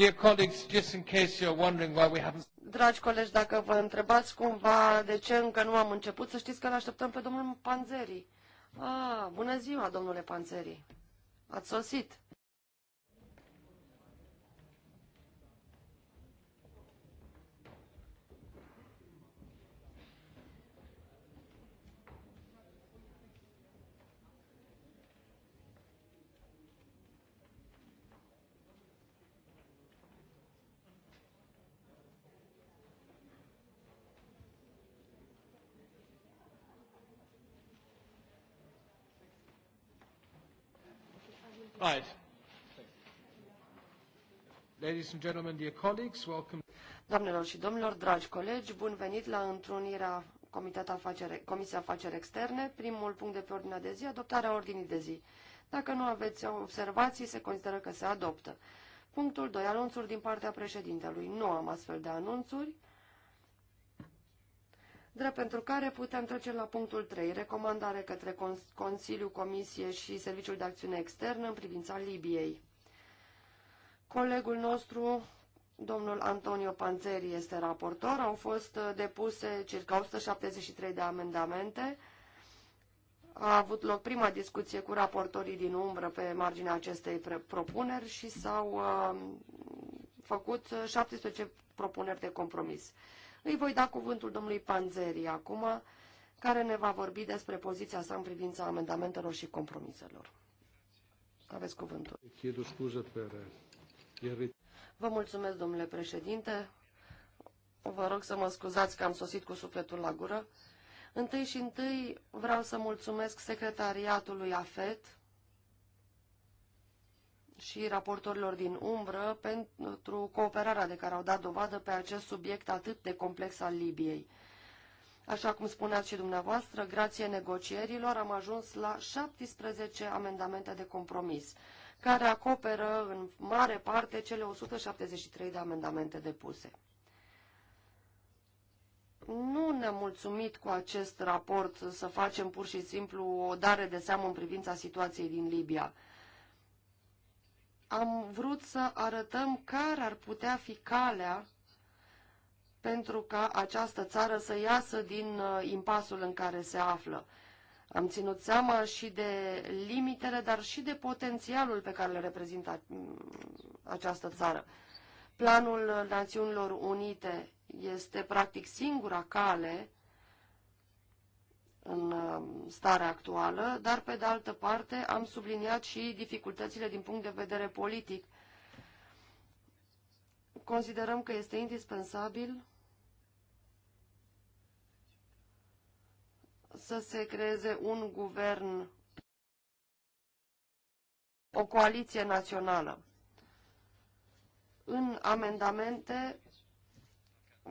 Dear colleagues, just in case you're wondering why we haven't... Dragi colegi, dacă vă întrebați cumva de ce încă nu am început, să știți că îl așteptăm pe domnul Panzeri. Ah, bună ziua, domnule Panzeri. Ați sosit. Right. Ladies and gentlemen, dear colleagues, welcome. Doamnelor și domnilor, dragi colegi, bun venit la întrunirea Comitetul Afacere, Comisia Afaceri Externe. Primul punct de pe ordinea de zi, adoptarea ordinii de zi. Dacă nu aveți observații, se consideră că se adoptă. Punctul 2. Anunțuri din partea președintelui. Nu am astfel de anunțuri drept pentru care putem trece la punctul 3, recomandare către Consiliu, Comisie și Serviciul de Acțiune Externă în privința Libiei. Colegul nostru, domnul Antonio Panzeri, este raportor. Au fost uh, depuse circa 173 de amendamente. A avut loc prima discuție cu raportorii din umbră pe marginea acestei propuneri și s-au uh, făcut 17 uh, propuneri de compromis. Îi voi da cuvântul domnului Panzeri acum, care ne va vorbi despre poziția sa în privința amendamentelor și compromiselor. Aveți cuvântul. Vă mulțumesc, domnule președinte. Vă rog să mă scuzați că am sosit cu sufletul la gură. Întâi și întâi vreau să mulțumesc secretariatului AFET și raportorilor din umbră pentru cooperarea de care au dat dovadă pe acest subiect atât de complex al Libiei. Așa cum spuneați și dumneavoastră, grație negocierilor am ajuns la 17 amendamente de compromis, care acoperă în mare parte cele 173 de amendamente depuse. Nu ne-am mulțumit cu acest raport să facem pur și simplu o dare de seamă în privința situației din Libia am vrut să arătăm care ar putea fi calea pentru ca această țară să iasă din uh, impasul în care se află. Am ținut seama și de limitele, dar și de potențialul pe care le reprezintă mm, această țară. Planul uh, Națiunilor Unite este practic singura cale în uh, starea actuală, dar pe de altă parte am subliniat și dificultățile din punct de vedere politic. Considerăm că este indispensabil să se creeze un guvern, o coaliție națională. În amendamente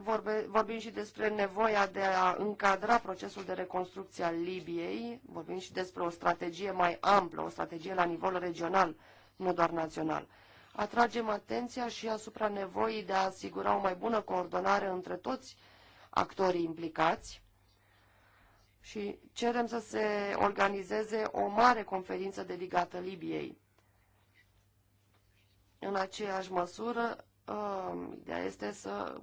vorbe, vorbim și despre nevoia de a încadra procesul de reconstrucție al Libiei, vorbim și despre o strategie mai amplă, o strategie la nivel regional, nu doar național. Atragem atenția și asupra nevoii de a asigura o mai bună coordonare între toți actorii implicați și cerem să se organizeze o mare conferință dedicată Libiei. În aceeași măsură, uh, ideea este să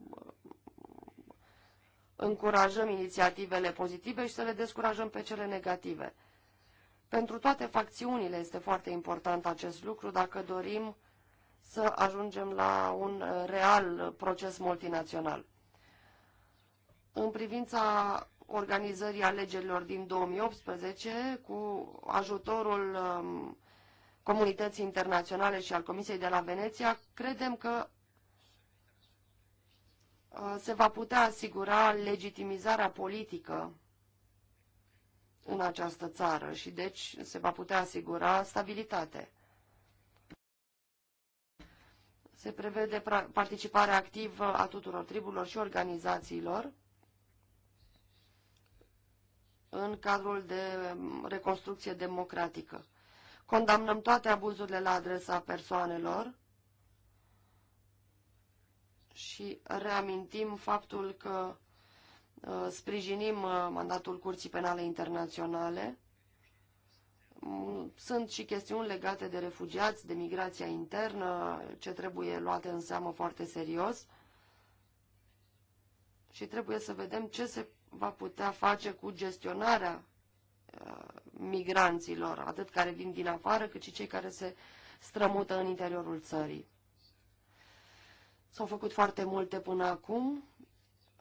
încurajăm inițiativele pozitive și să le descurajăm pe cele negative. Pentru toate facțiunile este foarte important acest lucru dacă dorim să ajungem la un uh, real proces multinațional. În privința organizării alegerilor din 2018, cu ajutorul um, comunității internaționale și al Comisiei de la Veneția, credem că Uh, se va putea asigura legitimizarea politică în această țară și deci se va putea asigura stabilitate. Se prevede participarea activă a tuturor triburilor și organizațiilor în cadrul de reconstrucție democratică. Condamnăm toate abuzurile la adresa persoanelor și reamintim faptul că uh, sprijinim uh, mandatul Curții Penale Internaționale. Mm, sunt și chestiuni legate de refugiați, de migrația internă, ce trebuie luate în seamă foarte serios și trebuie să vedem ce se va putea face cu gestionarea uh, migranților, atât care vin din afară, cât și cei care se strămută în interiorul țării. S-au făcut foarte multe până acum.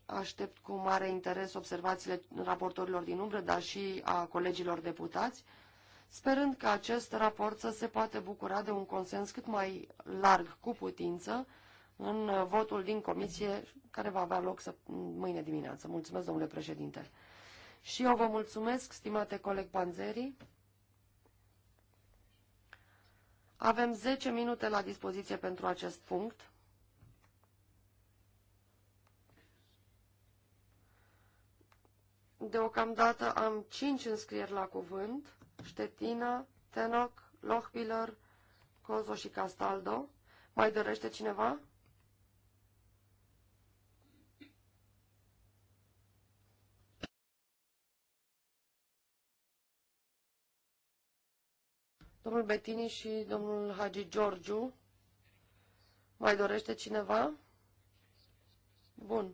Aștept cu mare interes observațiile raportorilor din umbră, dar și a colegilor deputați, sperând că acest raport să se poate bucura de un consens cât mai larg cu putință în votul din comisie care va avea loc să... mâine dimineață. Mulțumesc, domnule președinte. Și eu vă mulțumesc, stimate coleg Panzeri. Avem 10 minute la dispoziție pentru acest punct. Deocamdată am cinci înscrieri la cuvânt, Ștetina, Tenoc, Lochbiller, Cozo și Castaldo. Mai dorește cineva? Domnul Betini și domnul Hagi Giorgiu. Mai dorește cineva? Bun.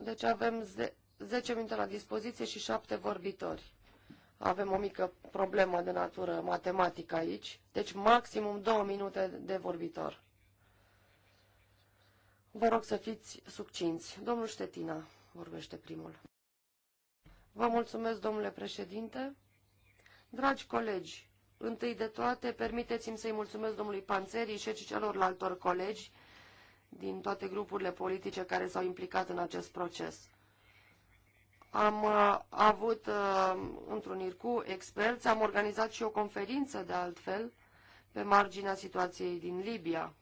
Deci avem 10 minute la dispoziție și 7 vorbitori. Avem o mică problemă de natură matematică aici, deci maximum 2 minute de vorbitor. Vă rog să fiți succinți. Domnul Ștetina vorbește primul. Vă mulțumesc, domnule președinte. Dragi colegi, întâi de toate, permiteți-mi să-i mulțumesc domnului Panțerii și celorlaltor colegi din toate grupurile politice care s-au implicat în acest proces. Am uh, avut uh, întruniri cu experți, am organizat și o conferință de altfel pe marginea situației din Libia.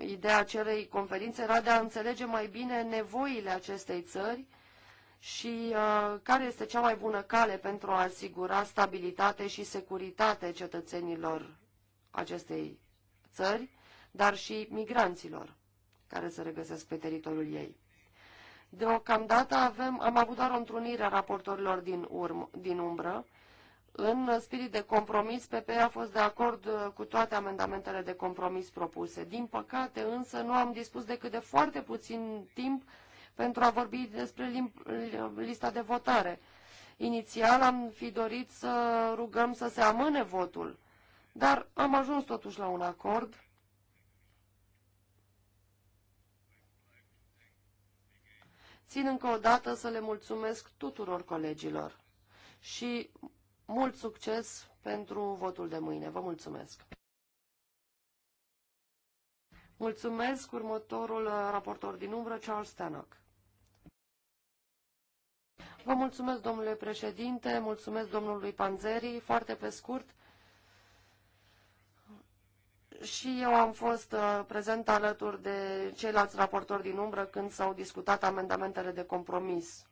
Ideea acelei conferințe era de a înțelege mai bine nevoile acestei țări și uh, care este cea mai bună cale pentru a asigura stabilitate și securitate cetățenilor acestei țări, dar și migranților care se regăsesc pe teritoriul ei. Deocamdată avem, am avut doar o întrunire a raportorilor din, urm din umbră. În spirit de compromis, PP a fost de acord uh, cu toate amendamentele de compromis propuse. Din păcate, însă, nu am dispus decât de foarte puțin timp pentru a vorbi despre lista de votare. Inițial am fi dorit să rugăm să se amâne votul, dar am ajuns totuși la un acord Țin încă o dată să le mulțumesc tuturor colegilor și mult succes pentru votul de mâine. Vă mulțumesc! Mulțumesc următorul uh, raportor din umbră, Charles Stanock. Vă mulțumesc, domnule președinte, mulțumesc domnului Panzeri. Foarte pe scurt, și eu am fost uh, prezent alături de ceilalți raportori din umbră când s-au discutat amendamentele de compromis.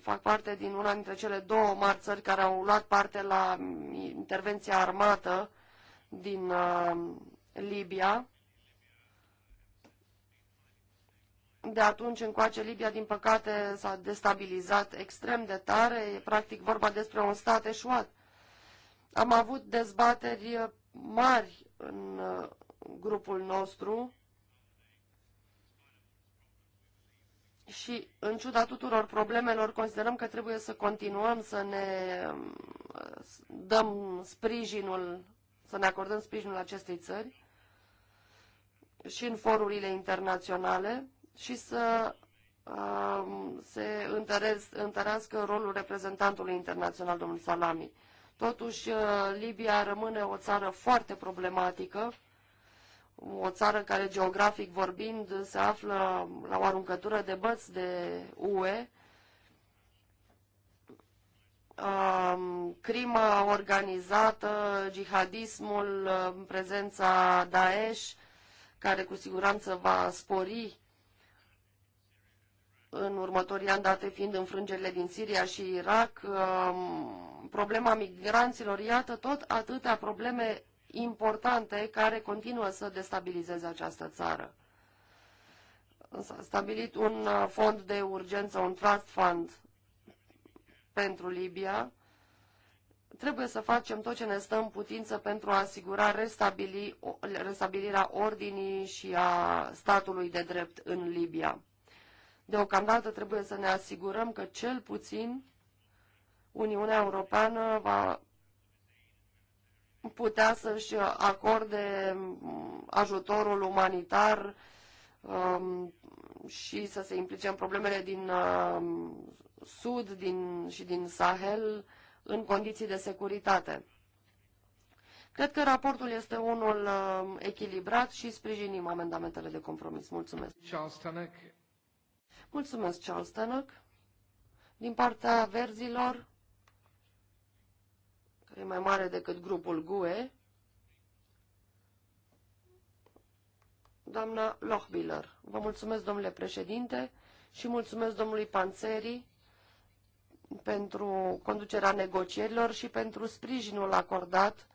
Fac parte din una dintre cele două mari țări care au luat parte la intervenția armată din uh, Libia. De atunci încoace, Libia, din păcate, s-a destabilizat extrem de tare. E practic vorba despre un stat eșuat. Am avut dezbateri mari în uh, grupul nostru și, în ciuda tuturor problemelor, considerăm că trebuie să continuăm să ne uh, dăm sprijinul, să ne acordăm sprijinul acestei țări și în forurile internaționale și să uh, se întărească rolul reprezentantului internațional, domnul Salami. Totuși, uh, Libia rămâne o țară foarte problematică, o țară care, geografic vorbind, se află la o aruncătură de băți de UE. Um, crima organizată, jihadismul, uh, prezența Daesh, care cu siguranță va spori în următorii ani, date fiind înfrângerile din Siria și Irak, um, problema migranților, iată tot atâtea probleme importante care continuă să destabilizeze această țară. S-a stabilit un uh, fond de urgență, un trust fund pentru Libia. Trebuie să facem tot ce ne stă în putință pentru a asigura restabili, restabilirea ordinii și a statului de drept în Libia. Deocamdată trebuie să ne asigurăm că cel puțin Uniunea Europeană va putea să-și acorde mm, ajutorul umanitar um, și să se implice în problemele din uh, Sud din, și din Sahel în condiții de securitate. Cred că raportul este unul uh, echilibrat și sprijinim amendamentele de compromis. Mulțumesc. Charles Tanek Mulțumesc, Charles Stanock. Din partea verzilor, care e mai mare decât grupul GUE, doamna Lochbiller. Vă mulțumesc, domnule președinte, și mulțumesc domnului Panțeri pentru conducerea negocierilor și pentru sprijinul acordat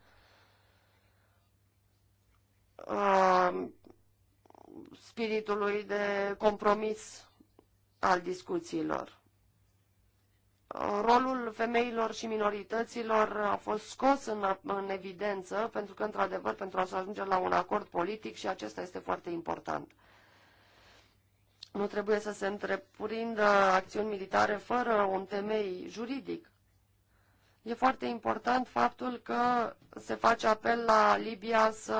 uh, spiritului de compromis al discuțiilor. Rolul femeilor și minorităților a fost scos în, în evidență, pentru că, într-adevăr, pentru a se ajunge la un acord politic și acesta este foarte important. Nu trebuie să se întreprindă acțiuni militare fără un temei juridic. E foarte important faptul că se face apel la Libia să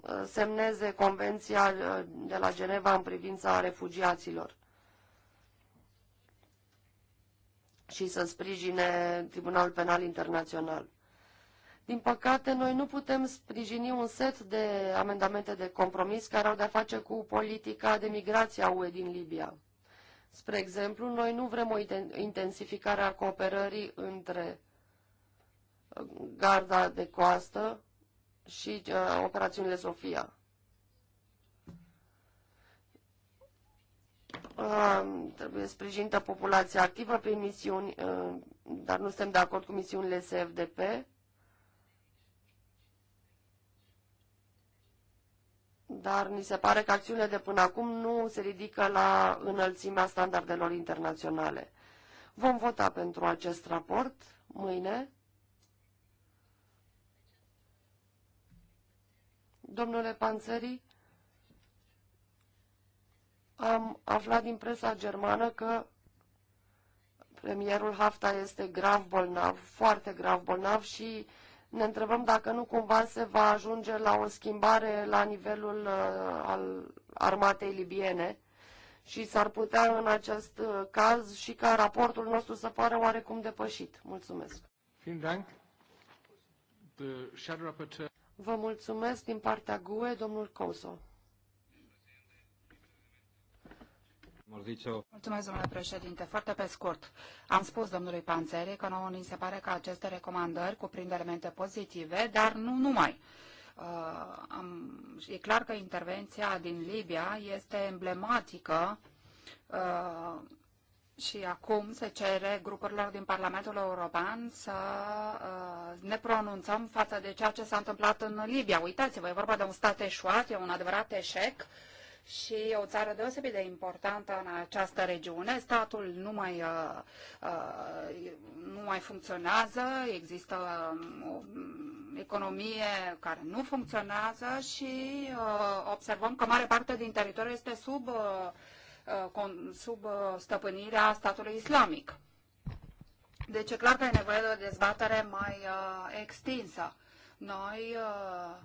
uh, semneze Convenția uh, de la Geneva în privința refugiaților. și să sprijine Tribunalul Penal Internațional. Din păcate, noi nu putem sprijini un set de amendamente de compromis care au de-a face cu politica de migrație a UE din Libia. Spre exemplu, noi nu vrem o intensificare a cooperării între uh, garda de coastă și uh, operațiunile Sofia. trebuie sprijinită populația activă prin misiuni, uh, dar nu suntem de acord cu misiunile SFDP. Dar ni se pare că acțiunile de până acum nu se ridică la înălțimea standardelor internaționale. Vom vota pentru acest raport mâine. Domnule Panțării, am aflat din presa germană că premierul Hafta este grav bolnav, foarte grav bolnav și ne întrebăm dacă nu cumva se va ajunge la o schimbare la nivelul uh, al armatei libiene și s-ar putea în acest uh, caz și ca raportul nostru să pară oarecum depășit. Mulțumesc. Vă mulțumesc din partea GUE, domnul Kosovo. Mulțumesc, domnule președinte. Foarte pe scurt, am spus domnului Panzeri că nouă ni se pare că aceste recomandări cuprind elemente pozitive, dar nu numai. Uh, am, e clar că intervenția din Libia este emblematică uh, și acum se cere grupurilor din Parlamentul European să uh, ne pronunțăm față de ceea ce s-a întâmplat în Libia. Uitați-vă, e vorba de un stat eșuat, e un adevărat eșec. Uh, și o țară deosebit de importantă în această regiune. Statul nu mai, uh, uh, nu mai funcționează, există um, o economie care nu funcționează și uh, observăm că mare parte din teritoriu este sub, sub stăpânirea statului islamic. Deci e clar că e nevoie de o dezbatere mai uh, extinsă. Noi uh,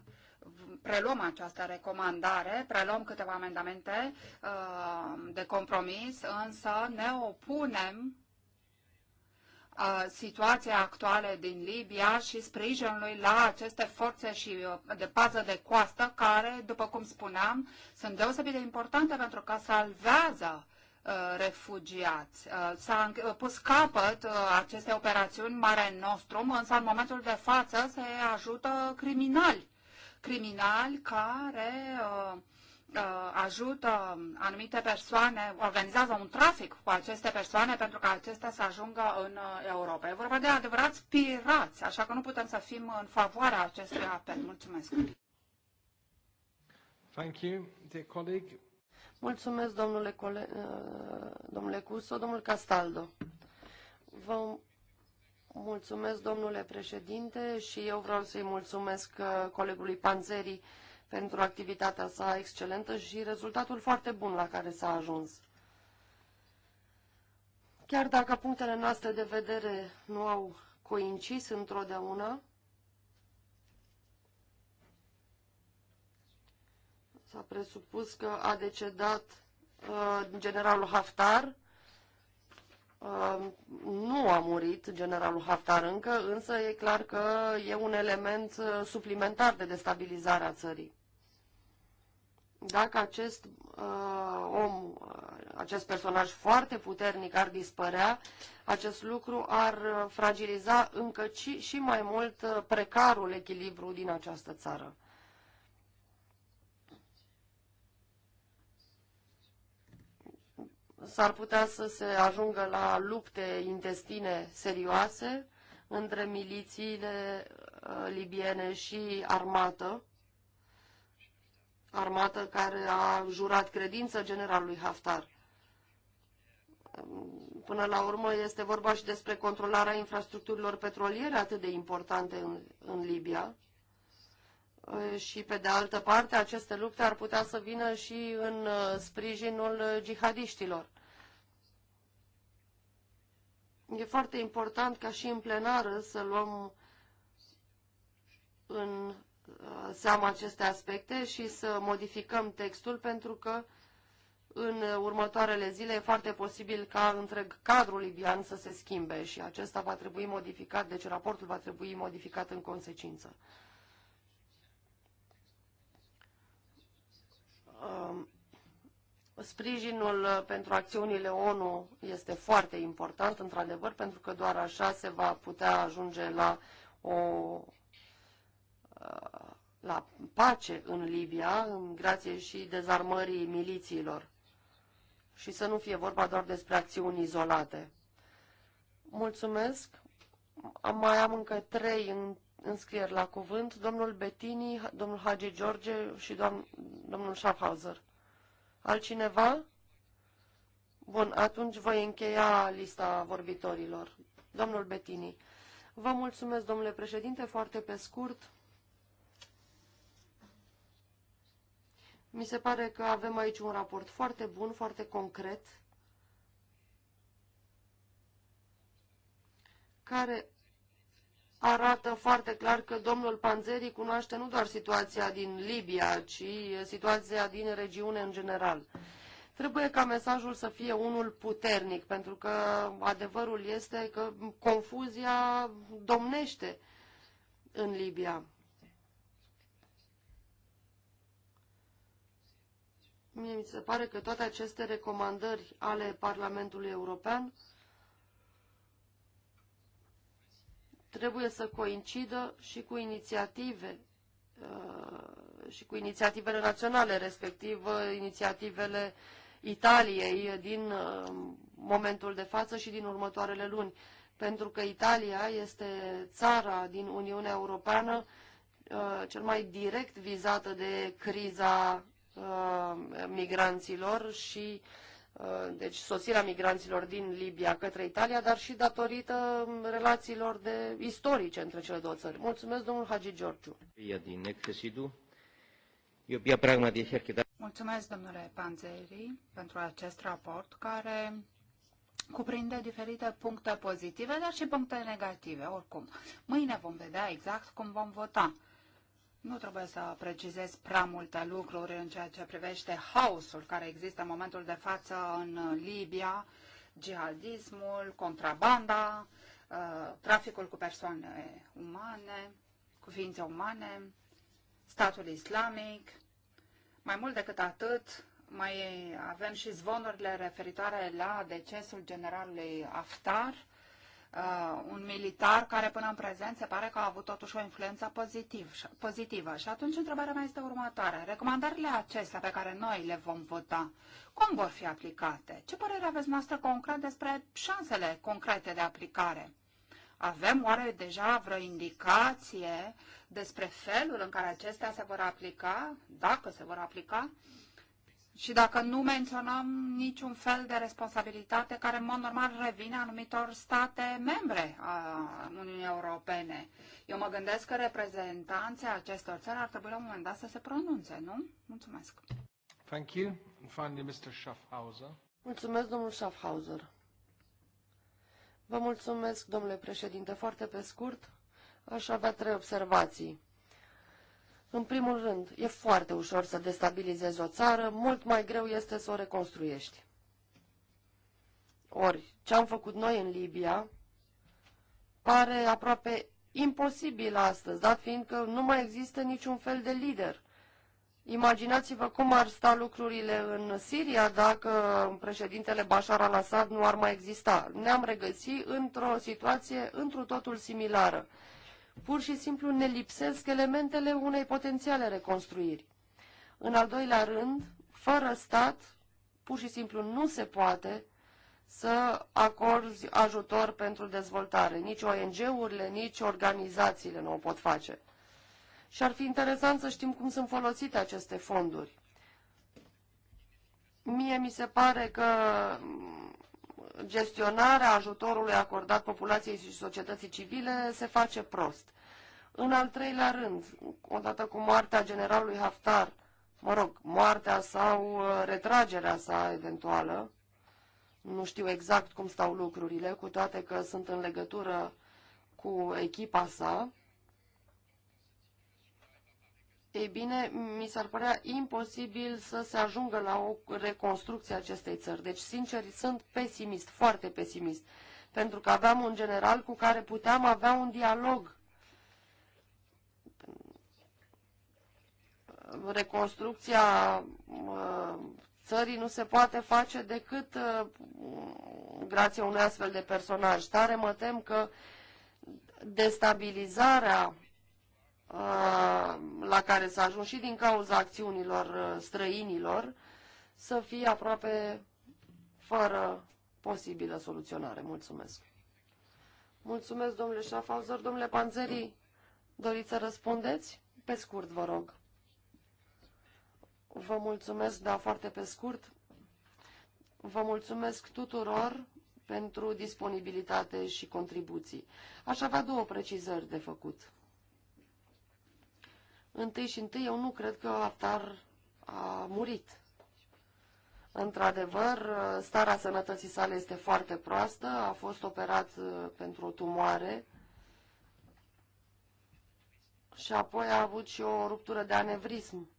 preluăm această recomandare, preluăm câteva amendamente uh, de compromis, însă ne opunem uh, situația actuală din Libia și sprijinului la aceste forțe și uh, de pază de coastă care, după cum spuneam, sunt deosebit de importante pentru că salvează uh, refugiați. S-a pus capăt aceste operațiuni Mare Nostrum, însă în momentul de față se ajută criminali criminali care uh, uh, ajută anumite persoane, organizează un trafic cu aceste persoane pentru ca acestea să ajungă în uh, Europa. E vorba de adevărați pirați, așa că nu putem să fim în favoarea acestui apel. Mulțumesc! Thank you, dear colleague. Mulțumesc, domnule, cole... Uh, domnule Cuso, domnul Castaldo. Vă Mulțumesc, domnule președinte, și eu vreau să-i mulțumesc uh, colegului Panzeri pentru activitatea sa excelentă și rezultatul foarte bun la care s-a ajuns. Chiar dacă punctele noastre de vedere nu au coincis întotdeauna, s-a presupus că a decedat uh, generalul Haftar, nu a murit generalul Haftar încă, însă e clar că e un element uh, suplimentar de destabilizare a țării. Dacă acest uh, om, uh, acest personaj foarte puternic ar dispărea, acest lucru ar uh, fragiliza încă și, și mai mult precarul echilibru din această țară. s-ar putea să se ajungă la lupte intestine serioase între milițiile uh, libiene și armată, armată care a jurat credință generalului Haftar. Până la urmă este vorba și despre controlarea infrastructurilor petroliere atât de importante în, în Libia. Uh, și pe de altă parte, aceste lupte ar putea să vină și în uh, sprijinul jihadiștilor. E foarte important ca și în plenară să luăm în uh, seama aceste aspecte și să modificăm textul pentru că în următoarele zile e foarte posibil ca întreg cadrul libian să se schimbe și acesta va trebui modificat, deci raportul va trebui modificat în consecință. Um Sprijinul uh, pentru acțiunile ONU este foarte important, într-adevăr, pentru că doar așa se va putea ajunge la o uh, la pace în Libia, în grație și dezarmării milițiilor. Și să nu fie vorba doar despre acțiuni izolate. Mulțumesc. Mai am încă trei în, înscrieri la cuvânt. Domnul Betini, domnul Hagi George și doamn, domnul Schaffhauser. Altcineva? Bun, atunci voi încheia lista vorbitorilor. Domnul Betini. Vă mulțumesc, domnule președinte, foarte pe scurt. Mi se pare că avem aici un raport foarte bun, foarte concret, care arată foarte clar că domnul Panzeri cunoaște nu doar situația din Libia, ci situația din regiune în general. Trebuie ca mesajul să fie unul puternic, pentru că adevărul este că confuzia domnește în Libia. Mie mi se pare că toate aceste recomandări ale Parlamentului European trebuie să coincidă și cu inițiative uh, și cu inițiativele naționale, respectiv uh, inițiativele Italiei din uh, momentul de față și din următoarele luni. Pentru că Italia este țara din Uniunea Europeană cel mai direct vizată de criza migranților și uh, Uh, deci sosirea migranților din Libia către Italia, dar și datorită um, relațiilor de istorice între cele două țări. Mulțumesc, domnul Hagi Georgiu. Da- Mulțumesc, domnule Panzeri, pentru acest raport care cuprinde diferite puncte pozitive, dar și puncte negative, oricum. Mâine vom vedea exact cum vom vota. Nu trebuie să precizez prea multe lucruri în ceea ce privește haosul care există în momentul de față în Libia, jihadismul, contrabanda, uh, traficul cu persoane umane, cu ființe umane, statul islamic. Mai mult decât atât, mai avem și zvonurile referitoare la decesul generalului Haftar, uh, un militar care până în prezent se pare că a avut totuși o influență pozitiv, pozitivă. Și atunci întrebarea mea este următoare. Recomandările acestea pe care noi le vom vota, cum vor fi aplicate? Ce părere aveți noastră concret despre șansele concrete de aplicare? Avem oare deja vreo indicație despre felul în care acestea se vor aplica, dacă se vor aplica? și dacă nu menționăm niciun fel de responsabilitate care în mod normal revine anumitor state membre a Uniunii Europene. Eu mă gândesc că reprezentanții acestor țări ar trebui la un moment dat să se pronunțe, nu? Mulțumesc. Thank you. And finally, Mr. Schaffhauser. Mulțumesc, domnul Schaffhauser. Vă mulțumesc, domnule președinte. Foarte pe scurt, aș avea trei observații. În primul rând, e foarte ușor să destabilizezi o țară, mult mai greu este să o reconstruiești. Ori, ce am făcut noi în Libia pare aproape imposibil astăzi, dat fiindcă nu mai există niciun fel de lider. Imaginați-vă cum ar sta lucrurile în Siria dacă președintele Bashar al-Assad nu ar mai exista. Ne-am regăsit într-o situație întru totul similară. Pur și simplu ne lipsesc elementele unei potențiale reconstruiri. În al doilea rând, fără stat, pur și simplu nu se poate să acorzi ajutor pentru dezvoltare. Nici ONG-urile, nici organizațiile nu o pot face. Și ar fi interesant să știm cum sunt folosite aceste fonduri. Mie mi se pare că gestionarea ajutorului acordat populației și societății civile se face prost. În al treilea rând, odată cu moartea generalului Haftar, mă rog, moartea sau uh, retragerea sa eventuală, nu știu exact cum stau lucrurile, cu toate că sunt în legătură cu echipa sa, ei bine, mi s-ar părea imposibil să se ajungă la o reconstrucție a acestei țări. Deci, sincer, sunt pesimist, foarte pesimist, pentru că aveam un general cu care puteam avea un dialog. Reconstrucția țării nu se poate face decât ă, grație unui astfel de personaj. Tare mă tem că destabilizarea Uh, la care s-a ajuns și din cauza acțiunilor uh, străinilor să fie aproape fără posibilă soluționare. Mulțumesc. Mulțumesc, domnule Schaffhauser. Domnule Panzeri, doriți să răspundeți? Pe scurt, vă rog. Vă mulțumesc, da, foarte pe scurt. Vă mulțumesc tuturor pentru disponibilitate și contribuții. Aș avea două precizări de făcut întâi și întâi eu nu cred că Aftar a murit. Într-adevăr, starea sănătății sale este foarte proastă, a fost operat uh, pentru o tumoare și apoi a avut și o ruptură de anevrism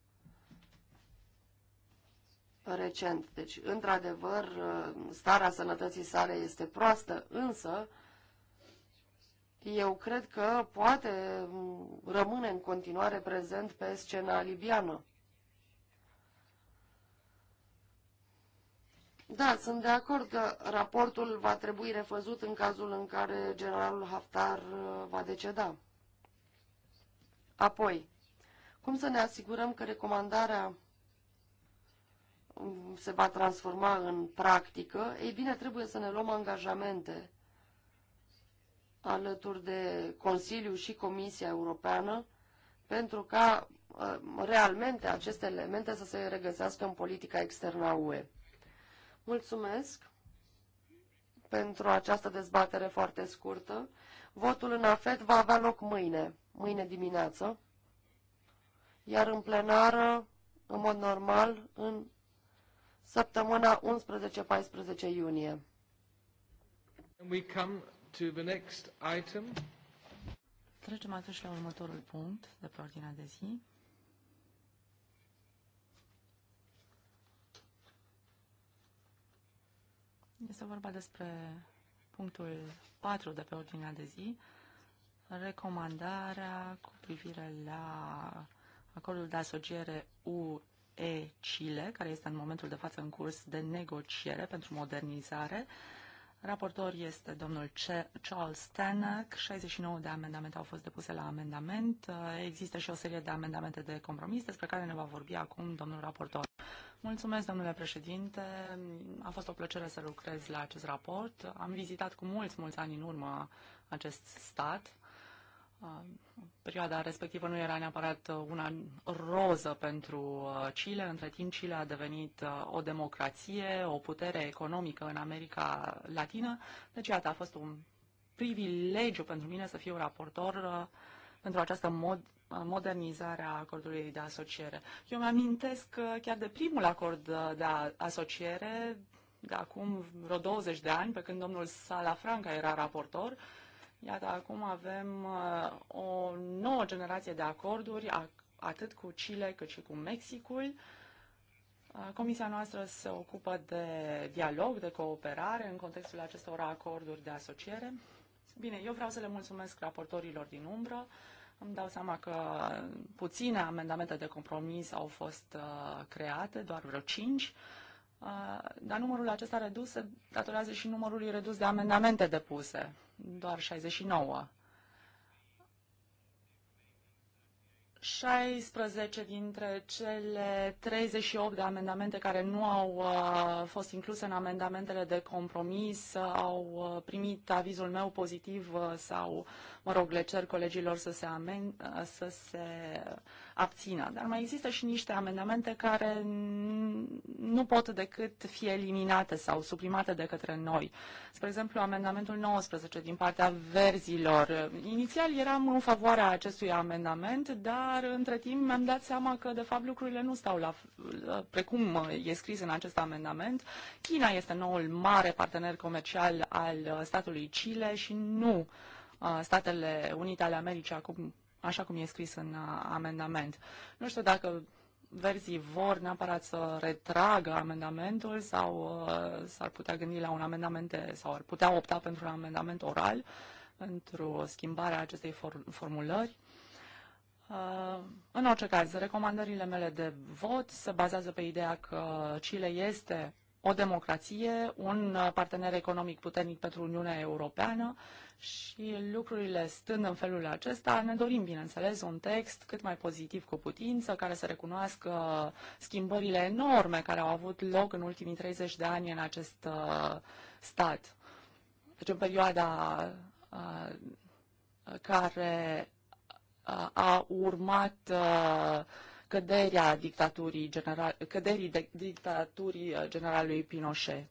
recent. Deci, într-adevăr, uh, starea sănătății sale este proastă, însă eu cred că poate rămâne în continuare prezent pe scena libiană. Da, sunt de acord că raportul va trebui refăzut în cazul în care generalul Haftar uh, va deceda. Apoi, cum să ne asigurăm că recomandarea um, se va transforma în practică? Ei bine, trebuie să ne luăm angajamente alături de Consiliu și Comisia Europeană pentru ca uh, realmente aceste elemente să se regăsească în politica externă a UE. Mulțumesc pentru această dezbatere foarte scurtă. Votul în AFET va avea loc mâine, mâine dimineață, iar în plenară, în mod normal, în săptămâna 11-14 iunie. And we come Trecem atunci la următorul punct de pe ordinea de zi. Este vorba despre punctul 4 de pe ordinea de zi, recomandarea cu privire la acordul de asociere UE-Chile, care este în momentul de față în curs de negociere pentru modernizare. Uh, Raportor este domnul Charles Tannock. 69 de amendamente au fost depuse la amendament. Uh, există și o serie de amendamente de compromis despre care ne va vorbi acum domnul raportor. Mulțumesc, domnule președinte. A fost o plăcere să lucrez la acest raport. Am vizitat cu mulți, mulți ani în urmă acest stat, Perioada respectivă nu era neapărat uh, una roză pentru uh, Chile. Între timp, Chile a devenit uh, o democrație, o putere economică în America Latină. Deci, iată, a fost un privilegiu pentru mine să fiu raportor pentru această mod, modernizare a acordului de asociere. Eu mi amintesc chiar de primul acord de asociere, de acum vreo 20 de ani, pe când domnul Salafranca era raportor, uh, Iată, acum avem uh, o nouă generație de acorduri, atât cu Chile cât și cu Mexicul. Uh, comisia noastră se ocupă de dialog, de cooperare în contextul acestor acorduri de asociere. Bine, eu vreau să le mulțumesc raportorilor din umbră. Îmi dau seama că puține amendamente de compromis au fost uh, create, doar vreo cinci. Uh, Uh, dar numărul acesta redus se datorează și numărului redus de amendamente depuse, doar 69. 16 dintre cele 38 de amendamente care nu au uh, fost incluse în amendamentele de compromis au uh, primit avizul meu pozitiv uh, sau Mă rog, le cer colegilor să se, amen, să se abțină. Dar mai există și niște amendamente care nu pot decât fi eliminate sau suprimate de către noi. Spre exemplu, amendamentul 19 din partea verzilor. Inițial eram în favoarea acestui amendament, dar între timp mi-am dat seama că, de fapt, lucrurile nu stau la, precum e scris în acest amendament. China este noul mare partener comercial al statului Chile și nu uh, Statele Unite ale Americii, acum, așa cum e scris în amendament. Nu știu dacă verzii vor neapărat să retragă amendamentul sau uh, s-ar putea gândi la un amendament de, sau ar putea opta pentru un amendament oral pentru schimbarea acestei for- formulări. Uh, în orice caz, recomandările mele de vot se bazează pe ideea că Chile este o democrație, un partener economic puternic pentru Uniunea Europeană și lucrurile stând în felul acesta, ne dorim, bineînțeles, un text cât mai pozitiv cu putință, care să recunoască schimbările enorme care au avut loc în ultimii 30 de ani în acest uh, stat. Deci în perioada uh, care uh, a urmat uh, căderea dictaturii general, căderii de, dictaturii uh, generalului Pinochet.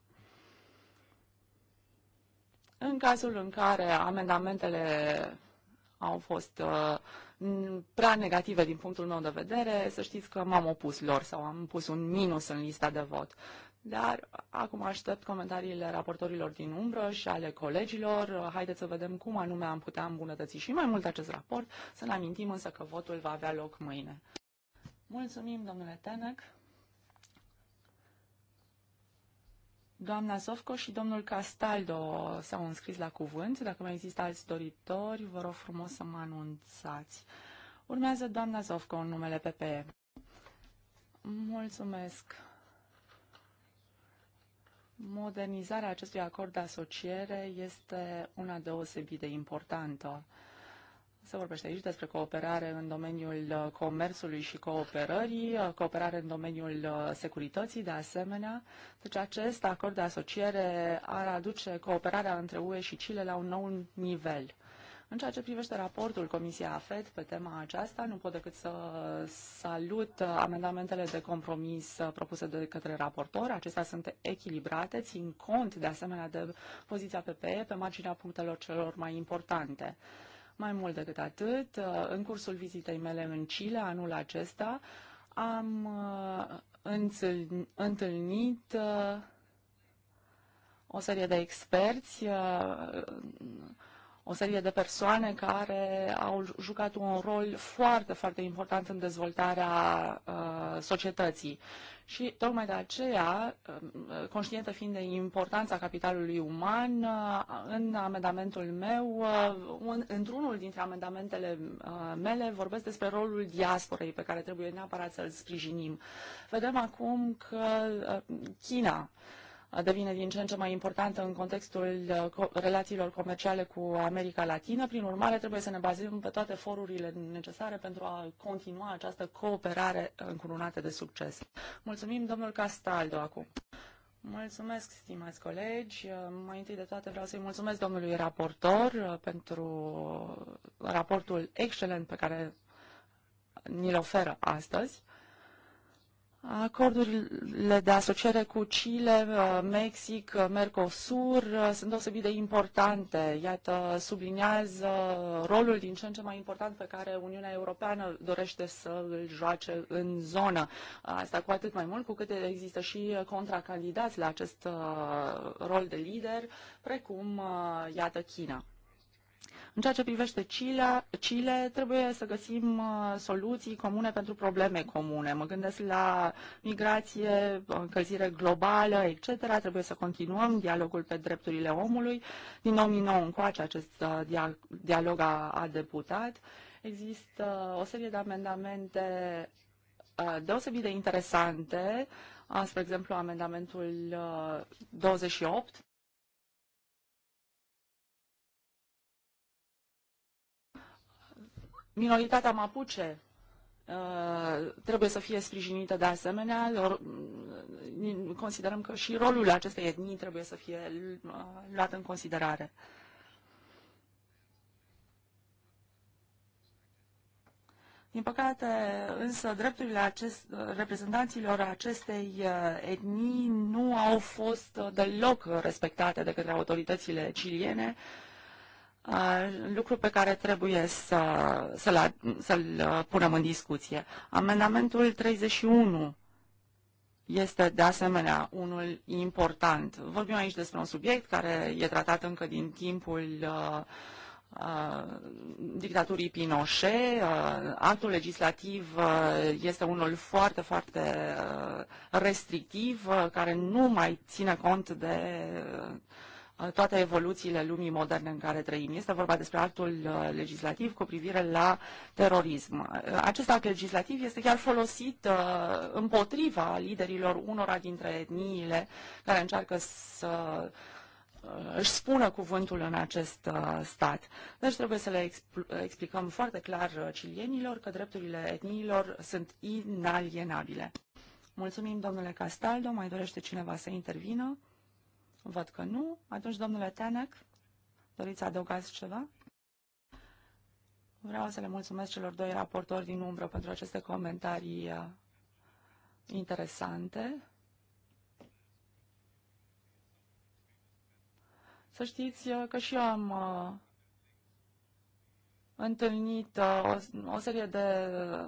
În cazul în care amendamentele au fost uh, prea negative din punctul meu de vedere, să știți că m-am opus lor sau am pus un minus în lista de vot. Dar acum aștept comentariile raportorilor din umbră și ale colegilor. Uh, haideți să vedem cum anume am putea îmbunătăți și mai mult acest raport. Să ne amintim însă că votul va avea loc mâine. Mulțumim, domnule Tenec. Doamna Sofco și domnul Castaldo s-au înscris la cuvânt. Dacă mai există alți doritori, vă rog frumos să mă anunțați. Urmează doamna Sofco în numele PPE. Mulțumesc. Modernizarea acestui acord de asociere este una deosebit de importantă. Se vorbește aici despre cooperare în domeniul uh, comerțului și cooperării, uh, cooperare în domeniul uh, securității, de asemenea. Deci acest acord de asociere ar aduce cooperarea între UE și Chile la un nou nivel. În ceea ce privește raportul Comisiei AFET pe tema aceasta, nu pot decât să salut amendamentele de compromis propuse de către raportor. Acestea sunt echilibrate, țin cont de asemenea de poziția PPE pe marginea punctelor celor mai importante. Mai mult decât atât, în cursul vizitei mele în Chile anul acesta, am uh, întâlnit uh, o serie de experți uh, o serie de persoane care au jucat un rol foarte, foarte important în dezvoltarea uh, societății. Și tocmai de aceea, uh, conștientă fiind de importanța capitalului uman, uh, în amendamentul meu, uh, un, într-unul dintre amendamentele mele, vorbesc despre rolul diasporei pe care trebuie neapărat să-l sprijinim. Vedem acum că China, devine din ce în ce mai importantă în contextul uh, relațiilor comerciale cu America Latină. Prin urmare, trebuie să ne bazăm pe toate forurile necesare pentru a continua această cooperare încurunată de succes. Mulțumim, domnul Castaldo, acum. Mulțumesc, stimați colegi. Uh, mai întâi de toate vreau să-i mulțumesc domnului raportor uh, pentru raportul excelent pe care ni-l oferă astăzi. Acordurile de asociere cu Chile, uh, Mexic, uh, Mercosur uh, sunt deosebit de importante. Iată, subliniază rolul din ce în ce mai important pe care Uniunea Europeană dorește să îl joace în zonă. Asta cu atât mai mult cu cât există și contracandidați la acest rol de lider, precum, iată, China. În ceea ce privește Chile, Chile, trebuie să găsim uh, soluții comune pentru probleme comune. Mă gândesc la migrație, încălzire globală, etc. Trebuie să continuăm dialogul pe drepturile omului. Din 2009 încoace acest uh, dialog a, a deputat. Există uh, o serie de amendamente deosebit de interesante, spre exemplu amendamentul 28, Minoritatea mapuche uh, trebuie să fie sprijinită de asemenea. Mm, mm, considerăm că și rolul acestei etnii trebuie să fie uh, luat în considerare. Din păcate, însă, drepturile acest, uh, reprezentanților acestei etnii nu au fost deloc respectate de către autoritățile ciliene, uh, Uh, lucru pe care trebuie să, să-l, să-l uh, punem în discuție. Amendamentul 31 este de asemenea unul important. Vorbim aici despre un subiect care e tratat încă din timpul uh, uh, dictaturii Pinochet. Uh, actul legislativ uh, este unul foarte, foarte restrictiv, care nu mai ține cont de toate evoluțiile lumii moderne în care trăim. Este vorba despre actul uh, legislativ cu privire la terorism. Uh, acest act legislativ este chiar folosit uh, împotriva liderilor unora dintre etniile care încearcă să își spună cuvântul în acest stat. Deci trebuie să le explicăm foarte clar cilienilor că drepturile etniilor sunt inalienabile. Mulțumim, domnule Castaldo. Mai dorește cineva să intervină? Văd că nu. Atunci, domnule Tenec, doriți să adăugați ceva? Vreau să le mulțumesc celor doi raportori din umbră pentru aceste comentarii uh, interesante. Să știți uh, că și eu am uh, întâlnit uh, o, o serie de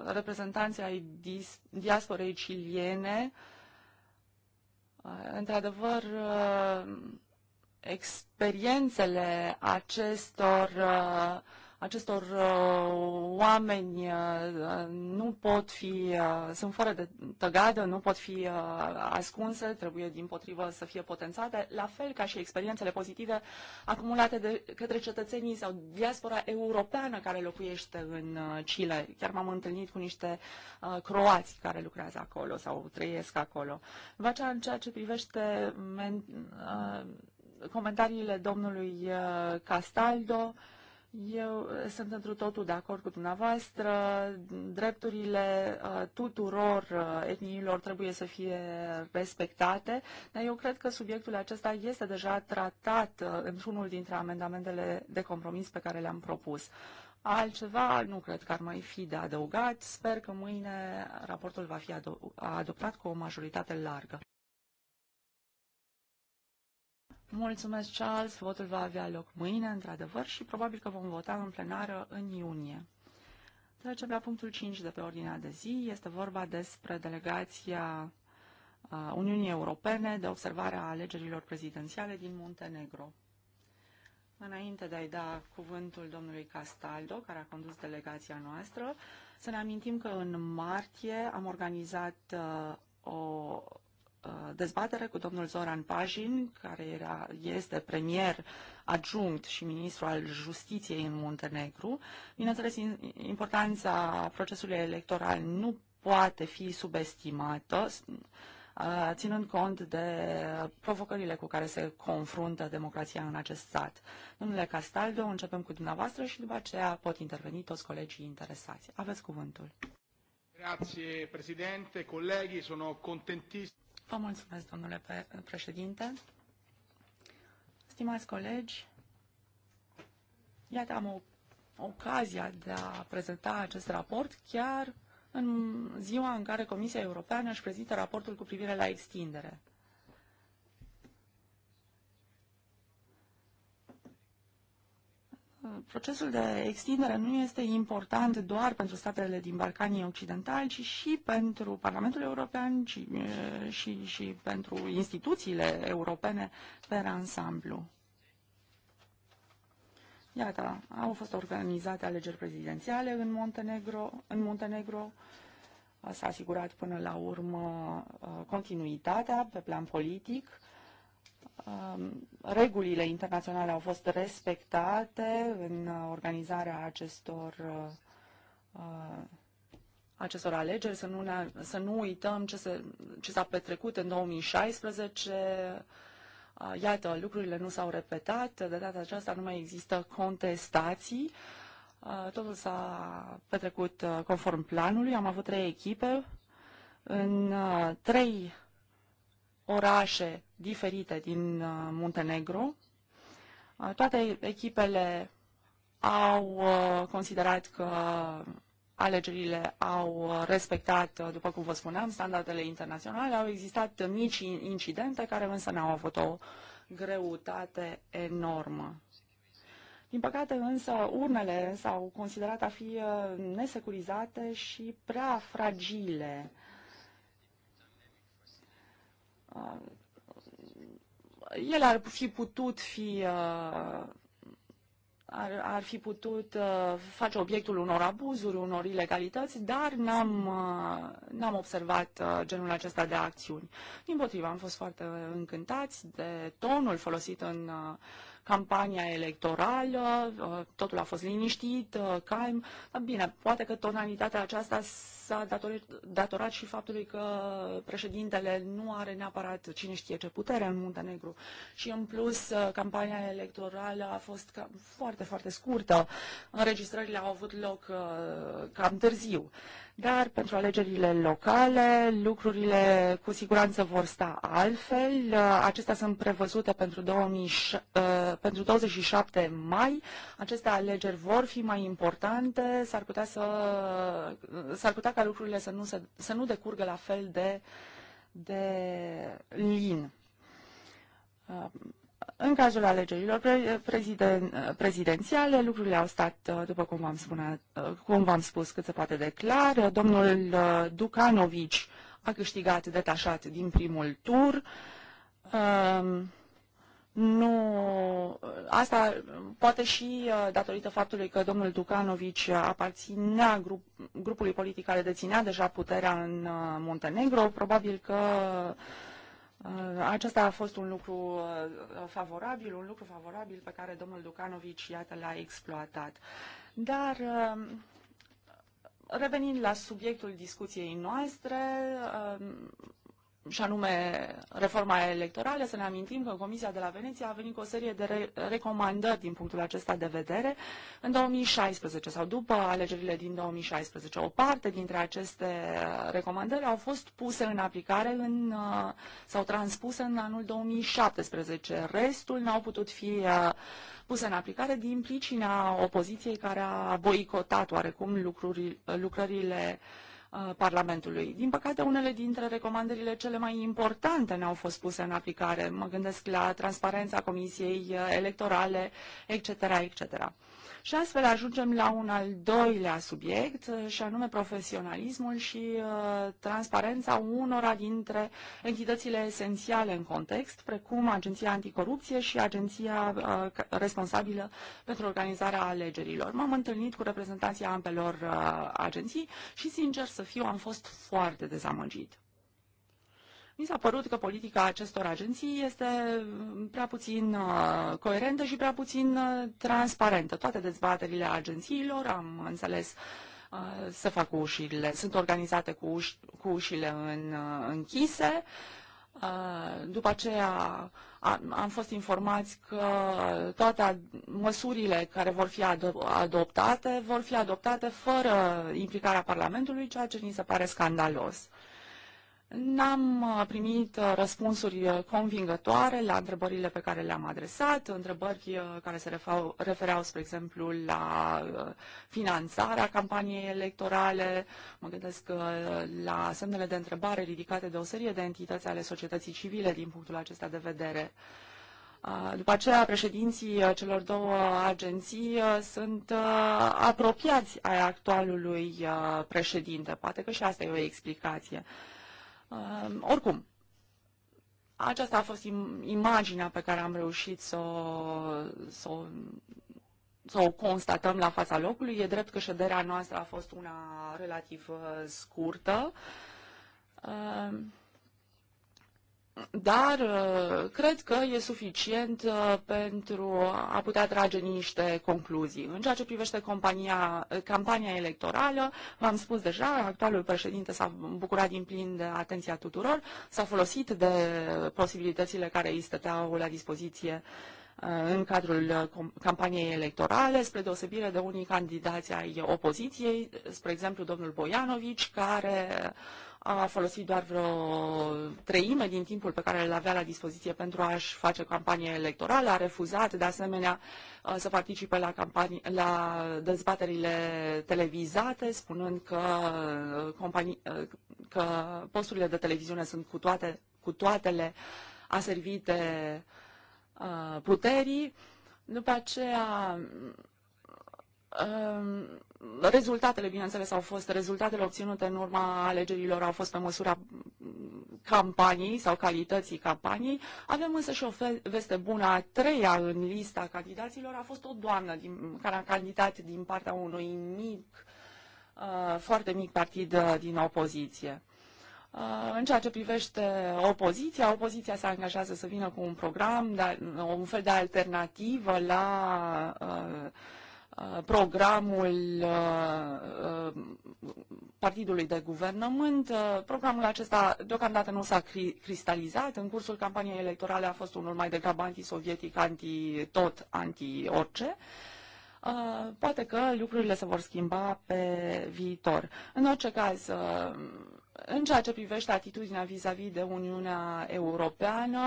reprezentanți ai diasporei ciliene uh, Într-adevăr, uh, experiențele acestor uh, acestor uh, oameni uh, nu pot fi, uh, sunt fără de tăgadă, nu pot fi ascunse, trebuie din potrivă să fie potențate, la fel ca și experiențele pozitive acumulate de către cetățenii sau diaspora europeană care locuiește în Chile. Chiar m-am întâlnit cu niște croați care lucrează acolo sau trăiesc acolo. După aceea, în ceea ce privește comentariile domnului Castaldo, eu uh, sunt întru totul de acord cu dumneavoastră. Drepturile uh, tuturor uh, etniilor trebuie să fie respectate, dar eu cred că subiectul acesta este deja tratat într-unul dintre amendamentele de compromis pe care le-am propus. Altceva nu cred că ar mai fi de adăugat. Sper că mâine raportul va fi adoptat cu o majoritate largă. Mulțumesc, Charles. Votul va avea loc mâine, într-adevăr, și probabil că vom vota în plenară în iunie. Trecem la punctul 5 de pe ordinea de zi. Este vorba despre delegația Uniunii Europene de observare a alegerilor prezidențiale din Muntenegro. Înainte de a-i da cuvântul domnului Castaldo, care a condus delegația noastră, să ne amintim că în martie am organizat uh, o dezbatere cu domnul Zoran Pajin, care era, este premier adjunct și ministru al justiției în Muntenegru. Bineînțeles, importanța procesului electoral nu poate fi subestimată, ținând cont de provocările cu care se confruntă democrația în acest stat. Domnule Castaldo, începem cu dumneavoastră și după aceea pot interveni toți colegii interesați. Aveți cuvântul. Grazie Presidente, colleghi, sono contentissimo. Vă mulțumesc, domnule președinte. Stimați colegi, iată am o, ocazia de a prezenta acest raport chiar în ziua în care Comisia Europeană își prezintă raportul cu privire la extindere. Procesul de extindere nu este important doar pentru statele din Balcanii Occidentali, ci și pentru Parlamentul European ci, și, și pentru instituțiile europene pe ansamblu. Iată, au fost organizate alegeri prezidențiale în Montenegro, în Montenegro s-a asigurat până la urmă uh, continuitatea pe plan politic, Um, regulile internaționale au fost respectate în organizarea acestor uh, acestor alegeri, să nu, ne, să nu uităm ce, se, ce s-a petrecut în 2016. Uh, iată, lucrurile nu s-au repetat, de data aceasta nu mai există contestații. Uh, totul s-a petrecut conform planului. Am avut trei echipe. În trei orașe diferite din uh, Muntenegru. Uh, toate echipele au uh, considerat că alegerile au respectat, după cum vă spuneam, standardele internaționale. Au existat mici incidente care însă ne au avut o greutate enormă. Din păcate însă urnele s-au considerat a fi nesecurizate și prea fragile Uh, el ar fi putut fi uh, ar, ar fi putut uh, face obiectul unor abuzuri, unor ilegalități, dar n-am, n-am observat genul acesta de acțiuni. Din potriva, am fost foarte încântați de tonul folosit în campania electorală, totul a fost liniștit, calm. Bine, poate că tonalitatea aceasta s-a datorat și faptului că președintele nu are neapărat cine știe ce putere în Muntenegru. Și în plus, uh, campania electorală a fost foarte, foarte scurtă. Înregistrările au avut loc uh, cam târziu. Uh, dar pentru alegerile locale, lucrurile cu siguranță vor sta altfel. Acestea sunt prevăzute pentru, 2000, uh, pentru 27 mai. Aceste alegeri vor fi mai importante. S-ar putea, să, s-ar putea ca lucrurile să nu, se, să nu decurgă la fel de, de lin. În cazul alegerilor preziden, prezidențiale, lucrurile au stat, uh, după cum v-am, spune, uh, cum v-am spus, cât se poate de clar. Domnul uh, Ducanovici a câștigat detașat din primul tur. Um, nu, asta poate și datorită faptului că domnul Ducanovici aparținea grup, grupului politic care deținea deja puterea în Muntenegro. Probabil că uh, Uh, Acesta a fost un lucru uh, uh, favorabil, un lucru favorabil pe care domnul Ducanovici, iată, l-a exploatat. Dar um, revenind la subiectul discuției noastre, um, și anume reforma electorală, să ne amintim că Comisia de la Veneția a venit cu o serie de re- recomandări din punctul acesta de vedere în 2016 sau după alegerile din 2016. O parte dintre aceste recomandări au fost puse în aplicare în, uh, sau transpuse în anul 2017. Restul n-au putut fi uh, puse în aplicare din pricina opoziției care a boicotat oarecum lucruri, lucrările Uh, Parlamentului. Din păcate, unele dintre recomandările cele mai importante ne-au fost puse în aplicare. Mă gândesc la transparența Comisiei uh, Electorale, etc., etc. Și astfel ajungem la un al doilea subiect, și anume profesionalismul și uh, transparența unora dintre entitățile esențiale în context, precum Agenția Anticorupție și Agenția uh, responsabilă pentru organizarea alegerilor. M-am întâlnit cu reprezentanții ambelor uh, agenții și, sincer să fiu, am fost foarte dezamăgit. Mi s-a părut că politica acestor agenții este prea puțin uh, coerentă și prea puțin uh, transparentă. Toate dezbaterile agențiilor, am înțeles, uh, se fac cu ușile, sunt organizate cu, uș- cu ușile în, închise. După aceea am fost informați că toate măsurile care vor fi adoptate vor fi adoptate fără implicarea Parlamentului, ceea ce ni se pare scandalos. N-am uh, primit uh, răspunsuri uh, convingătoare la întrebările pe care le-am adresat, întrebări care se referau, refereau, spre exemplu, la finanțarea campaniei electorale, mă gândesc la semnele de întrebare ridicate de o serie de entități ale societății civile din punctul acesta de vedere. După aceea, președinții celor două agenții sunt apropiați ai actualului președinte. Poate că și asta e o explicație. Uh, oricum, aceasta a fost im imaginea pe care am reușit să o, să, o, să o constatăm la fața locului. E drept că șederea noastră a fost una relativ uh, scurtă. Uh, dar uh, cred că e suficient uh, pentru a putea trage niște concluzii. În ceea ce privește compania, uh, campania electorală, v-am spus deja, actualul președinte s-a bucurat din plin de atenția tuturor, s-a folosit de posibilitățile care îi stăteau la dispoziție în cadrul campaniei electorale, spre deosebire de unii candidați ai opoziției, spre exemplu domnul Boianovici, care a folosit doar vreo treime din timpul pe care îl avea la dispoziție pentru a-și face campanie electorală, a refuzat de asemenea să participe la, campanii, la dezbaterile televizate, spunând că, companii, că posturile de televiziune sunt cu, toate, cu toatele aservite puterii. După aceea, rezultatele, bineînțeles, au fost, rezultatele obținute în urma alegerilor au fost pe măsura campaniei sau calității campaniei. Avem însă și o veste bună a treia în lista candidaților. A fost o doamnă din, care a candidat din partea unui mic, uh, foarte mic partid uh, din opoziție. Uh, în ceea ce privește opoziția, opoziția se angajează să vină cu un program, uh, un fel de alternativă la uh, Uh, programul uh, uh, partidului de guvernământ. Programul acesta deocamdată nu s-a cristalizat. În cursul campaniei electorale a fost unul mai degrabă antisovietic, anti-tot, anti-orice. Poate că lucrurile se vor schimba pe viitor. În orice caz, în ceea ce privește atitudinea vis-a-vis -vis de Uniunea Europeană,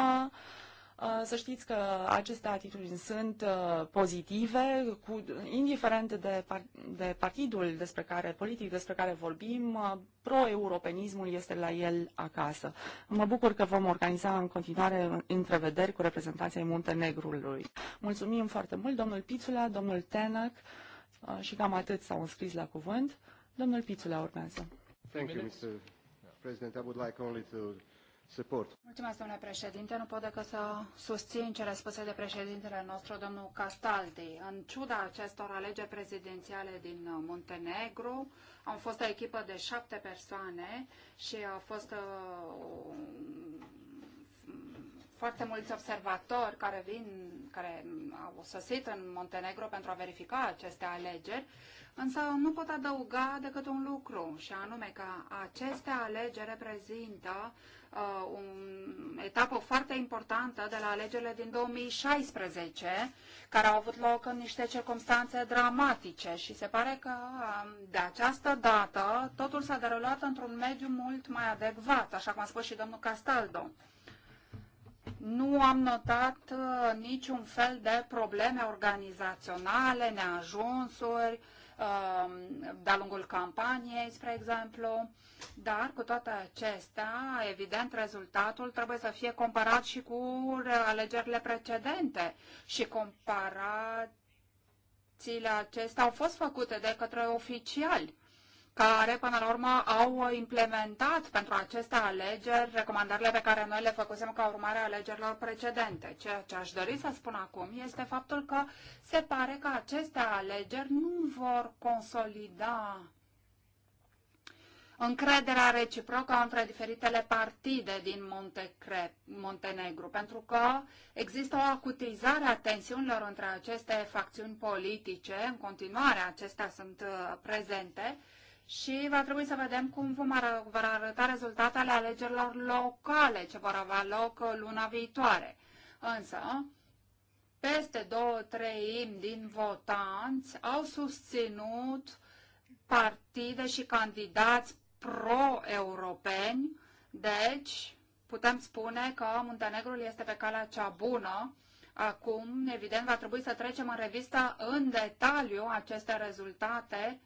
Uh, să știți că aceste atitudini sunt uh, pozitive, cu, indiferent de, par, de partidul despre care, politic despre care vorbim, uh, pro-europenismul este la el acasă. Mă bucur că vom organiza în continuare întrevederi cu reprezentanții Muntenegrului. Mulțumim foarte mult, domnul Pițula, domnul Tenac și cam atât s-au înscris la cuvânt. Domnul Pițula urmează. Thank you, Mr. President. I would like only to domnule președinte. Nu pot decât să susțin cele spuse de președintele nostru, domnul Castaldi. În ciuda acestor alegeri prezidențiale din uh, Muntenegru, am fost o echipă de șapte persoane și a fost uh, foarte mulți observatori care vin, care au sosit în Montenegro pentru a verifica aceste alegeri, însă nu pot adăuga decât un lucru, și anume că aceste alegeri reprezintă uh, un etapă foarte importantă de la alegerile din 2016, care au avut loc în niște circunstanțe dramatice și se pare că um, de această dată totul s-a derulat într-un mediu mult mai adecvat, așa cum a spus și domnul Castaldo. Nu am notat uh, niciun fel de probleme organizaționale, neajunsuri um, de-a lungul campaniei, spre exemplu, dar cu toate acestea, evident, rezultatul trebuie să fie comparat și cu alegerile precedente și comparat acestea au fost făcute de către oficiali care până la urmă au implementat pentru aceste alegeri recomandările pe care noi le făcusem ca urmare a alegerilor precedente. Ceea ce aș dori să spun acum este faptul că se pare că aceste alegeri nu vor consolida încrederea reciprocă între diferitele partide din Montecre, Montenegru, pentru că există o acutizare a tensiunilor între aceste facțiuni politice, în continuare acestea sunt uh, prezente, și va trebui să vedem cum vom ar- vor arăta rezultatele alegerilor locale ce vor avea loc uh, luna viitoare. Însă, peste două treimi din votanți au susținut partide și candidați pro-europeni, deci putem spune că Muntenegrul este pe calea cea bună. Acum, evident, va trebui să trecem în revistă în detaliu aceste rezultate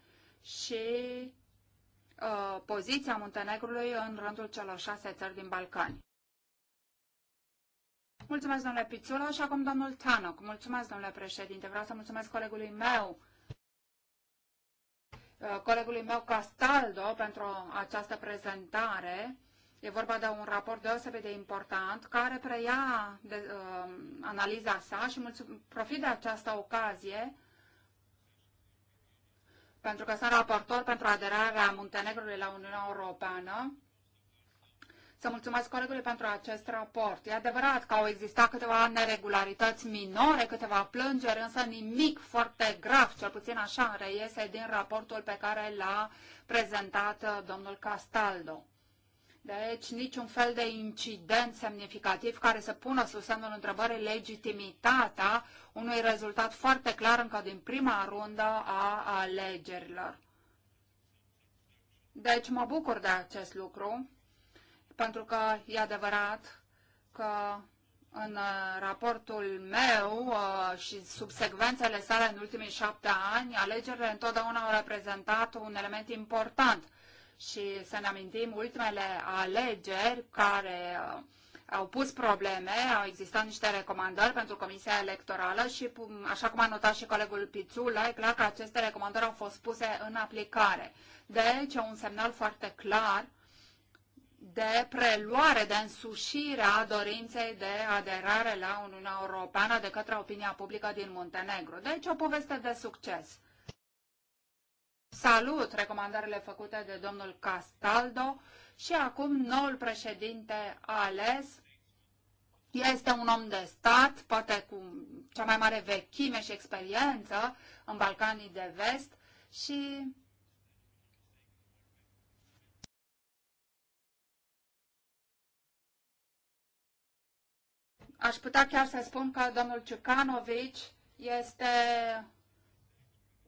și uh, poziția Muntenegrului în rândul celor șase țări din Balcani. Mulțumesc, domnule Pițulă, și acum domnul Tanoc. Mulțumesc, domnule președinte. Vreau să mulțumesc colegului meu, uh, colegului meu Castaldo, pentru această prezentare. E vorba de un raport deosebit de important care preia de, uh, analiza sa și mulțum- profit de această ocazie pentru că sunt raportor pentru aderarea Muntenegrului la Uniunea Europeană. Să mulțumesc colegului pentru acest raport. E adevărat că au existat câteva neregularități minore, câteva plângeri, însă nimic foarte grav, cel puțin așa reiese din raportul pe care l-a prezentat uh, domnul Castaldo. Deci niciun fel de incident semnificativ care să pună sub semnul întrebării legitimitatea unui rezultat foarte clar încă din prima rundă a alegerilor. Deci mă bucur de acest lucru, pentru că e adevărat că în raportul meu uh, și subsecvențele sale în ultimii șapte ani, alegerile întotdeauna au reprezentat un element important – și să ne amintim ultimele alegeri care uh, au pus probleme, au existat niște recomandări pentru Comisia Electorală și, așa cum a notat și colegul Pițulă, e clar că aceste recomandări au fost puse în aplicare. Deci, un semnal foarte clar de preluare, de însușire a dorinței de aderare la Uniunea Europeană de către opinia publică din Muntenegru. Deci, o poveste de succes. Salut recomandările făcute de domnul Castaldo și acum noul președinte ales este un om de stat, poate cu cea mai mare vechime și experiență în Balcanii de Vest și aș putea chiar să spun că domnul Ciucanovici este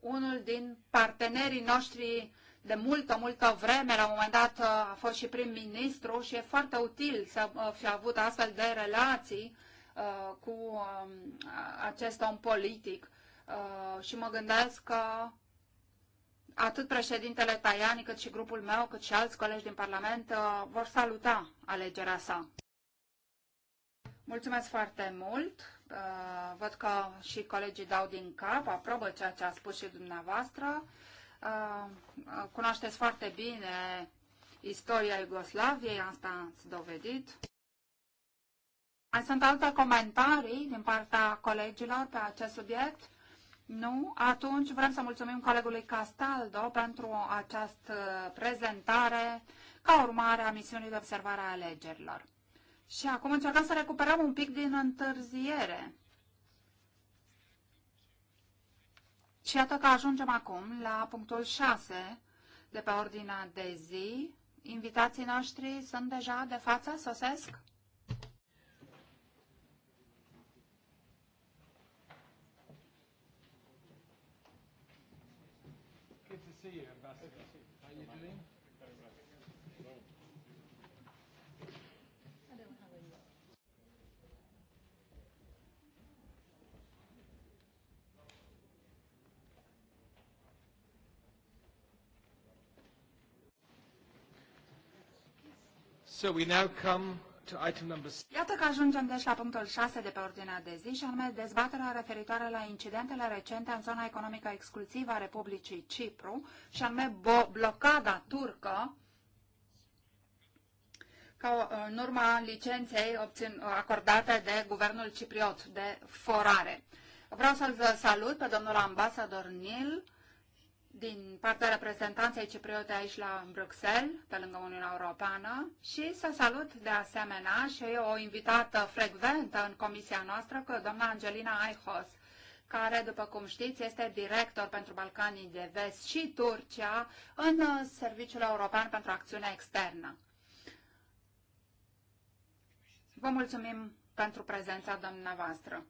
unul din partenerii noștri de multă, multă vreme, la un moment dat uh, a fost și prim-ministru și e foarte util să uh, fi avut astfel de relații uh, cu um, acest om politic. și mă gândesc că atât președintele Tajani, cât și grupul meu, cât și alți colegi din Parlament vor saluta alegerea sa. Mulțumesc foarte mult! Uh, văd că și colegii dau din cap, aprobă ceea ce a spus și dumneavoastră. Uh, uh, cunoașteți foarte bine istoria Iugoslaviei, asta ați dovedit. Mai sunt alte comentarii din partea colegilor pe acest subiect? Nu? Atunci vrem să mulțumim colegului Castaldo pentru această prezentare ca urmare a misiunii de observare a alegerilor. Și acum încercăm să recuperăm un pic din întârziere. Și iată că ajungem acum la punctul 6 de pe ordinea de zi. Invitații noștri sunt deja de față, sosesc? So we now come to item number Iată că ajungem deci la punctul 6 de pe ordinea de zi și anume dezbaterea referitoare la incidentele recente în zona economică exclusivă a Republicii Cipru și anume blocada turcă ca uh, în urma licenței obțin, uh, acordate de guvernul cipriot de forare. Vreau să-l salut pe domnul ambasador Nil, din partea reprezentanței cipriote aici la Bruxelles, pe lângă Uniunea Europeană, și să salut de asemenea și o invitată frecventă în comisia noastră, cu doamna Angelina Aihos, care, după cum știți, este director pentru Balcanii de Vest și Turcia în uh, Serviciul European pentru Acțiune Externă. Vă mulțumim pentru prezența dumneavoastră.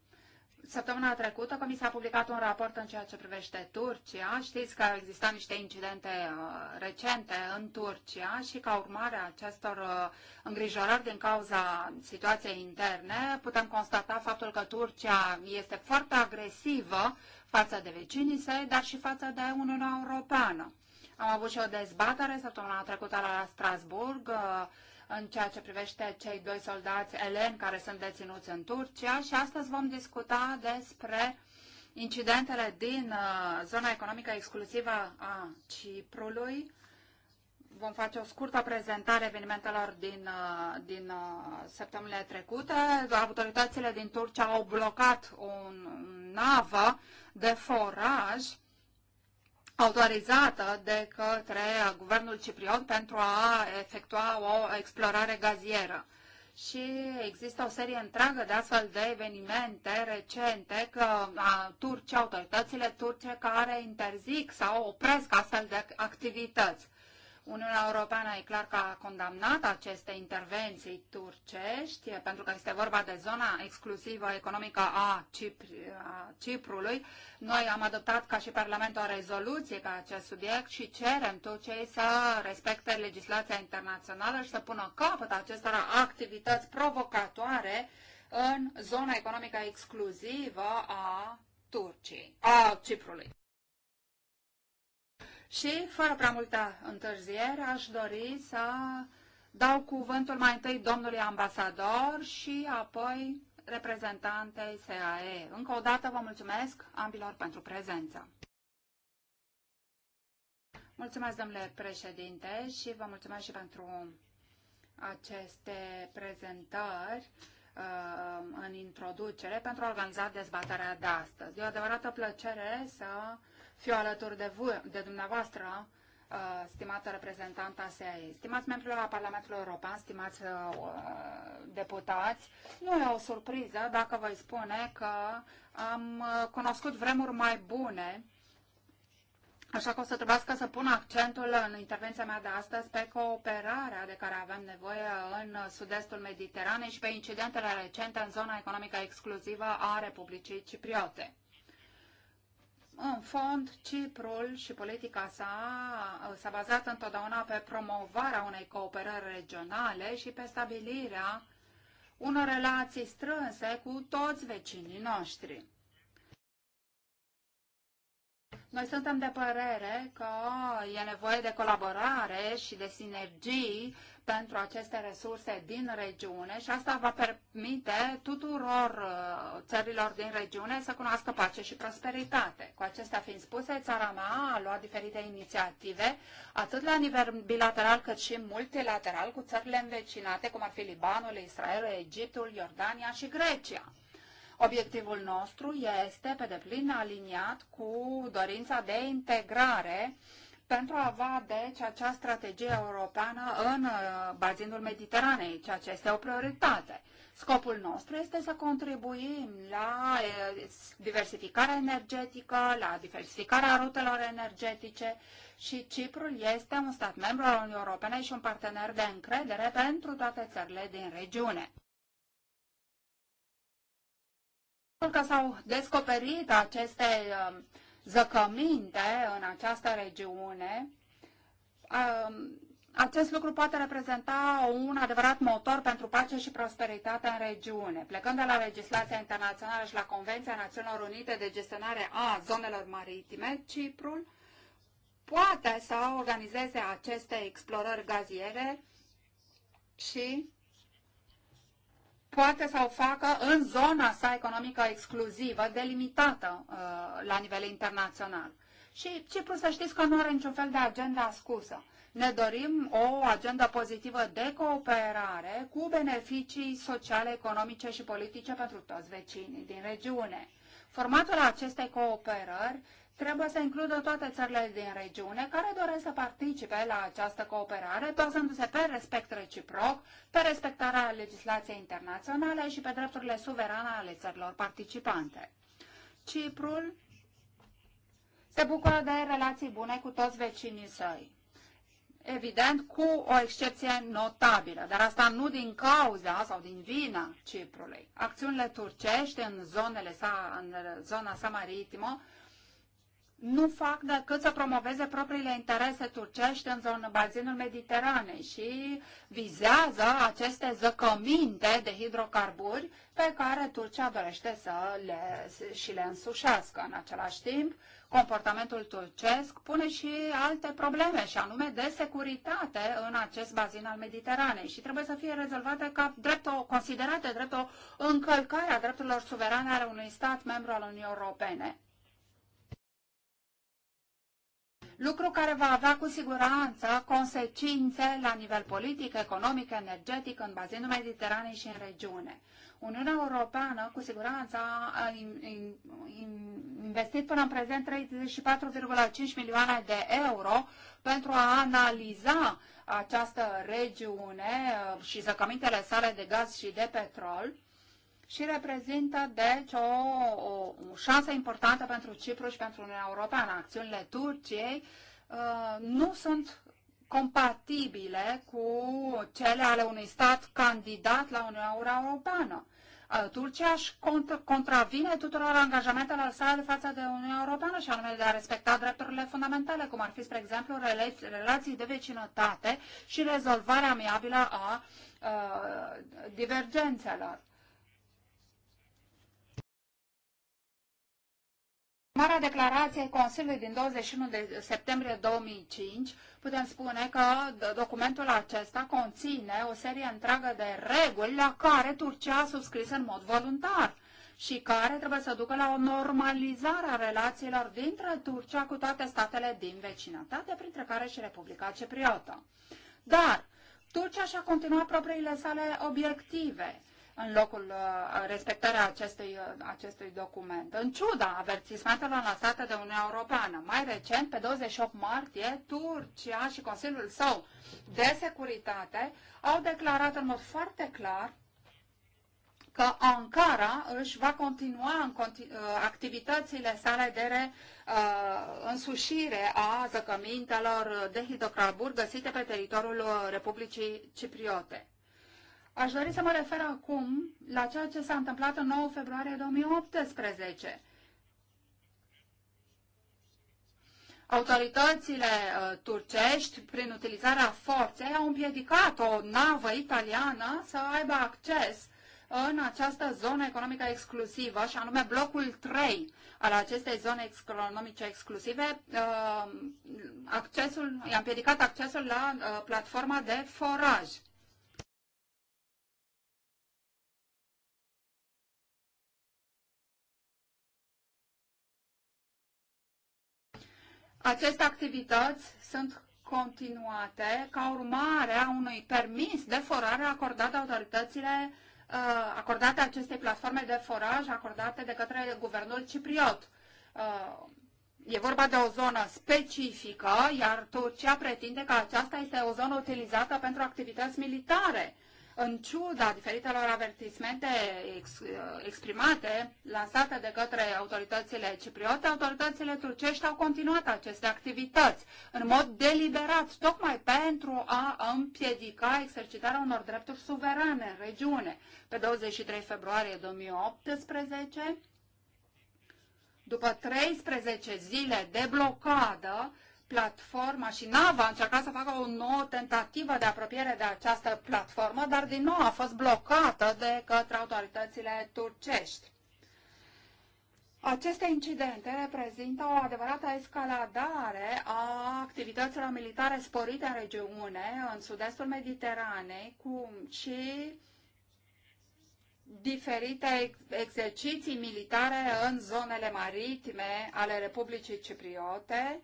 Săptămâna trecută Comisia a publicat un raport în ceea ce privește Turcia. Știți că au existat niște incidente uh, recente în Turcia și ca urmare a acestor uh, îngrijorări din cauza situației interne, putem constata faptul că Turcia este foarte agresivă față de vecinii săi, dar și față de Uniunea Europeană. Am avut și o dezbatere săptămâna trecută la Strasburg uh, în ceea ce privește cei doi soldați eleni care sunt deținuți în Turcia și astăzi vom discuta despre incidentele din uh, zona economică exclusivă a Ciprului. Vom face o scurtă prezentare evenimentelor din, uh, din uh, săptămânile trecute. Autoritățile din Turcia au blocat o navă de foraj autorizată de către guvernul cipriot pentru a efectua o explorare gazieră. Și există o serie întreagă de astfel de evenimente recente că a, turci, autoritățile turce care interzic sau opresc astfel de activități. Uniunea Europeană e clar că a condamnat aceste intervenții turcești, pentru că este vorba de zona exclusivă economică a, Cipri, a Ciprului. Noi am adoptat ca și Parlament o rezoluție pe acest subiect și cerem Turciei să respecte legislația internațională și să pună capăt acestor activități provocatoare în zona economică exclusivă a Turciei, a Ciprului. Și, fără prea multă întârziere, aș dori să dau cuvântul mai întâi domnului ambasador și apoi reprezentantei SAE. Încă o dată vă mulțumesc ambilor pentru prezență. Mulțumesc, domnule președinte, și vă mulțumesc și pentru aceste prezentări uh, în introducere pentru a organiza dezbaterea de astăzi. E o adevărată plăcere să fiu alături de, voi, de dumneavoastră, uh, stimată reprezentantă a SEAE, stimați membri la Parlamentul European, stimați uh, deputați, nu e o surpriză dacă voi spune că am uh, cunoscut vremuri mai bune Așa că o să trebuiască să pun accentul în intervenția mea de astăzi pe cooperarea de care avem nevoie în sud-estul Mediteranei și pe incidentele recente în zona economică exclusivă a Republicii Cipriote. În fond, Ciprul și politica sa uh, s-a bazat întotdeauna pe promovarea unei cooperări regionale și pe stabilirea unor relații strânse cu toți vecinii noștri. Noi suntem de părere că e nevoie de colaborare și de sinergii pentru aceste resurse din regiune și asta va permite tuturor uh, țărilor din regiune să cunoască pace și prosperitate. Cu acestea fiind spuse, țara mea a luat diferite inițiative, atât la nivel bilateral cât și multilateral, cu țările învecinate, cum ar fi Libanul, Israelul, Egiptul, Iordania și Grecia. Obiectivul nostru este pe deplin aliniat cu dorința de integrare pentru a avea, deci, acea strategie europeană în uh, bazinul Mediteranei, ceea ce este o prioritate. Scopul nostru este să contribuim la uh, diversificarea energetică, la diversificarea rutelor energetice și Ciprul este un stat membru al Uniunii Europene și un partener de încredere pentru toate țările din regiune. faptul că s-au descoperit aceste um, zăcăminte în această regiune, um, acest lucru poate reprezenta un adevărat motor pentru pace și prosperitate în regiune. Plecând de la legislația internațională și la Convenția Națiunilor Unite de gestionare a zonelor maritime, Ciprul poate să organizeze aceste explorări gaziere și poate să o facă în zona sa economică exclusivă, delimitată uh, la nivel internațional. Și Cipru să știți că nu are niciun fel de agenda ascusă. Ne dorim o agendă pozitivă de cooperare cu beneficii sociale, economice și politice pentru toți vecinii din regiune. Formatul acestei cooperări trebuie să includă toate țările din regiune care doresc să participe la această cooperare, bazându-se pe respect reciproc, pe respectarea legislației internaționale și pe drepturile suverane ale țărilor participante. Ciprul se bucură de relații bune cu toți vecinii săi. Evident, cu o excepție notabilă, dar asta nu din cauza sau din vina Ciprului. Acțiunile turcești în, zonele sa, în zona sa maritimă nu fac decât să promoveze propriile interese turcești în zonă, bazinul Mediteranei și vizează aceste zăcăminte de hidrocarburi pe care Turcia dorește să le, și le însușească. În același timp, comportamentul turcesc pune și alte probleme, și anume de securitate în acest bazin al Mediteranei și trebuie să fie rezolvate ca drept o, considerate drept o încălcare a drepturilor suverane ale unui stat membru al Uniunii Europene. lucru care va avea cu siguranță consecințe la nivel politic, economic, energetic în bazinul Mediteranei și în regiune. Uniunea Europeană, cu siguranță, a investit până în prezent 34,5 milioane de euro pentru a analiza această regiune uh, și zăcămintele sale de gaz și de petrol și reprezintă, deci, o, o, o șansă importantă pentru Cipru și pentru Uniunea Europeană. Acțiunile Turciei uh, nu sunt compatibile cu cele ale unui stat candidat la Uniunea Europeană. Uh, Turcia își contravine tuturor angajamentelor sale față de Uniunea Europeană și anume de a respecta drepturile fundamentale, cum ar fi, spre exemplu, relații de vecinătate și rezolvarea amiabilă a, a uh, divergențelor. Marea declarație Consiliului din 21 de septembrie 2005, putem spune că documentul acesta conține o serie întreagă de reguli la care Turcia a subscris în mod voluntar și care trebuie să ducă la o normalizare a relațiilor dintre Turcia cu toate statele din vecinătate, printre care și Republica Cipriotă. Dar Turcia și-a continuat propriile sale obiective în locul uh, respectării acestui, uh, acestui document, în ciuda avertismentelor lansate de Uniunea Europeană. Mai recent, pe 28 martie, Turcia și Consiliul său de Securitate au declarat în mod foarte clar că Ankara își va continua în continu- uh, activitățile sale de re, uh, însușire a zăcămintelor de hidrocarburi găsite pe teritoriul Republicii Cipriote. Aș dori să mă refer acum la ceea ce s-a întâmplat în 9 februarie 2018. Autoritățile uh, turcești, prin utilizarea forței, au împiedicat o navă italiană să aibă acces în această zonă economică exclusivă, și anume blocul 3 al acestei zone economice exclusive, uh, accesul, i-a împiedicat accesul la uh, platforma de foraj. Aceste activități sunt continuate ca urmare a unui permis de forare acordat autoritățile uh, acordate acestei platforme de foraj acordate de către guvernul cipriot. Uh, e vorba de o zonă specifică, iar Turcia pretinde că aceasta este o zonă utilizată pentru activități militare în ciuda diferitelor avertismente ex, uh, exprimate, lansate de către autoritățile cipriote, autoritățile turcești au continuat aceste activități în mod deliberat, tocmai pentru a împiedica exercitarea unor drepturi suverane în regiune. Pe 23 februarie 2018, după 13 zile de blocadă, platforma și NAVA a încercat să facă o nouă tentativă de apropiere de această platformă, dar din nou a fost blocată de către autoritățile turcești. Aceste incidente reprezintă o adevărată escaladare a activităților militare sporite în regiune, în sud-estul Mediteranei, cum și diferite exerciții militare în zonele maritime ale Republicii Cipriote,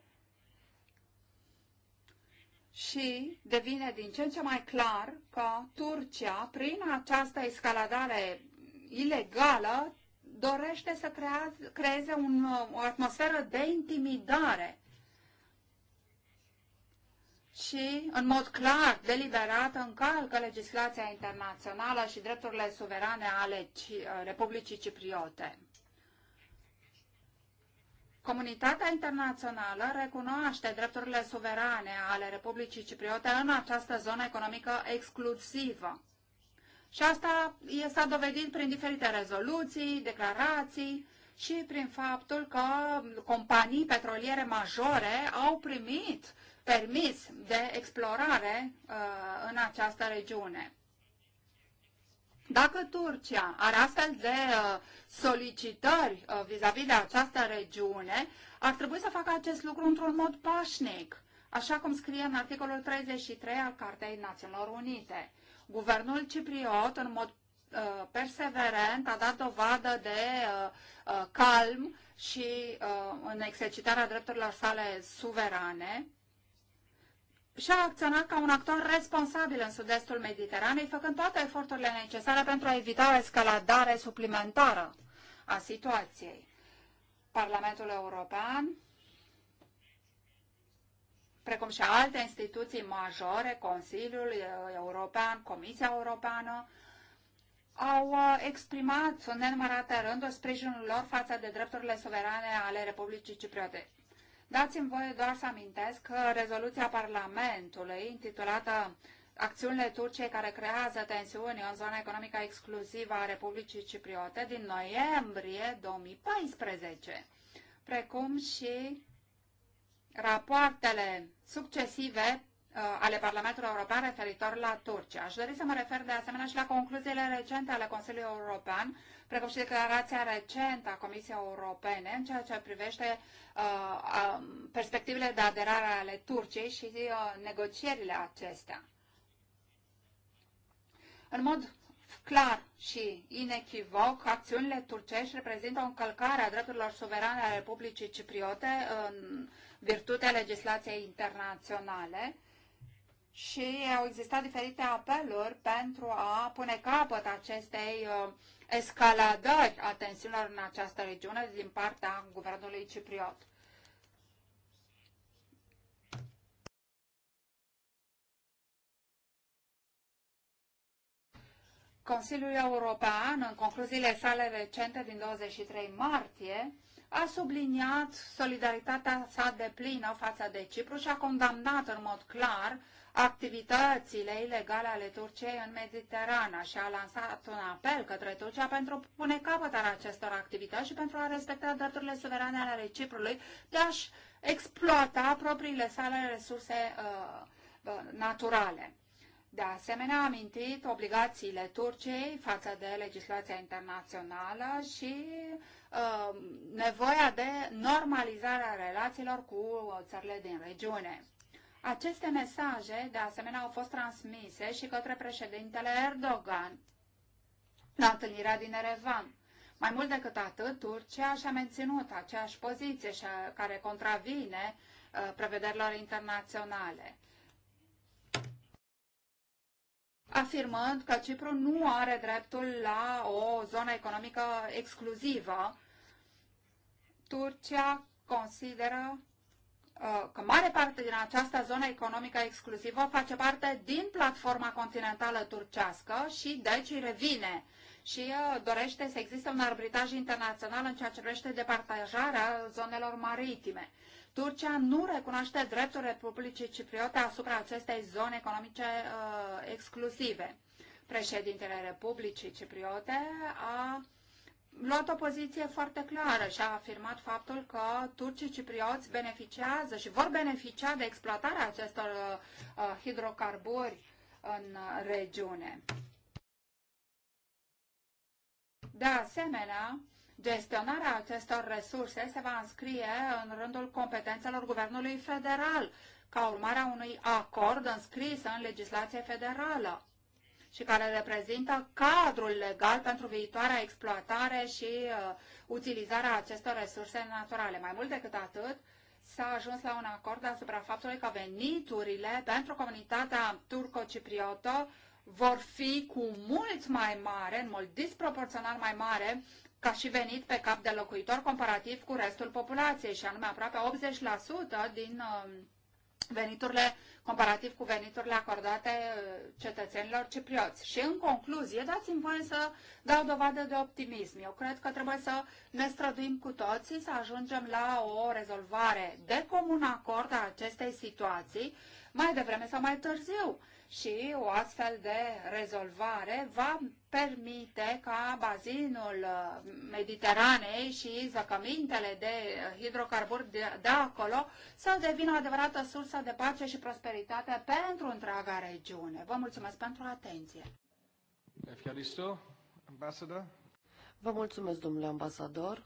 și devine din ce în ce mai clar că Turcia, prin această escaladare ilegală, dorește să crea, creeze un, o atmosferă de intimidare și, în mod clar, deliberat, încalcă legislația internațională și drepturile suverane ale uh, Republicii Cipriote. Comunitatea internațională recunoaște drepturile suverane ale Republicii Cipriote în această zonă economică exclusivă. Și asta s-a dovedit prin diferite rezoluții, declarații și prin faptul că companii petroliere majore au primit permis de explorare uh, în această regiune. Dacă Turcia are astfel de uh, solicitări uh, vis-a-vis -vis de această regiune, ar trebui să facă acest lucru într-un mod pașnic, așa cum scrie în articolul 33 al Cartei Națiunilor Unite. Guvernul cipriot, în mod uh, perseverent, a dat dovadă de calm și în exercitarea drepturilor sale suverane, și a acționat ca un actor responsabil în sud-estul Mediteranei, făcând toate eforturile necesare pentru a evita o escaladare suplimentară a situației. Parlamentul European, precum și alte instituții majore, Consiliul European, Comisia Europeană, au uh, exprimat în nenumărate rânduri sprijinul lor față de drepturile suverane ale Republicii Cipriote. Dați-mi voie doar să amintesc că rezoluția Parlamentului, intitulată Acțiunile Turciei care creează tensiuni în zona economică exclusivă a Republicii Cipriote din noiembrie 2014, precum și rapoartele succesive uh, ale Parlamentului European referitor la Turcia. Aș dori să mă refer de asemenea și la concluziile recente ale Consiliului European precum și declarația recentă a Comisiei Europene în ceea ce privește uh, perspectivele de aderare ale Turciei și uh, negocierile acestea. În mod clar și inechivoc, acțiunile turcești reprezintă o încălcare a drepturilor suverane ale Republicii Cipriote în virtutea legislației internaționale, și au existat diferite apeluri pentru a pune capăt acestei uh, escaladări a tensiunilor în această regiune din partea guvernului cipriot. Consiliul European, în concluziile sale recente din 23 martie, a subliniat solidaritatea sa deplină față de Cipru și a condamnat în mod clar activitățile ilegale ale Turciei în Mediterana și a lansat un apel către Turcia pentru a pune capăt al acestor activități și pentru a respecta drepturile suverane ale Ciprului de a-și exploata propriile sale resurse uh, uh naturale. De asemenea, a amintit obligațiile Turciei față de legislația internațională și uh, nevoia de normalizare a relațiilor cu țările din regiune. Aceste mesaje, de asemenea, au fost transmise și către președintele Erdogan la întâlnirea din Erevan. Mai mult decât atât, Turcia și-a menținut aceeași poziție și care contravine uh, prevederilor internaționale afirmând că Cipru nu are dreptul la o zonă economică exclusivă. Turcia consideră uh, că mare parte din această zonă economică exclusivă face parte din platforma continentală turcească și deci revine și uh, dorește să existe un arbitraj internațional în ceea ce privește departajarea zonelor maritime. Turcia nu recunoaște dreptul Republicii Cipriote asupra acestei zone economice uh, exclusive. Președintele Republicii Cipriote a luat o poziție foarte clară și a afirmat faptul că turcii ciprioți beneficiază și vor beneficia de exploatarea acestor uh, hidrocarburi în regiune. De asemenea, Gestionarea acestor resurse se va înscrie în rândul competențelor Guvernului Federal, ca urmare a unui acord înscris în legislație federală și care reprezintă cadrul legal pentru viitoarea exploatare și uh, utilizarea acestor resurse naturale. Mai mult decât atât, s-a ajuns la un acord asupra faptului că veniturile pentru comunitatea turco-cipriotă vor fi cu mult mai mare, în mult disproporțional mai mare, ca și venit pe cap de locuitor comparativ cu restul populației și anume aproape 80% din um, veniturile comparativ cu veniturile acordate uh, cetățenilor ciprioți. Și în concluzie, dați-mi voie să dau dovadă de optimism. Eu cred că trebuie să ne străduim cu toții să ajungem la o rezolvare de comun acord a acestei situații mai devreme sau mai târziu și o astfel de rezolvare va permite ca bazinul uh, Mediteranei și zăcămintele de hidrocarburi de, de acolo să devină o adevărată sursă de pace și prosperitate pentru întreaga regiune. Vă mulțumesc pentru atenție. Vă mulțumesc, domnule ambasador.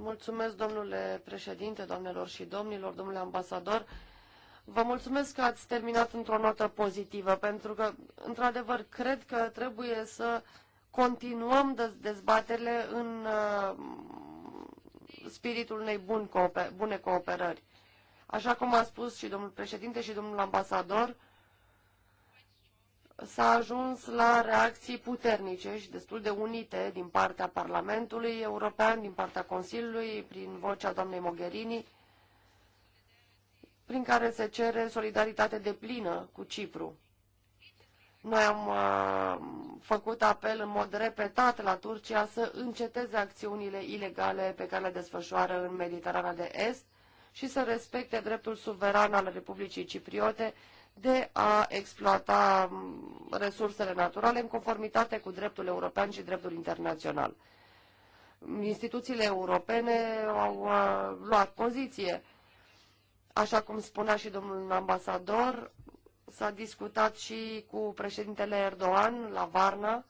Mulțumesc, domnule președinte, doamnelor și domnilor, domnule ambasador. Vă mulțumesc că ați terminat într-o notă pozitivă, pentru că, într-adevăr, cred că trebuie să continuăm dezbaterile în uh, spiritul unei bun cooper bune cooperări. Așa cum a spus și domnul președinte și domnul ambasador, s-a ajuns la reacții puternice și destul de unite din partea Parlamentului European, din partea Consiliului, prin vocea doamnei Mogherini, prin care se cere solidaritate de plină cu Cipru. Noi am uh, făcut apel în mod repetat la Turcia să înceteze acțiunile ilegale pe care le desfășoară în Mediterana de Est și să respecte dreptul suveran al Republicii Cipriote de a exploata resursele naturale în conformitate cu dreptul european și dreptul internațional. Instituțiile europene au luat poziție. Așa cum spunea și domnul ambasador, s-a discutat și cu președintele Erdogan la Varna.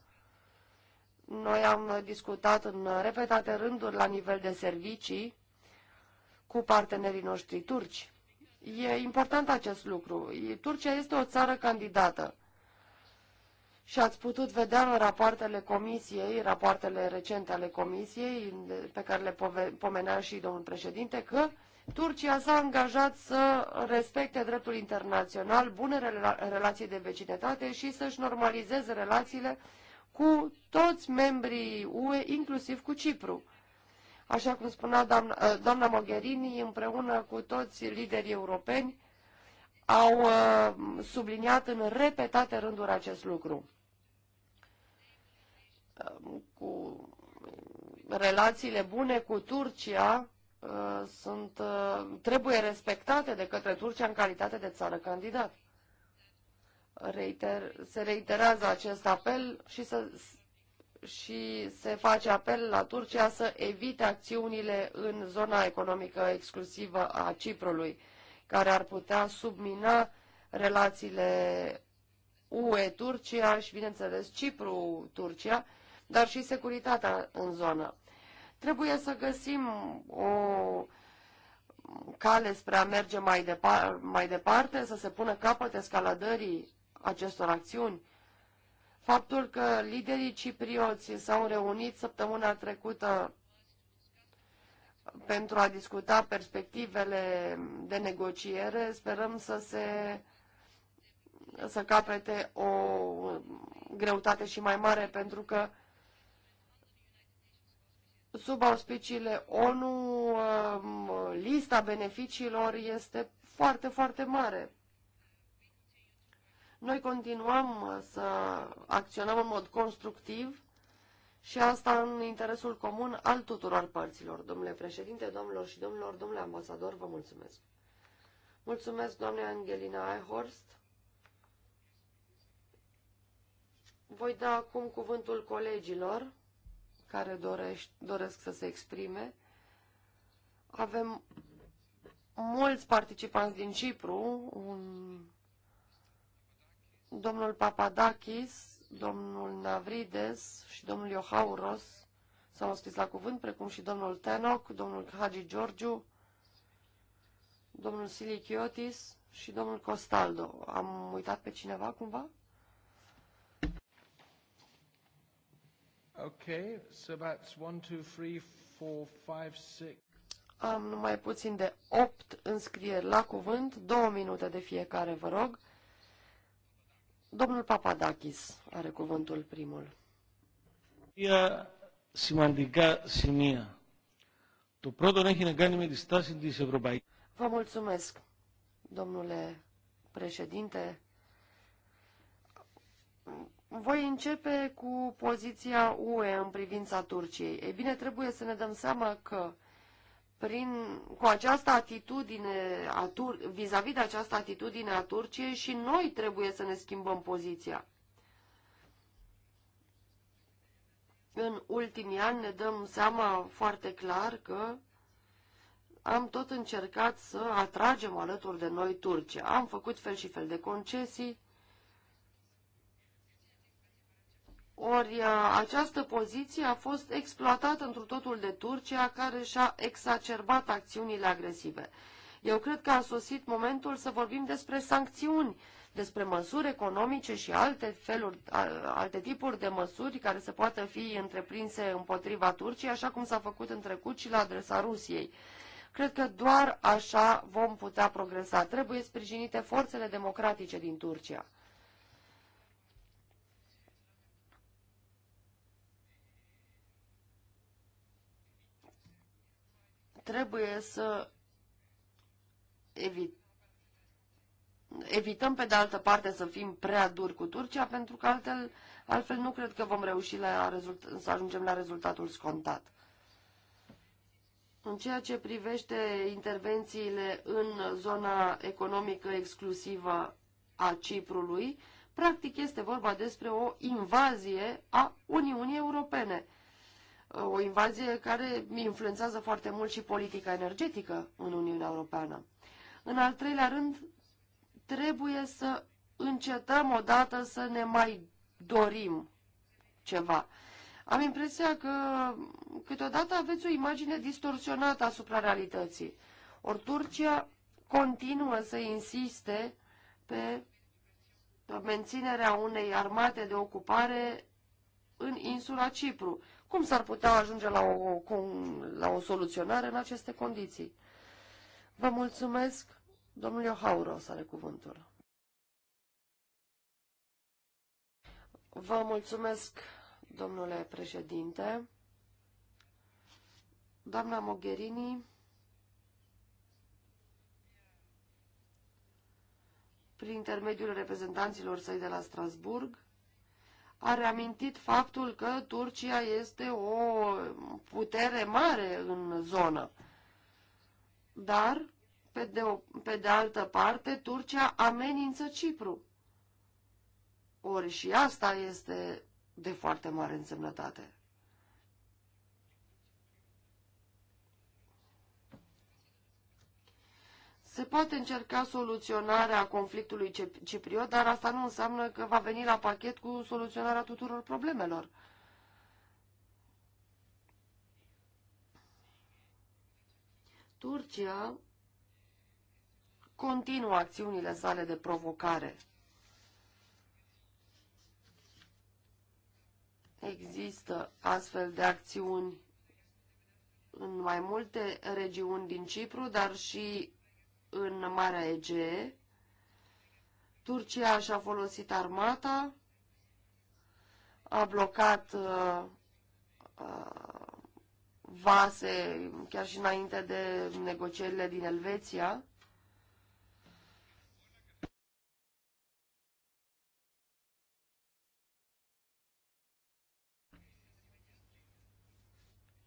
Noi am discutat în repetate rânduri la nivel de servicii cu partenerii noștri turci. E important acest lucru. Turcia este o țară candidată. Și ați putut vedea în rapoartele comisiei, rapoartele recente ale comisiei, pe care le pomenea și domnul președinte, că Turcia s-a angajat să respecte dreptul internațional, bune rela relații de vecinătate și să-și normalizeze relațiile cu toți membrii UE, inclusiv cu Cipru. Așa cum spunea doamna, eh, doamna Mogherini, împreună cu toți liderii europeni, au eh, subliniat în repetate rânduri acest lucru. Eh, cu relațiile bune cu Turcia sunt, trebuie respectate de către Turcia în calitate de țară candidat. Reiter, se reiterează acest apel și să și se face apel la Turcia să evite acțiunile în zona economică exclusivă a Ciprului, care ar putea submina relațiile UE-Turcia și, bineînțeles, Cipru-Turcia, dar și securitatea în zonă. Trebuie să găsim o cale spre a merge mai, depar mai departe, să se pună capăt escaladării acestor acțiuni faptul că liderii ciprioți s-au reunit săptămâna trecută pentru a discuta perspectivele de negociere, sperăm să se să capete o greutate și mai mare pentru că sub auspiciile ONU lista beneficiilor este foarte, foarte mare. Noi continuăm uh, să acționăm în mod constructiv și asta în interesul comun al tuturor părților. Domnule președinte, domnilor și domnilor, domnule ambasador, vă mulțumesc. Mulțumesc, doamne Angelina Ehorst. Voi da acum cuvântul colegilor care dorești, doresc să se exprime. Avem mulți participanți din Cipru, un domnul Papadakis, domnul Navrides și domnul Iohauros s-au scris la cuvânt, precum și domnul Tenoc, domnul Hagi Georgiu, domnul Silichiotis și domnul Costaldo. Am uitat pe cineva cumva? Ok, so that's 1, 2, 3, 4, 5, 6. Am numai puțin de 8 înscrieri la cuvânt, două minute de fiecare, vă rog. Domnul Papadakis are cuvântul primul. Ia σημαντικά σημεία. Το πρώτο έχει να κάνει με τη στάση της Ευρωπαϊκής. Vă mulțumesc, domnule președinte. Voi începe cu poziția UE în privința Turciei. Ei bine, trebuie să ne dăm seama că prin, cu această atitudine a Tur- vis-a-vis de această atitudine a Turciei și noi trebuie să ne schimbăm poziția. În ultimii ani ne dăm seama foarte clar că am tot încercat să atragem alături de noi Turcia. Am făcut fel și fel de concesii, Ori uh, această poziție a fost exploatată într totul de Turcia, care și-a exacerbat acțiunile agresive. Eu cred că a sosit momentul să vorbim despre sancțiuni, despre măsuri economice și alte, feluri, alte tipuri de măsuri care se poată fi întreprinse împotriva Turciei, așa cum s-a făcut în trecut și la adresa Rusiei. Cred că doar așa vom putea progresa. Trebuie sprijinite forțele democratice din Turcia. trebuie să evit, evităm pe de altă parte să fim prea duri cu Turcia, pentru că altfel, altfel nu cred că vom reuși la rezult, să ajungem la rezultatul scontat. În ceea ce privește intervențiile în zona economică exclusivă a Ciprului, practic este vorba despre o invazie a Uniunii Europene – o invazie care influențează foarte mult și politica energetică în Uniunea Europeană. În al treilea rând, trebuie să încetăm odată să ne mai dorim ceva. Am impresia că câteodată aveți o imagine distorsionată asupra realității. Ori Turcia continuă să insiste pe menținerea unei armate de ocupare în insula Cipru, cum s-ar putea ajunge la o, cum, la o soluționare în aceste condiții? Vă mulțumesc. Domnul să are cuvântul. Vă mulțumesc, domnule președinte. Doamna Mogherini, prin intermediul reprezentanților săi de la Strasburg, a reamintit faptul că Turcia este o putere mare în zonă. Dar, pe de, o, pe de altă parte, Turcia amenință Cipru. Ori și asta este de foarte mare însemnătate. Se poate încerca soluționarea conflictului cipriot, dar asta nu înseamnă că va veni la pachet cu soluționarea tuturor problemelor. Turcia continuă acțiunile sale de provocare. Există astfel de acțiuni în mai multe regiuni din Cipru, dar și în Marea Egee. Turcia și-a folosit armata, a blocat uh, uh, vase chiar și înainte de negocierile din Elveția.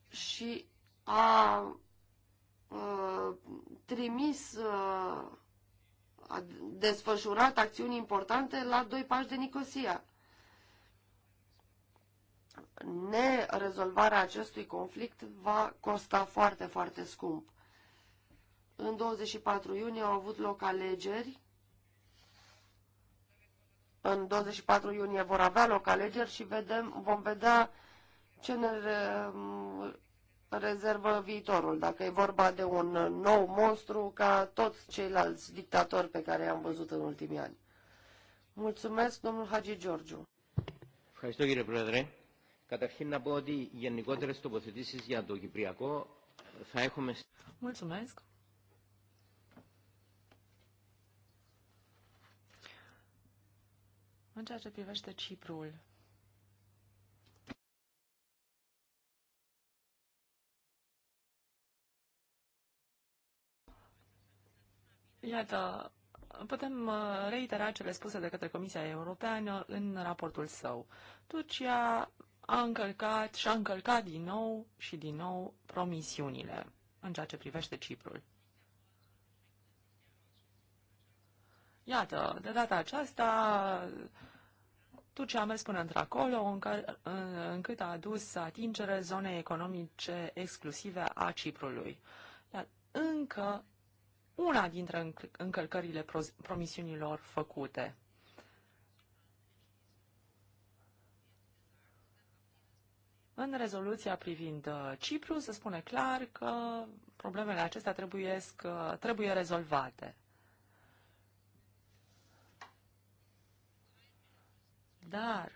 Și a Uh, trimis, uh, a desfășurat acțiuni importante la doi pași de Nicosia. Nerezolvarea acestui conflict va costa foarte, foarte scump. În 24 iunie au avut loc alegeri în 24 iunie vor avea loc alegeri și vedem, vom vedea ce ne rezervă viitorul, dacă e vorba de un nou monstru ca toți ceilalți dictatori pe care i-am văzut în ultimii ani. Mulțumesc, domnul Hagi Georgiu. Ευχαριστώ κύριε președinte, Καταρχήν να πω ότι οι γενικότερες τοποθετήσεις για το Κυπριακό θα έχουμε... Mulțumesc. În ceea ce privește Ciprul, Iată, putem uh, reitera cele spuse de către Comisia Europeană în raportul său. Turcia a încălcat și a încălcat din nou și din nou promisiunile în ceea ce privește Ciprul. Iată, de data aceasta, Turcia a mers până într-acolo, uh, încât a adus atingere zonei economice exclusive a Ciprului. Iar încă una dintre încălcările promisiunilor făcute. În rezoluția privind uh, Cipru se spune clar că problemele acestea trebuie, uh, trebuie rezolvate. Dar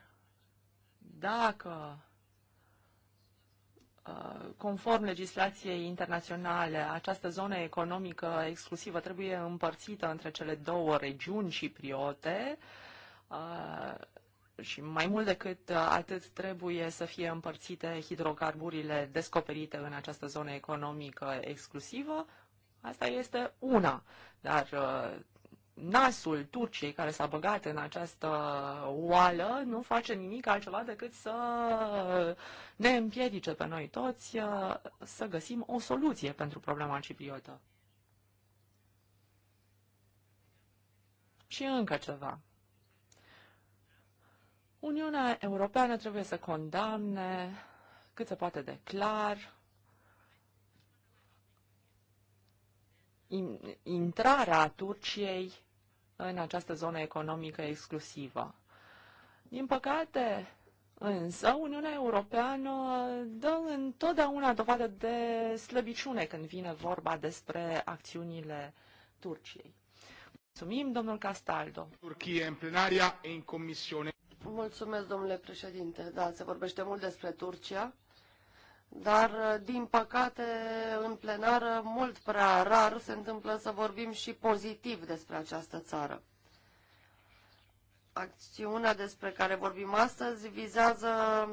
dacă Uh, conform legislației internaționale, această zonă economică exclusivă trebuie împărțită între cele două regiuni cipriote uh, și mai mult decât atât trebuie să fie împărțite hidrocarburile descoperite în această zonă economică exclusivă. Asta este una, dar uh, nasul Turciei care s-a băgat în această oală nu face nimic altceva decât să ne împiedice pe noi toți uh, să găsim o soluție pentru problema cipriotă. Și încă ceva. Uniunea Europeană trebuie să condamne cât se poate de clar intrarea Turciei în această zonă economică exclusivă. Din păcate, însă, Uniunea Europeană dă întotdeauna dovadă de slăbiciune când vine vorba despre acțiunile Turciei. Mulțumim, domnul Castaldo. Turcie în plenaria în comisiune. Mulțumesc, domnule președinte. Da, se vorbește mult despre Turcia dar uh, din păcate în plenară mult prea rar se întâmplă să vorbim și pozitiv despre această țară. Acțiunea despre care vorbim astăzi vizează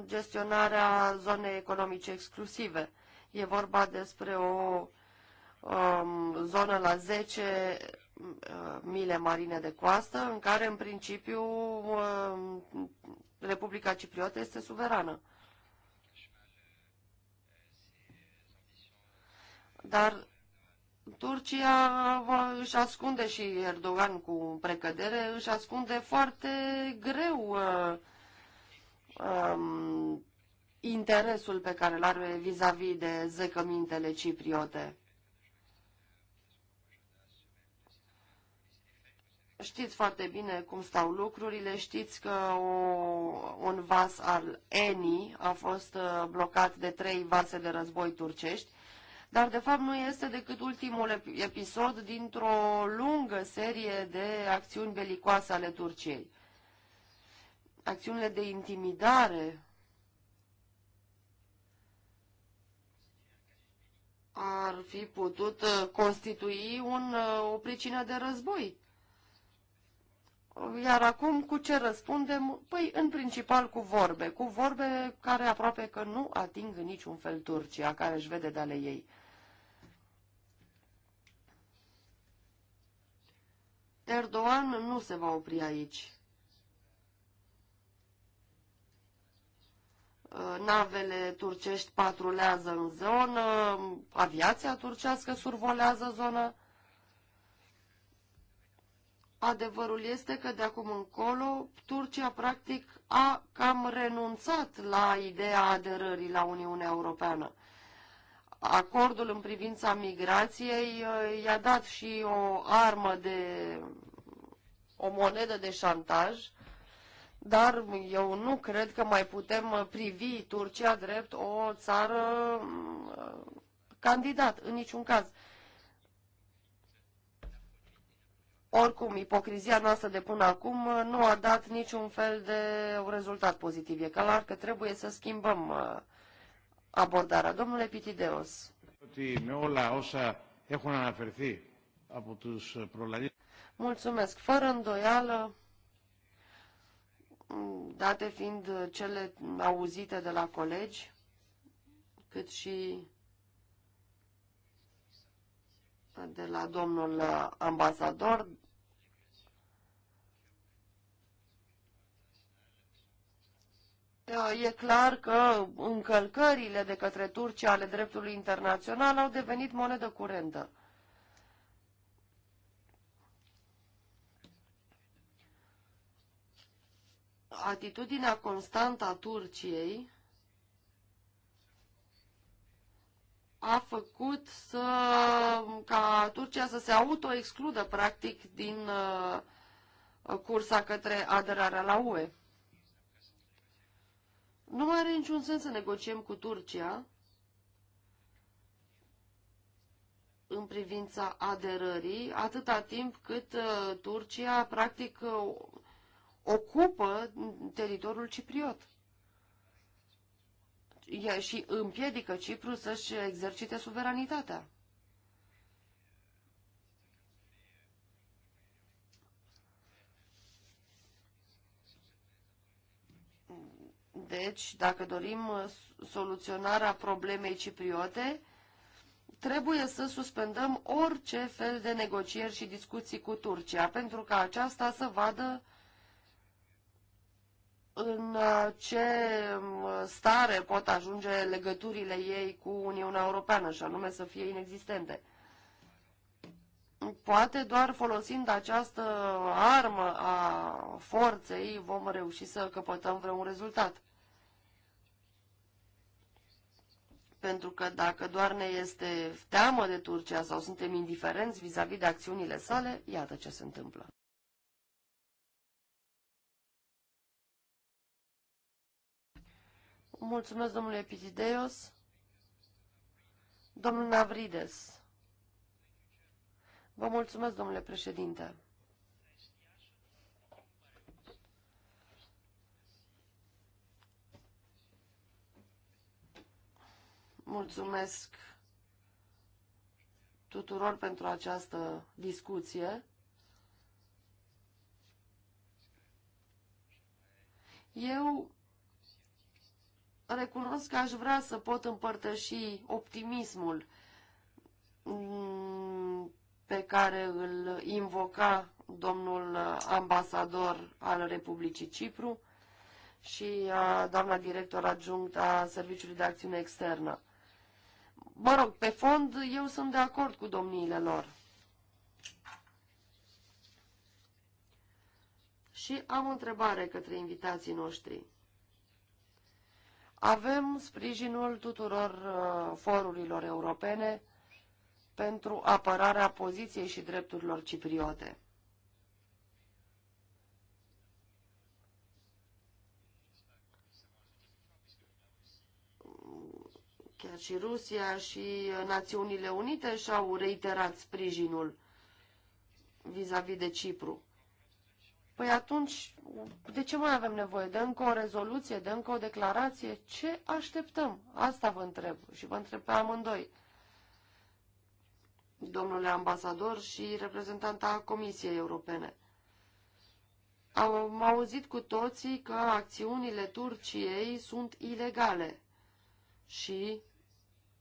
gestionarea zonei economice exclusive. E vorba despre o um, zonă la 10 uh, mile marine de coastă, în care, în principiu, um, Republica Cipriotă este suverană. Dar Turcia își ascunde și Erdogan cu precădere, își ascunde foarte greu uh, um, interesul pe care îl are vis-a-vis -vis de zăcămintele cipriote. Știți foarte bine cum stau lucrurile, știți că o, un vas al ENI a fost uh, blocat de trei vase de război turcești, dar de fapt nu este decât ultimul episod dintr-o lungă serie de acțiuni belicoase ale Turciei. Acțiunile de intimidare ar fi putut uh, constitui un, uh, o pricină de război. Iar acum cu ce răspundem? Păi în principal cu vorbe, cu vorbe care aproape că nu ating în niciun fel Turcia, care își vede de ale ei. Erdoğan nu se va opri aici. Uh, navele turcești patrulează în zonă, aviația turcească survolează zona. Adevărul este că de acum încolo Turcia practic a cam renunțat la ideea aderării la Uniunea Europeană acordul în privința migrației uh, i-a dat și o armă de o monedă de șantaj, dar eu nu cred că mai putem privi Turcia drept o țară uh, candidat, în niciun caz. Oricum, ipocrizia noastră de până acum uh, nu a dat niciun fel de rezultat pozitiv. E clar că trebuie să schimbăm abordarea. Domnule Pitideos. Mulțumesc. Fără îndoială, date fiind cele auzite de la colegi, cât și de la domnul ambasador, Uh, e clar că încălcările de către Turcia ale dreptului internațional au devenit monedă curentă. Atitudinea constantă a Turciei a făcut să, ca Turcia să se autoexcludă practic din uh, cursa către aderarea la UE. Nu mai are niciun sens să negociem cu Turcia în privința aderării, atâta timp cât uh, Turcia, practic, uh, ocupă teritoriul cipriot și împiedică Cipru să-și exercite suveranitatea. Deci, dacă dorim uh, soluționarea problemei cipriote, trebuie să suspendăm orice fel de negocieri și discuții cu Turcia, pentru ca aceasta să vadă în ce um, stare pot ajunge legăturile ei cu Uniunea Europeană, și anume să fie inexistente. Poate doar folosind această armă a forței vom reuși să căpătăm vreun rezultat. pentru că dacă doar ne este teamă de Turcia sau suntem indiferenți vis-a-vis -vis de acțiunile sale, iată ce se întâmplă. Mulțumesc, domnule Pitideos. Domnul Navrides. Vă mulțumesc, domnule președinte. Mulțumesc tuturor pentru această discuție. Eu recunosc că aș vrea să pot împărtăși optimismul mm, pe care îl invoca domnul ambasador al Republicii Cipru și doamna director adjunct a Serviciului de Acțiune Externă mă rog, pe fond eu sunt de acord cu domniile lor. Și am o întrebare către invitații noștri. Avem sprijinul tuturor uh, forurilor europene pentru apărarea poziției și drepturilor cipriote. Chiar și Rusia și uh, Națiunile Unite și-au reiterat sprijinul vis-a-vis -vis de Cipru. Păi atunci, de ce mai avem nevoie? De încă o rezoluție, de încă o declarație? Ce așteptăm? Asta vă întreb și vă întreb pe amândoi. Domnule ambasador și reprezentanta Comisiei Europene. Am auzit cu toții că acțiunile Turciei sunt ilegale și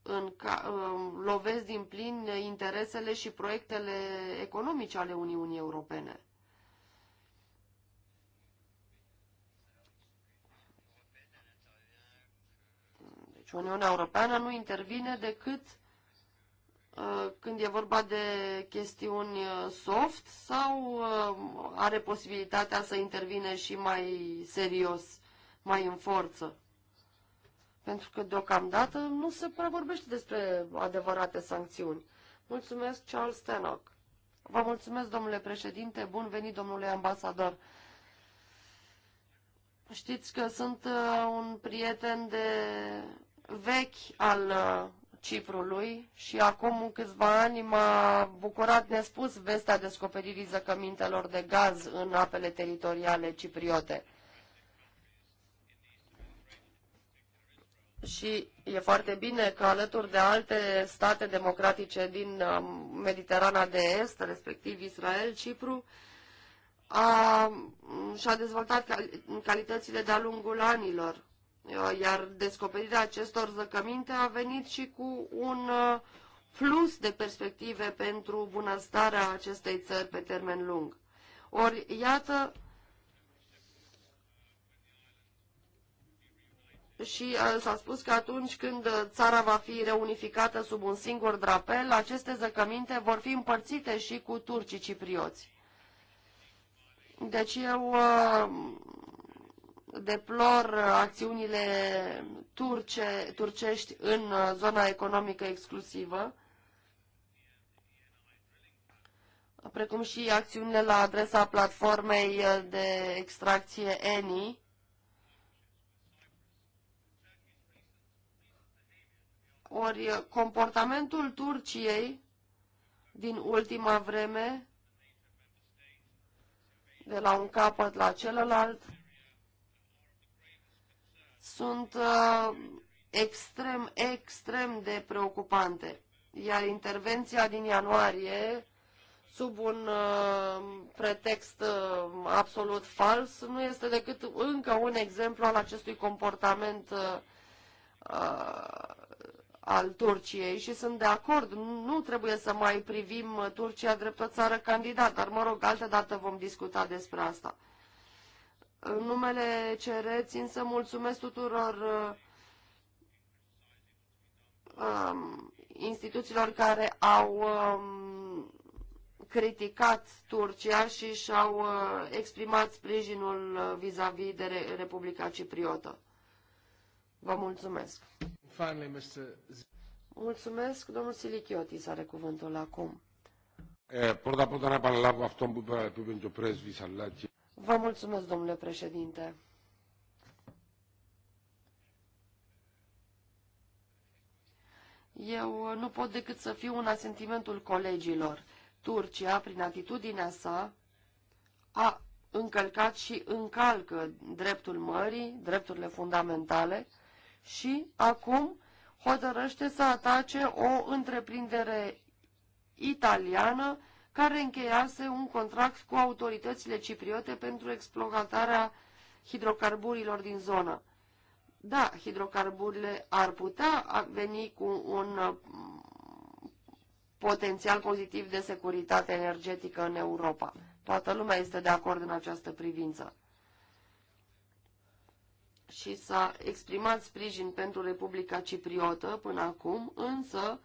în ca, uh, lovesc din plin interesele și proiectele economice ale Uniunii Europene. Deci Uniunea Europeană nu intervine decât uh, când e vorba de chestiuni uh, soft sau are posibilitatea să intervine și mai serios, mai în forță. Pentru că deocamdată nu se prea vorbește despre adevărate sancțiuni. Mulțumesc, Charles Stenock. Vă mulțumesc, domnule președinte. Bun venit, domnule ambasador. Știți că sunt uh, un prieten de vechi al uh, Ciprului și acum câțiva ani m-a bucurat nespus vestea descoperirii zăcămintelor de gaz în apele teritoriale cipriote. și e foarte bine că alături de alte state democratice din um, Mediterana de Est, respectiv Israel, Cipru, a, și-a dezvoltat cal calitățile de-a lungul anilor. Uh, iar descoperirea acestor zăcăminte a venit și cu un uh, plus de perspective pentru bunăstarea acestei țări pe termen lung. Ori, iată, și uh, s-a spus că atunci când uh, țara va fi reunificată sub un singur drapel, aceste zăcăminte vor fi împărțite și cu turcii ciprioți. Deci eu uh, deplor acțiunile turce, turcești în zona economică exclusivă, precum și acțiunile la adresa platformei de extracție ENI, Ori uh, comportamentul Turciei din ultima vreme, de la un capăt la celălalt, sunt uh, extrem, extrem de preocupante. Iar intervenția din ianuarie, sub un uh, pretext uh, absolut fals, nu este decât încă un exemplu al acestui comportament uh, uh al Turciei și sunt de acord, nu trebuie să mai privim Turcia drept o țară candidată, dar mă rog, altă dată vom discuta despre asta. În numele CR țin să mulțumesc tuturor um, instituțiilor care au um, criticat Turcia și și-au uh, exprimat sprijinul uh, vis-a-vis -vis de Republica Cipriotă. Vă mulțumesc. Mulțumesc. Domnul Silichiotis are cuvântul acum. Πρώτα απ' όλα να επαναλάβω αυτό που είπε και ο πρέσβης αλλά και... Vă mulțumesc, domnule președinte. Eu uh, nu pot decât să fiu un asentimentul colegilor. Turcia, prin atitudinea sa, a încălcat și încalcă dreptul mării, drepturile fundamentale, și acum hotărăște să atace o întreprindere italiană care încheiase un contract cu autoritățile cipriote pentru exploatarea hidrocarburilor din zonă. Da, hidrocarburile ar putea veni cu un uh, potențial pozitiv de securitate energetică în Europa. Toată lumea este de acord în această privință și s-a exprimat sprijin pentru Republica Cipriotă până acum, însă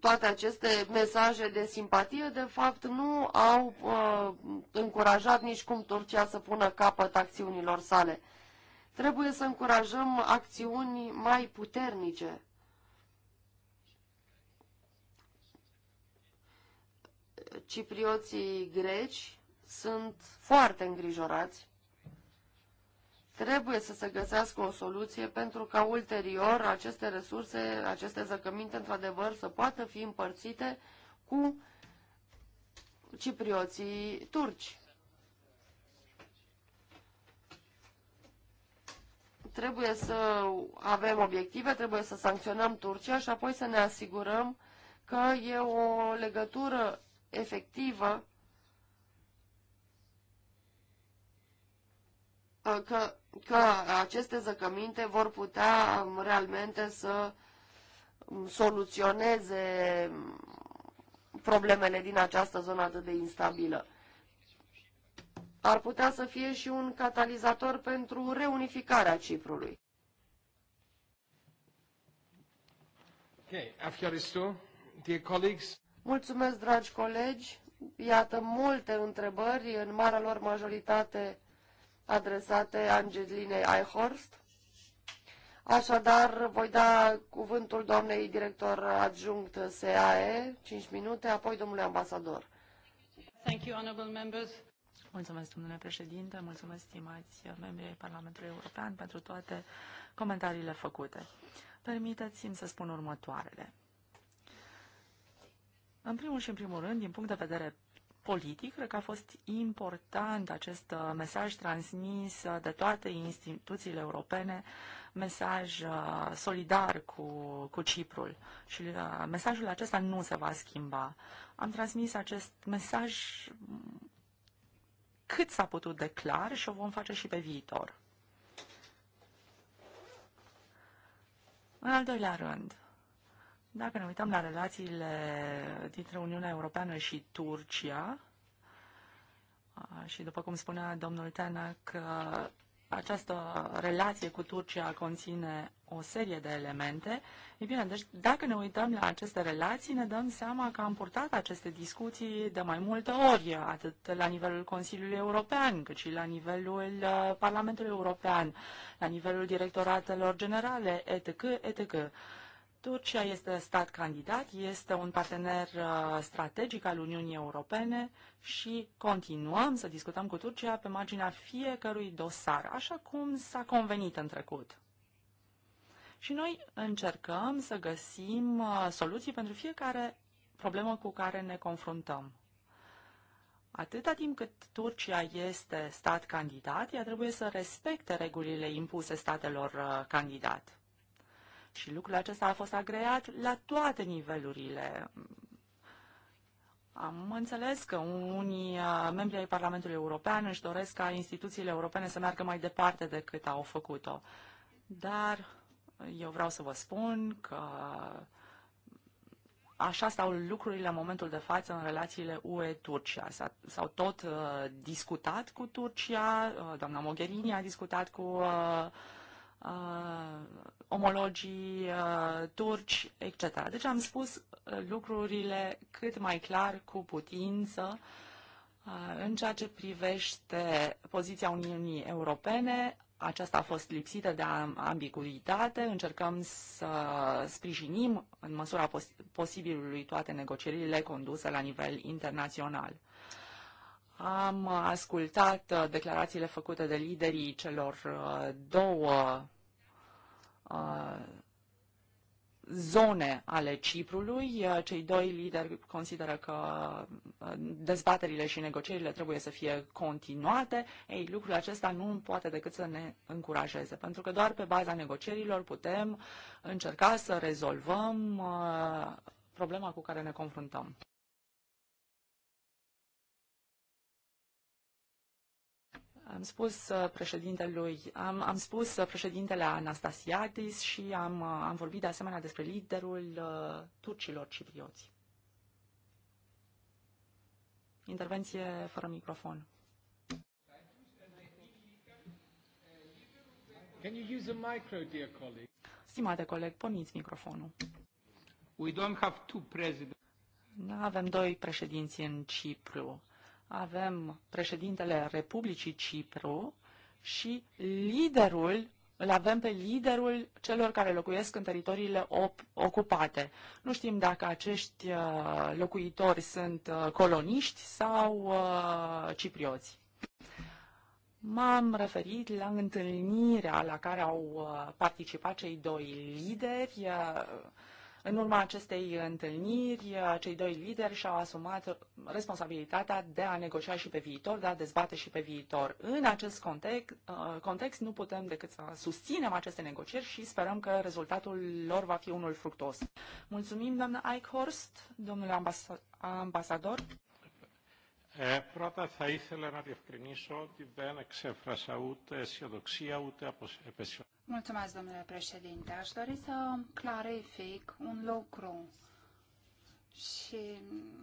toate aceste mesaje de simpatie, de fapt, nu au uh, încurajat nici cum Turcia să pună capăt acțiunilor sale. Trebuie să încurajăm acțiuni mai puternice. Ciprioții greci sunt foarte îngrijorați Trebuie să se găsească o soluție pentru ca ulterior aceste resurse, aceste zăcăminte, într-adevăr, să poată fi împărțite cu ciprioții turci. Trebuie să avem obiective, trebuie să sancționăm Turcia și apoi să ne asigurăm că e o legătură efectivă Uh, că, că aceste zăcăminte vor putea um, realmente să um, soluționeze um, problemele din această zonă atât de instabilă. Ar putea să fie și un catalizator pentru reunificarea Ciprului. Okay, Mulțumesc, dragi colegi. Iată multe întrebări, în marea lor majoritate adresate Angelinei Eichhorst. Așadar, voi da cuvântul doamnei director adjunct SAE, 5 minute, apoi domnule ambasador. Thank you, honorable members. Mulțumesc, domnule președinte, mulțumesc, stimați membrii Parlamentului European, pentru toate comentariile făcute. Permiteți-mi să spun următoarele. În primul și în primul rând, din punct de vedere politic. Cred că a fost important acest uh, mesaj transmis uh, de toate instituțiile europene, mesaj uh, solidar cu, cu Ciprul. Și mesajul acesta nu se va schimba. Am transmis acest mesaj cât s-a putut de clar și o vom face și pe viitor. În al doilea rând, dacă ne uităm la relațiile dintre Uniunea Europeană și Turcia, și după cum spunea domnul Tenac, această relație cu Turcia conține o serie de elemente. E bine, deci dacă ne uităm la aceste relații, ne dăm seama că am purtat aceste discuții de mai multe ori, atât la nivelul Consiliului European, cât și la nivelul Parlamentului European, la nivelul directoratelor generale, etc., etc. Turcia este stat candidat, este un partener uh, strategic al Uniunii Europene și continuăm să discutăm cu Turcia pe marginea fiecărui dosar, așa cum s-a convenit în trecut. Și noi încercăm să găsim uh, soluții pentru fiecare problemă cu care ne confruntăm. Atâta timp cât Turcia este stat candidat, ea trebuie să respecte regulile impuse statelor uh, candidat. Și lucrul acesta a fost agreat la toate nivelurile. Am înțeles că unii uh, membri ai Parlamentului European își doresc ca instituțiile europene să meargă mai departe decât au făcut-o. Dar eu vreau să vă spun că așa stau lucrurile în momentul de față în relațiile UE-Turcia. S-au tot uh, discutat cu Turcia, uh, doamna Mogherini a discutat cu uh, uh, omologii uh, turci, etc. Deci am spus uh, lucrurile cât mai clar, cu putință, uh, în ceea ce privește poziția Uniunii Europene. Aceasta a fost lipsită de ambiguitate. Încercăm să sprijinim, în măsura pos- posibilului, toate negocierile conduse la nivel internațional. Am ascultat uh, declarațiile făcute de liderii celor uh, două zone ale Ciprului. Cei doi lideri consideră că dezbaterile și negocierile trebuie să fie continuate. Ei, lucrul acesta nu poate decât să ne încurajeze, pentru că doar pe baza negocierilor putem încerca să rezolvăm problema cu care ne confruntăm. Am spus uh, președintelui, am, am spus uh, președintele Anastasiadis și am, uh, am vorbit de asemenea despre liderul uh, turcilor ciprioți. Intervenție fără microfon. Can you use a micro, dear colleague? Stimate coleg, porniți microfonul. We don't have two presidents. Nu avem doi președinți în Cipru avem președintele Republicii Cipru și liderul îl avem pe liderul celor care locuiesc în teritoriile ocupate. Nu știm dacă acești uh, locuitori sunt uh, coloniști sau uh, ciprioți. M-am referit la întâlnirea la care au participat cei doi lideri în urma acestei întâlniri, cei doi lideri și-au asumat responsabilitatea de a negocia și pe viitor, de a dezbate și pe viitor. În acest context, uh, context nu putem decât să susținem aceste negocieri și sperăm că rezultatul lor va fi unul fructos. Mulțumim, doamnă Eichhorst, domnule ambas ambasador πρώτα θα ήθελα να διευκρινίσω ότι δεν εξέφρασα ούτε αισιοδοξία ούτε απεσιοδοξία. Mulțumesc, domnule președinte. Aș dori să clarific un lucru și,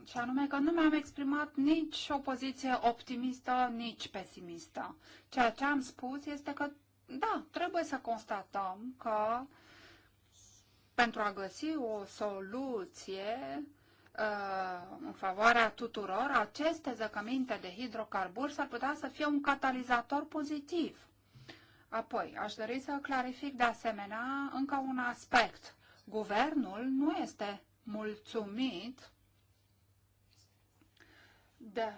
și anume că nu mi-am exprimat nici o poziție optimistă, nici pesimistă. Ceea ce am spus este că, da, trebuie să constatăm că pentru a găsi o soluție, Uh, în favoarea tuturor, aceste zăcăminte de hidrocarburi s-ar putea să fie un catalizator pozitiv. Apoi, aș dori să clarific de asemenea încă un aspect. Guvernul nu este mulțumit de,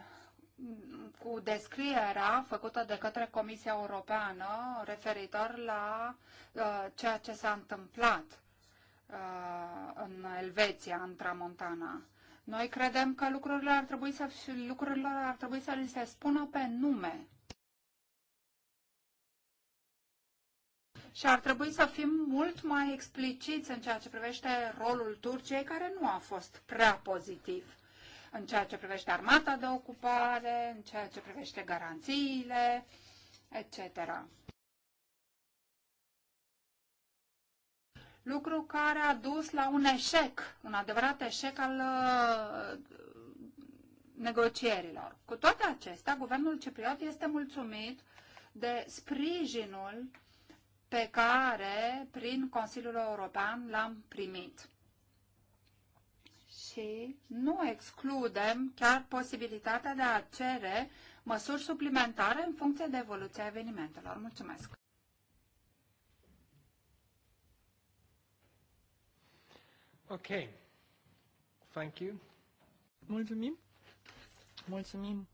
cu descrierea făcută de către Comisia Europeană referitor la uh, ceea ce s-a întâmplat. Uh, în Elveția, în Tramontana. Noi credem că lucrurile ar trebui să, lucrurile ar trebui să li se spună pe nume. Și ar trebui să fim mult mai expliciți în ceea ce privește rolul Turciei, care nu a fost prea pozitiv în ceea ce privește armata de ocupare, în ceea ce privește garanțiile, etc. lucru care a dus la un eșec, un adevărat eșec al uh, negocierilor. Cu toate acestea, guvernul cipriot este mulțumit de sprijinul pe care, prin Consiliul European, l-am primit. Și nu excludem chiar posibilitatea de a cere măsuri suplimentare în funcție de evoluția evenimentelor. Mulțumesc! Ok. Thank you. Mulțumim. Mulțumim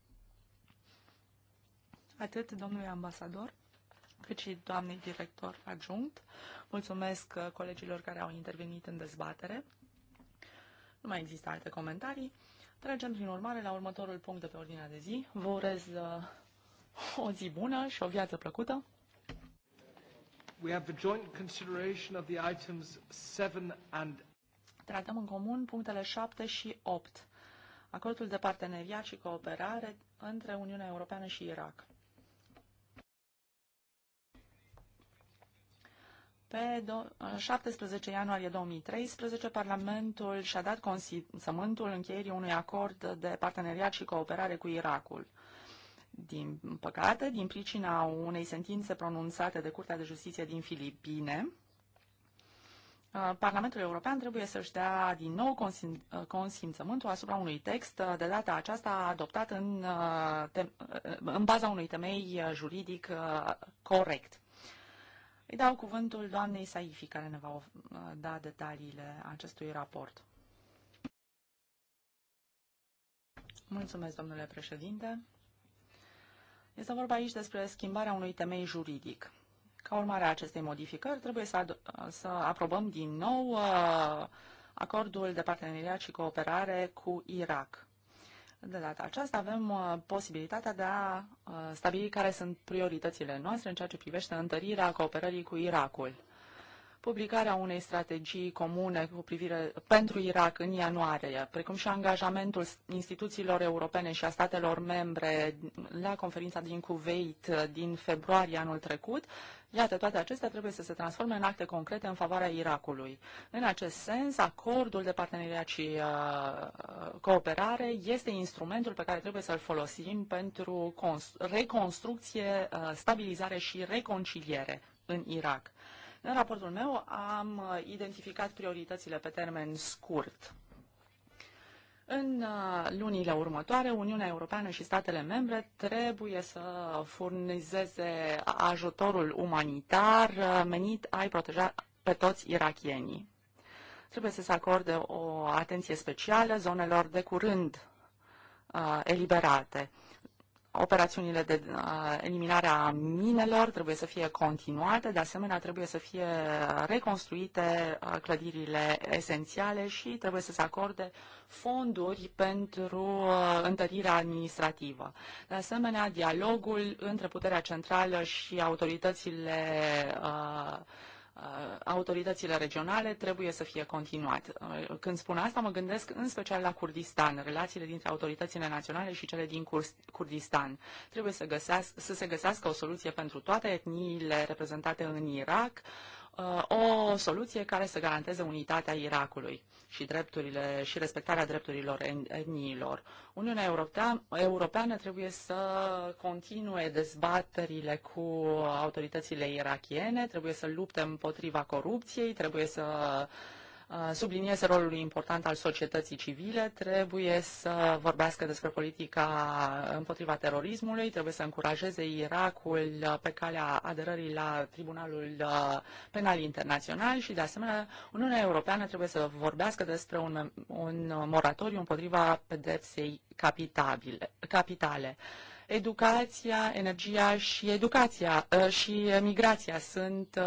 atât domnului ambasador, cât și doamnei director adjunct. Mulțumesc uh, colegilor care au intervenit în dezbatere. Nu mai există alte comentarii. Trecem, prin urmare, la următorul punct de pe ordinea de zi. Vă urez uh, o zi bună și o viață plăcută. We have the joint consideration of the items 7 and tratăm în comun punctele 7 și 8, acordul de parteneriat și cooperare între Uniunea Europeană și Irak. Pe 17 ianuarie 2013, Parlamentul și-a dat consimțământul încheierii unui acord de parteneriat și cooperare cu Irakul. Din păcate, din pricina unei sentințe pronunțate de Curtea de Justiție din Filipine, Uh, Parlamentul European trebuie să-și dea din nou uh, consimțământul asupra unui text, uh, de data aceasta adoptat în, în baza unui temei juridic corect. Îi dau cuvântul doamnei Saifi, care ne va da detaliile acestui raport. Mulțumesc, domnule președinte. Este vorba aici despre schimbarea unui temei juridic. Ca urmare a acestei modificări, trebuie să, să aprobăm din nou uh, acordul de parteneriat și cooperare cu Irak. De data aceasta avem uh, posibilitatea de a uh, stabili care sunt prioritățile noastre în ceea ce privește întărirea cooperării cu Irakul publicarea unei strategii comune cu privire pentru Irak în ianuarie, precum și angajamentul instituțiilor europene și a statelor membre la conferința din Kuwait din februarie anul trecut, Iată, toate acestea trebuie să se transforme în acte concrete în favoarea Irakului. În acest sens, acordul de parteneriat și uh, cooperare este instrumentul pe care trebuie să-l folosim pentru reconstrucție, uh, stabilizare și reconciliere în Irak. În raportul meu am uh, identificat prioritățile pe termen scurt. În uh, lunile următoare, Uniunea Europeană și statele membre trebuie să furnizeze ajutorul umanitar uh, menit a-i proteja pe toți irachienii. Trebuie să se acorde o atenție specială zonelor de curând eliberate operațiunile de uh, eliminare a minelor trebuie să fie continuate, de asemenea trebuie să fie reconstruite uh, clădirile esențiale și trebuie să se acorde fonduri pentru uh, întărirea administrativă. De asemenea, dialogul între puterea centrală și autoritățile uh, Uh, autoritățile regionale trebuie să fie continuat. Uh, când spun asta, mă gândesc în special la Kurdistan, relațiile dintre autoritățile naționale și cele din Kurdistan. Trebuie să, găsească, să se găsească o soluție pentru toate etniile reprezentate în Irak, uh, o soluție care să garanteze unitatea Irakului și drepturile și respectarea drepturilor etniilor. Uniunea Europeană trebuie să continue dezbaterile cu autoritățile irakiene, trebuie să lupte împotriva corupției, trebuie să uh, Uh, sublinieze rolul important al societății civile, trebuie să vorbească despre politica împotriva terorismului, trebuie să încurajeze Irakul uh, pe calea aderării la Tribunalul uh, Penal Internațional și, de asemenea, Uniunea Europeană trebuie să vorbească despre un, un moratoriu împotriva pedepsei capitale educația, energia și educația și migrația sunt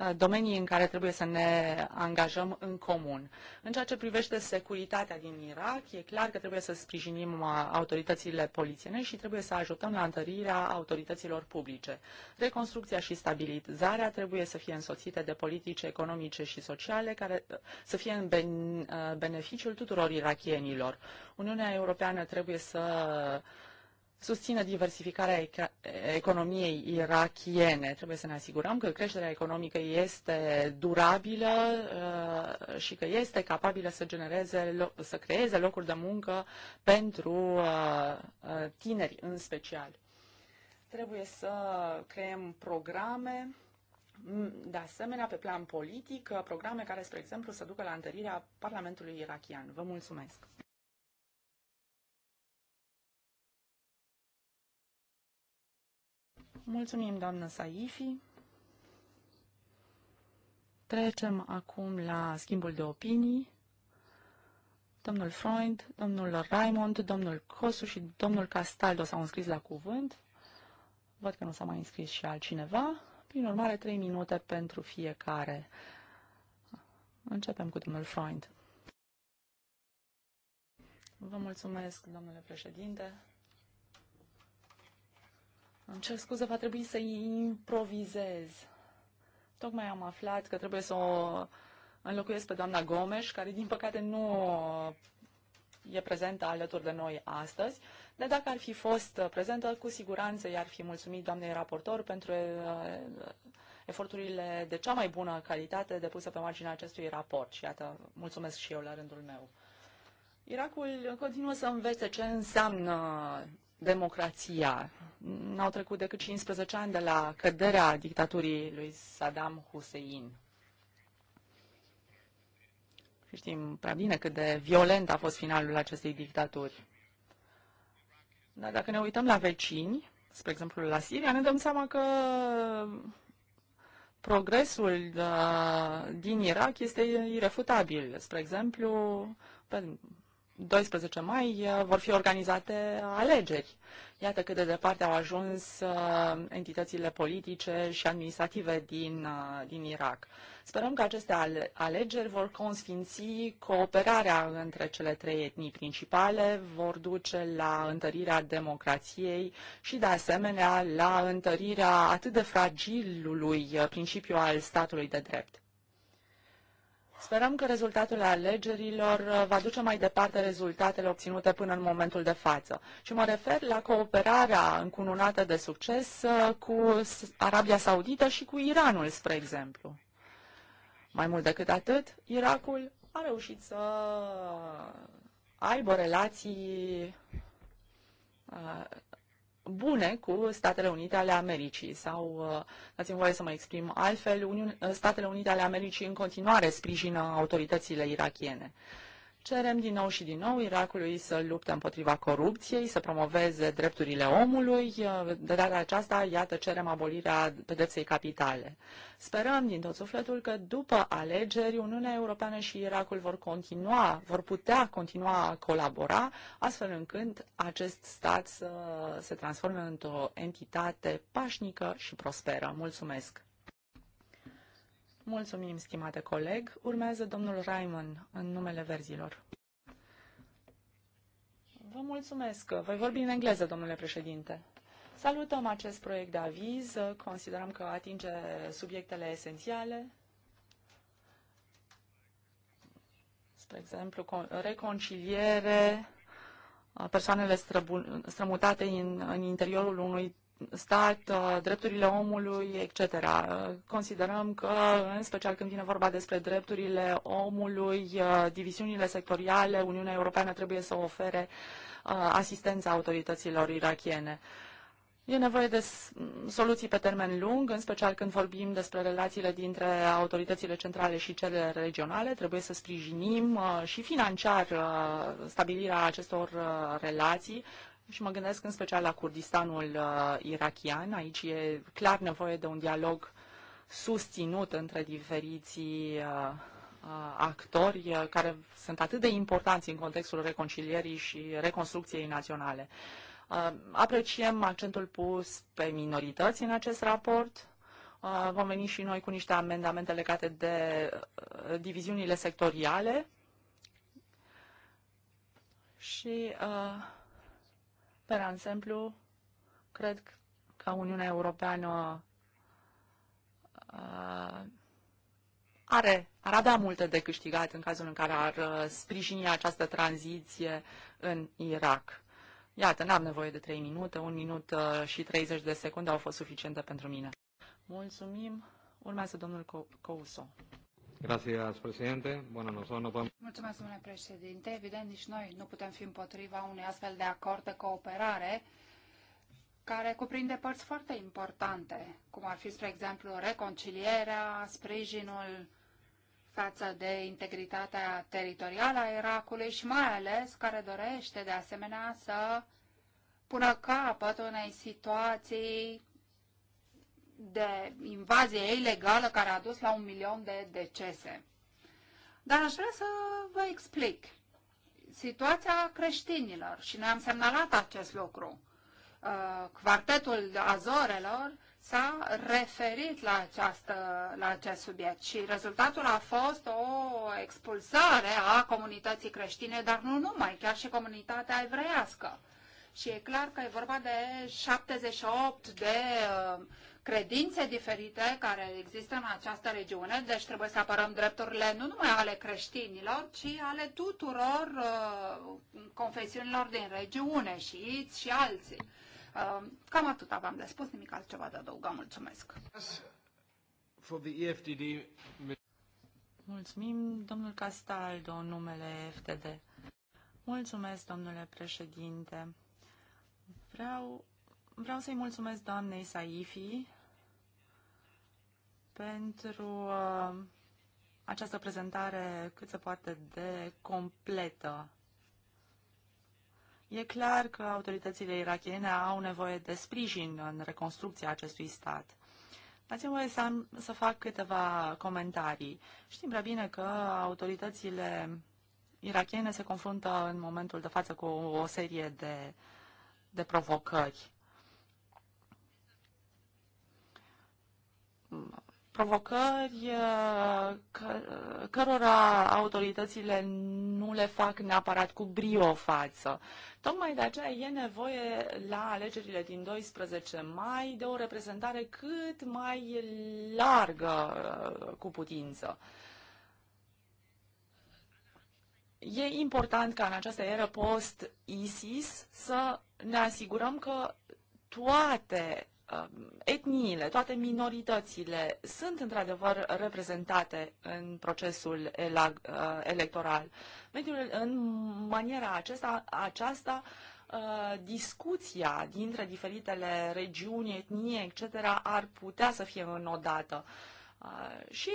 Uh, domenii în care trebuie să ne angajăm în comun. În ceea ce privește securitatea din Irak, e clar că trebuie să sprijinim uh, autoritățile polițienești și trebuie să ajutăm la întărirea autorităților publice. Reconstrucția și stabilizarea trebuie să fie însoțite de politici economice și sociale care uh, să fie în beneficiul tuturor irakienilor. Uniunea Europeană trebuie să susține diversificarea economiei irakiene. Trebuie să ne asigurăm că creșterea economică este durabilă uh, și că este capabilă să genereze, să creeze locuri de muncă pentru uh, uh, tineri în special. Trebuie să creăm programe de asemenea, pe plan politic, programe care, spre exemplu, să ducă la întărirea Parlamentului irachian. Vă mulțumesc! Mulțumim, doamnă Saifi. Trecem acum la schimbul de opinii. Domnul Freund, domnul Raimond, domnul Cosu și domnul Castaldo s-au înscris la cuvânt. Văd că nu s-a mai înscris și altcineva. Prin urmare, trei minute pentru fiecare. Începem cu domnul Freund. Vă mulțumesc, domnule președinte. Îmi cer scuze, va trebui să improvizez. Tocmai am aflat că trebuie să o înlocuiesc pe doamna Gomes, care din păcate nu e prezentă alături de noi astăzi, dar dacă ar fi fost prezentă, cu siguranță i-ar fi mulțumit doamnei raportor pentru uh, eforturile de cea mai bună calitate depuse pe marginea acestui raport. Și iată, mulțumesc și eu la rândul meu. Iracul continuă să învețe ce înseamnă democrația. N-au trecut decât 15 ani de la căderea dictaturii lui Saddam Hussein. Și știm prea bine cât de violent a fost finalul acestei dictaturi. Dar dacă ne uităm la vecini, spre exemplu la Siria, ne dăm seama că progresul uh, din Irak este irefutabil. Spre exemplu, 12 mai uh, vor fi organizate alegeri. Iată cât de departe au ajuns uh, entitățile politice și administrative din, uh, din Irak. Sperăm că aceste alegeri vor consfinți cooperarea între cele trei etnii principale, vor duce la întărirea democrației și, de asemenea, la întărirea atât de fragilului principiu al statului de drept. Sperăm că rezultatul alegerilor uh, va duce mai departe rezultatele obținute până în momentul de față. Și mă refer la cooperarea încununată de succes uh, cu Arabia Saudită și cu Iranul, spre exemplu. Mai mult decât atât, Irakul a reușit să aibă relații uh, bune cu Statele Unite ale Americii sau, uh, dați-mi voie să mă exprim altfel, Statele Unite ale Americii în continuare sprijină autoritățile irakiene. Uh, Cerem din nou și din nou Irakului să lupte împotriva corupției, să promoveze drepturile omului. De data aceasta, iată, cerem abolirea pedepsei capitale. Sperăm din tot sufletul că după alegeri Uniunea Europeană și Irakul vor continua, vor putea continua a colabora, astfel încât acest stat să se transforme într-o entitate pașnică și prosperă. Mulțumesc! Mulțumim, stimate coleg. Urmează domnul Raimon în numele verzilor. Vă mulțumesc. Voi vorbi în engleză, domnule președinte. Salutăm acest proiect de aviz, considerăm că atinge subiectele esențiale, spre exemplu, reconciliere, persoanele strămutate în, în interiorul unui stat, uh, drepturile omului, etc. Considerăm că, în special când vine vorba despre drepturile omului, uh, diviziunile sectoriale, Uniunea Europeană trebuie să ofere uh, asistența autorităților irakiene. E nevoie de soluții pe termen lung, în special când vorbim despre relațiile dintre autoritățile centrale și cele regionale. Trebuie să sprijinim și financiar stabilirea acestor relații și mă gândesc în special la Kurdistanul uh, irachian. Aici e clar nevoie de un dialog susținut între diferiții uh, uh actori uh, care sunt atât de importanți în contextul reconcilierii și reconstrucției naționale. Uh, apreciem accentul pus pe minorități în acest raport. Vom veni și noi cu niște amendamente legate de diviziunile sectoriale și uh, per exemplu, cred că Uniunea Europeană uh, are, ar avea multe de câștigat în cazul în care ar uh, sprijini această tranziție în Irak. Iată, n-am nevoie de 3 minute, 1 minut uh, și 30 de secunde au fost suficiente pentru mine. Mulțumim. Urmează domnul Couso. Mulțumesc, domnule președinte. Evident, nici noi nu putem fi împotriva unui astfel de acord de cooperare care cuprinde părți foarte importante, cum ar fi, spre exemplu, reconcilierea, sprijinul față de integritatea teritorială a Irakului și mai ales care dorește, de asemenea, să pună capăt unei situații de invazie ilegală care a dus la un milion de decese. Dar aș vrea să vă explic situația creștinilor și ne am semnalat acest lucru. Uh, Quartetul Azorelor s-a referit la, această, la acest subiect și rezultatul a fost o expulsare a comunității creștine, dar nu numai, chiar și comunitatea evreiască. Și e clar că e vorba de 78 de uh, credințe diferite care există în această regiune, deci trebuie să apărăm drepturile nu numai ale creștinilor, ci ale tuturor uh, confesiunilor din regiune, șiiți și alții. Uh, cam atât v-am de spus, nimic altceva de adăugat. Mulțumesc. Mulțumim, domnul Castaldo, numele FTD. Mulțumesc, domnule președinte. Vreau Vreau să-i mulțumesc doamnei Saifi pentru uh, această prezentare cât se poate de completă. E clar că autoritățile irakiene au nevoie de sprijin în reconstrucția acestui stat. Dați-mi voie să, am, să fac câteva comentarii. Știm prea bine că autoritățile irakiene se confruntă în momentul de față cu o serie de, de provocări. provocări uh, cărora autoritățile nu le fac neapărat cu brio față. Tocmai de aceea e nevoie la alegerile din 12 mai de o reprezentare cât mai largă uh, cu putință. E important ca în această eră post-ISIS să ne asigurăm că toate Um, etniile, toate minoritățile sunt într-adevăr reprezentate în procesul uh, electoral. Mediul, în maniera acesta, aceasta, uh, discuția dintre diferitele regiuni, etnie, etc., ar putea să fie înodată. Uh, și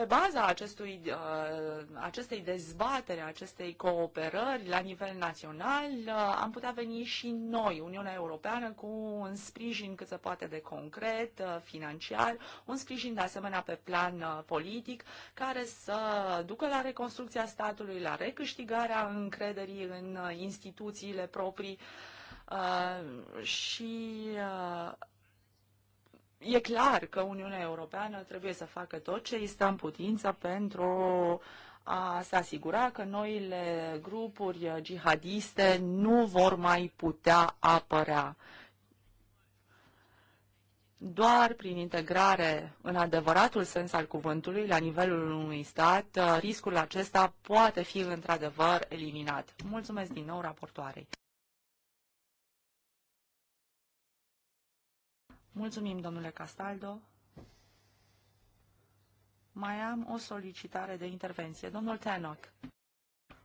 pe baza acestui, uh, acestei dezbatere, acestei cooperări la nivel național, uh, am putea veni și noi, Uniunea Europeană, cu un sprijin cât se poate de concret, uh, financiar, un sprijin de asemenea pe plan politic, care să ducă la reconstrucția statului, la recâștigarea încrederii în instituțiile proprii și E clar că Uniunea Europeană trebuie să facă tot ce îi stă în putință pentru a se asigura că noile grupuri jihadiste nu vor mai putea apărea. Doar prin integrare în adevăratul sens al cuvântului la nivelul unui stat, riscul acesta poate fi într-adevăr eliminat. Mulțumesc din nou raportoarei. Mulțumim, domnule Castaldo. Mai am o solicitare de intervenție. Domnul Tenoc.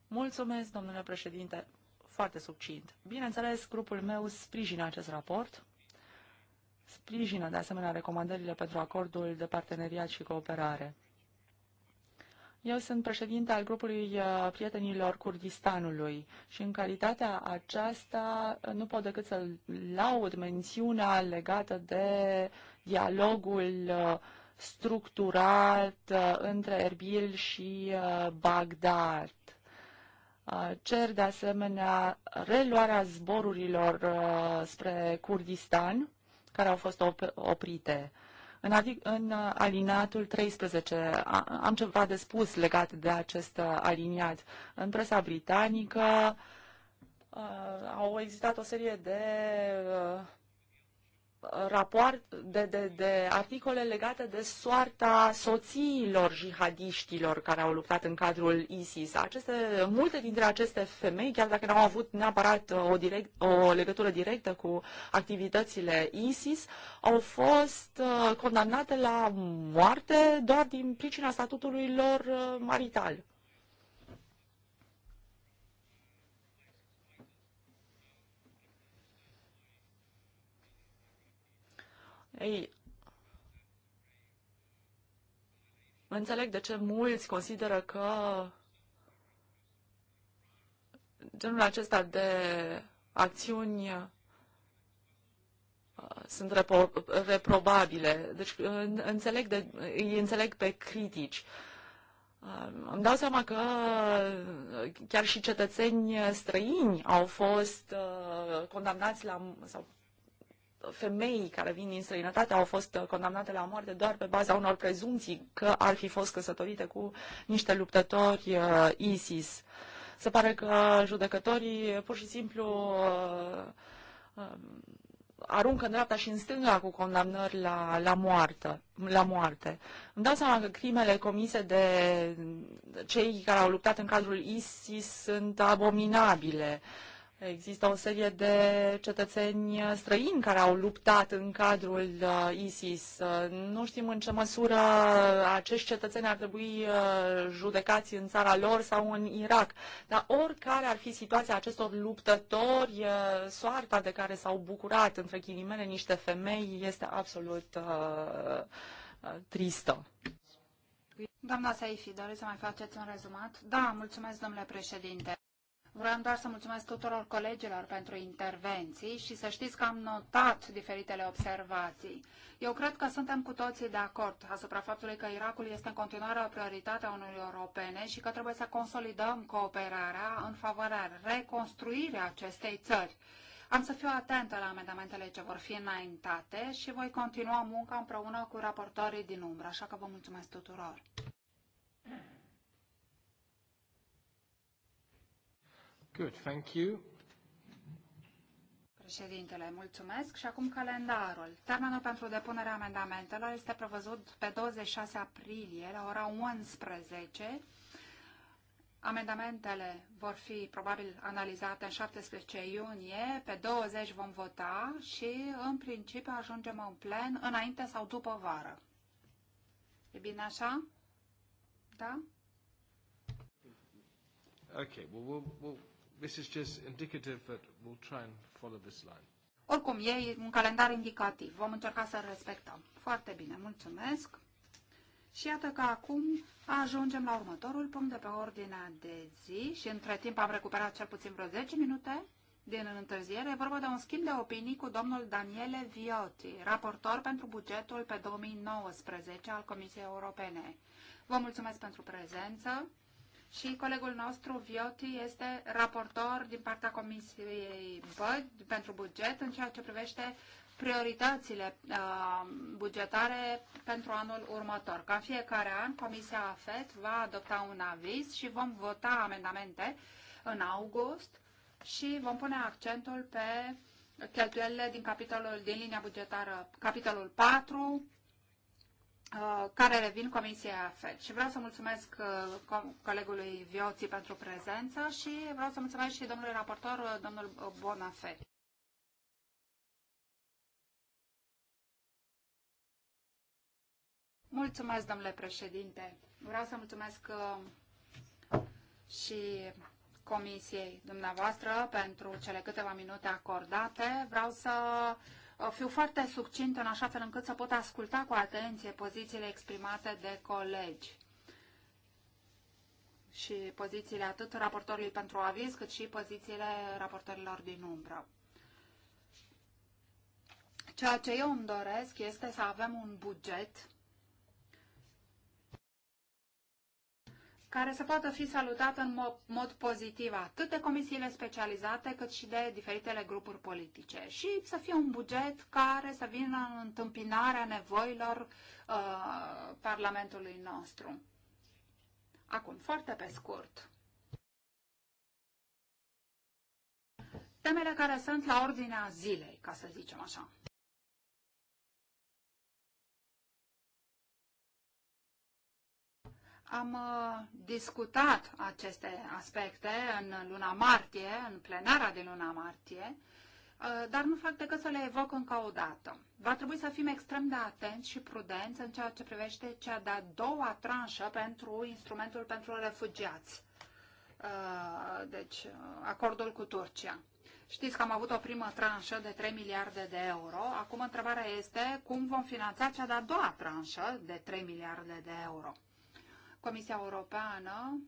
Mulțumesc, domnule președinte. Foarte succint. Bineînțeles, grupul meu sprijină acest raport, sprijină de asemenea recomandările pentru acordul de parteneriat și cooperare. Eu sunt președinte al grupului uh, prietenilor Kurdistanului și în calitatea aceasta uh, nu pot decât să laud mențiunea legată de dialogul uh, structurat între Erbil și Bagdad. Cer de asemenea reluarea zborurilor spre Kurdistan, care au fost op- oprite. În, adic- în uh, aliniatul 13 am ceva de spus legat de acest uh, aliniat. În presa britanică uh, au existat o serie de rapoart de, de, de articole legate de soarta soțiilor jihadiștilor care au luptat în cadrul ISIS. Aceste, multe dintre aceste femei, chiar dacă nu au avut neapărat uh, o, direct, o legătură directă cu activitățile ISIS, au fost uh, condamnate la moarte doar din pricina statutului lor uh, marital. Ei, înțeleg de ce mulți consideră că genul acesta de acțiuni uh, sunt repro- reprobabile. Deci înțeleg de, îi înțeleg pe critici. Uh, îmi dau seama că chiar și cetățeni străini au fost uh, condamnați la, sau femei care vin din străinătate au fost condamnate la moarte doar pe baza unor prezumții că ar fi fost căsătorite cu niște luptători uh, ISIS. Se pare că judecătorii uh, pur și simplu uh, um, aruncă în dreapta și în stânga cu condamnări la, la, moarte, la moarte. Îmi dau seama că crimele comise de cei care au luptat în cadrul ISIS sunt abominabile. Uh, Există o serie de cetățeni străini care au luptat în cadrul uh, ISIS. Uh, nu știm în ce măsură acești cetățeni ar trebui uh, judecați în țara lor sau în Irak. Dar oricare ar fi situația acestor luptători, soarta de care s-au bucurat, între ghilimele, niște femei, este absolut tristă. Doamna Saifi, doriți să mai faceți un rezumat? Da, mulțumesc, domnule președinte. Vreau doar să mulțumesc tuturor colegilor pentru intervenții și să știți că am notat diferitele observații. Eu cred că suntem cu toții de acord asupra faptului că Irakul este în continuare o prioritate a Uniunii Europene și că trebuie să consolidăm cooperarea în favoarea reconstruirii acestei țări. Am să fiu atentă la amendamentele ce vor fi înaintate și voi continua munca împreună cu raportorii din umbră, așa că vă mulțumesc tuturor. Good, thank you. Președintele, mulțumesc. Și acum calendarul. Termenul pentru depunerea amendamentelor este prevăzut pe 26 aprilie la ora 11. Amendamentele vor fi probabil analizate în 17 iunie, pe 20 vom vota și în principiu ajungem în plen înainte sau după vară. E bine așa? Da? Okay, well, we'll, we'll this is just indicative, we'll try and follow this line. Oricum, e un calendar indicativ. Vom încerca să-l respectăm. Foarte bine, mulțumesc. Și iată că acum ajungem la următorul punct de pe ordinea de zi și între timp am recuperat cel puțin vreo 10 minute din întârziere. E vorba de un schimb de opinii cu domnul Daniele Viotti, raportor pentru bugetul pe 2019 al Comisiei Europene. Vă mulțumesc pentru prezență și colegul nostru, Vioti, este raportor din partea Comisiei Băd pentru buget în ceea ce privește prioritățile uh, bugetare pentru anul următor. Ca în fiecare an, Comisia AFET va adopta un aviz și vom vota amendamente în august și vom pune accentul pe cheltuielile din capitolul din linia bugetară, capitolul 4, Uh, care revin Comisiei AFET. Și vreau să mulțumesc uh, colegului Vioții pentru prezență și vreau să mulțumesc și domnului raportor, uh, domnul Bonafé. Mulțumesc, domnule președinte. Vreau să mulțumesc și Comisiei dumneavoastră pentru cele câteva minute acordate. Vreau să fiu foarte succint în așa fel încât să pot asculta cu atenție pozițiile exprimate de colegi și pozițiile atât raportorului pentru aviz, cât și pozițiile raportorilor din umbră. Ceea ce eu îmi doresc este să avem un buget care să poată fi salutată în mod, mod pozitiv atât de comisiile specializate cât și de diferitele grupuri politice și să fie un buget care să vină în întâmpinarea nevoilor uh, Parlamentului nostru. Acum, foarte pe scurt. Temele care sunt la ordinea zilei, ca să zicem așa. Am uh, discutat aceste aspecte în luna martie, în plenara de luna martie, uh, dar nu fac decât să le evoc încă o dată. Va trebui să fim extrem de atenți și prudenți în ceea ce privește cea de-a doua tranșă pentru instrumentul pentru refugiați, uh, deci acordul cu Turcia. Știți că am avut o primă tranșă de 3 miliarde de euro. Acum întrebarea este cum vom finanța cea de-a doua tranșă de 3 miliarde de euro. Comisia Europeană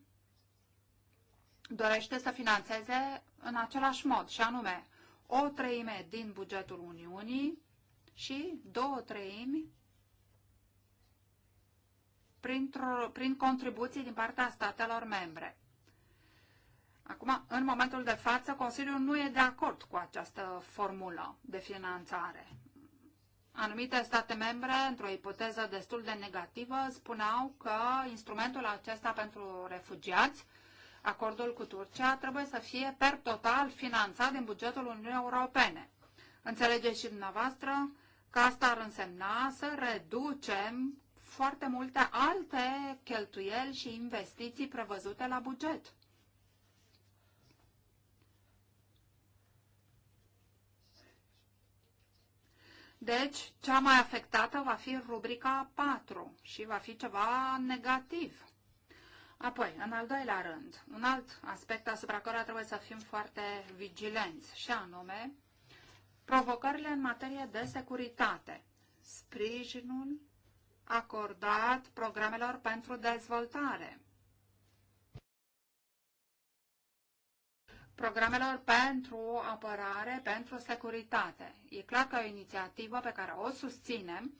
dorește să financeze în același mod, și anume o treime din bugetul Uniunii și două treimi prin contribuții din partea statelor membre. Acum, în momentul de față, Consiliul nu e de acord cu această formulă de finanțare. Anumite state membre, într-o ipoteză destul de negativă, spuneau că instrumentul acesta pentru refugiați, acordul cu Turcia, trebuie să fie per total finanțat din bugetul Uniunii Europene. Înțelegeți și dumneavoastră că asta ar însemna să reducem foarte multe alte cheltuieli și investiții prevăzute la buget. Deci, cea mai afectată va fi rubrica 4 și va fi ceva negativ. Apoi, în al doilea rând, un alt aspect asupra căruia trebuie să fim foarte vigilenți, și anume provocările în materie de securitate, sprijinul acordat programelor pentru dezvoltare. programelor pentru apărare, pentru securitate. E clar că e o inițiativă pe care o susținem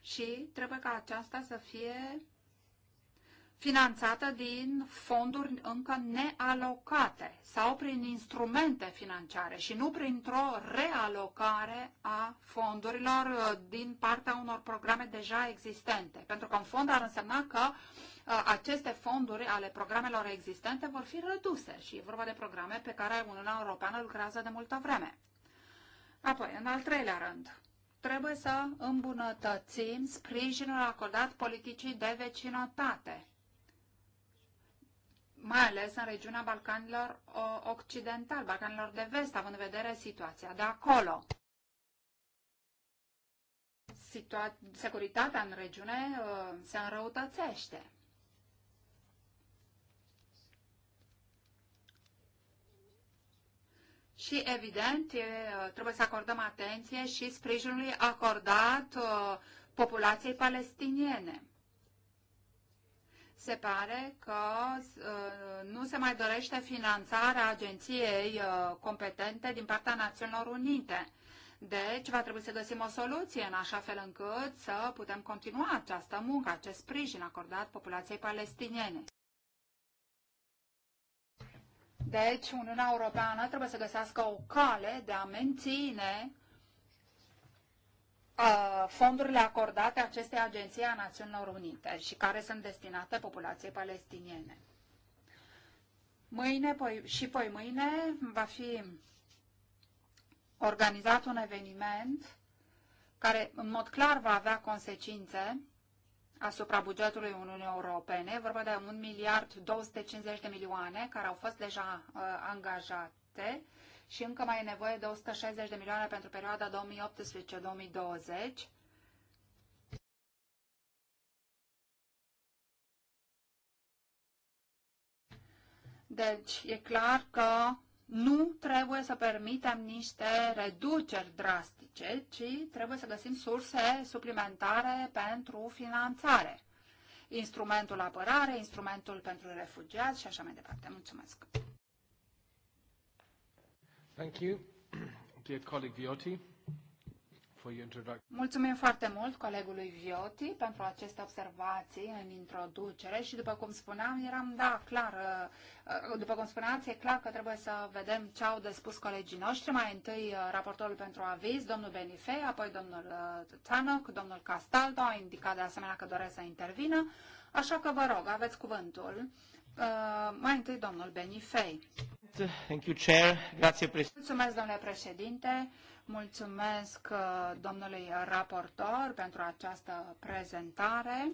și trebuie ca aceasta să fie finanțată din fonduri încă nealocate sau prin instrumente financiare și nu printr-o realocare a fondurilor uh, din partea unor programe deja existente. Pentru că un fond ar însemna că uh, Uh, aceste fonduri ale programelor existente vor fi reduse și e vorba de programe pe care Uniunea Europeană lucrează de multă vreme. Apoi, în al treilea rând, trebuie să îmbunătățim sprijinul acordat politicii de vecinătate, mai ales în regiunea Balcanilor uh, Occidental, Balcanilor de Vest, având în vedere situația de acolo. Situa securitatea în regiune uh, se înrăutățește și, evident, e, trebuie să acordăm atenție și sprijinului acordat uh, populației palestiniene. Se pare că uh, nu se mai dorește finanțarea agenției uh, competente din partea Națiunilor Unite. Deci, va trebui să găsim o soluție în așa fel încât să putem continua această muncă, acest sprijin acordat populației palestiniene. Deci, Uniunea Europeană trebuie să găsească o cale de a menține uh, fondurile acordate acestei agenții a Națiunilor Unite și care sunt destinate populației palestiniene. Mâine poi, și poi mâine va fi organizat un eveniment care în mod clar va avea consecințe asupra bugetului Uniunii Europene. E vorba de 1 miliard 250 de milioane care au fost deja uh, angajate și încă mai e nevoie de 160 de milioane pentru perioada 2018-2020. Deci, e clar că nu trebuie să permitem niște reduceri drastice, ci trebuie să găsim surse suplimentare pentru finanțare. Instrumentul apărare, instrumentul pentru refugiați și așa mai departe. Mulțumesc! Thank you, dear colleague Viotti. Mulțumim foarte mult colegului Vioti pentru aceste observații în introducere și după cum spuneam, eram, da, clar, uh, după cum spuneați, e clar că trebuie să vedem ce au de spus colegii noștri. Mai întâi uh, raportorul pentru aviz, domnul Benifei, apoi domnul uh, Tanoc, domnul Castaldo a indicat de asemenea că doresc să intervină, așa că vă rog, aveți cuvântul. Uh, mai întâi domnul Benifei. Thank you, Chair. Grazie, Mulțumesc, domnule președinte. Mulțumesc uh, domnului raportor pentru această prezentare.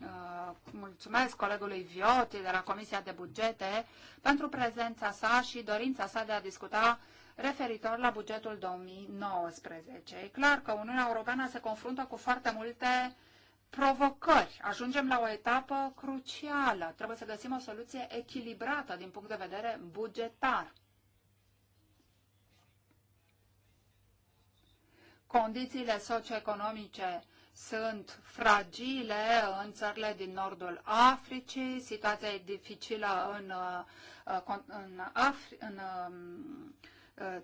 Uh, mulțumesc colegului Vioti de la Comisia de Bugete pentru prezența sa și dorința sa de a discuta referitor la bugetul 2019. E clar că Uniunea Europeană se confruntă cu foarte multe provocări. Ajungem la o etapă crucială. Trebuie să găsim o soluție echilibrată din punct de vedere bugetar. condițiile socioeconomice sunt fragile în țările din nordul Africii, situația e dificilă în, uh, în, Afri, în um, uh,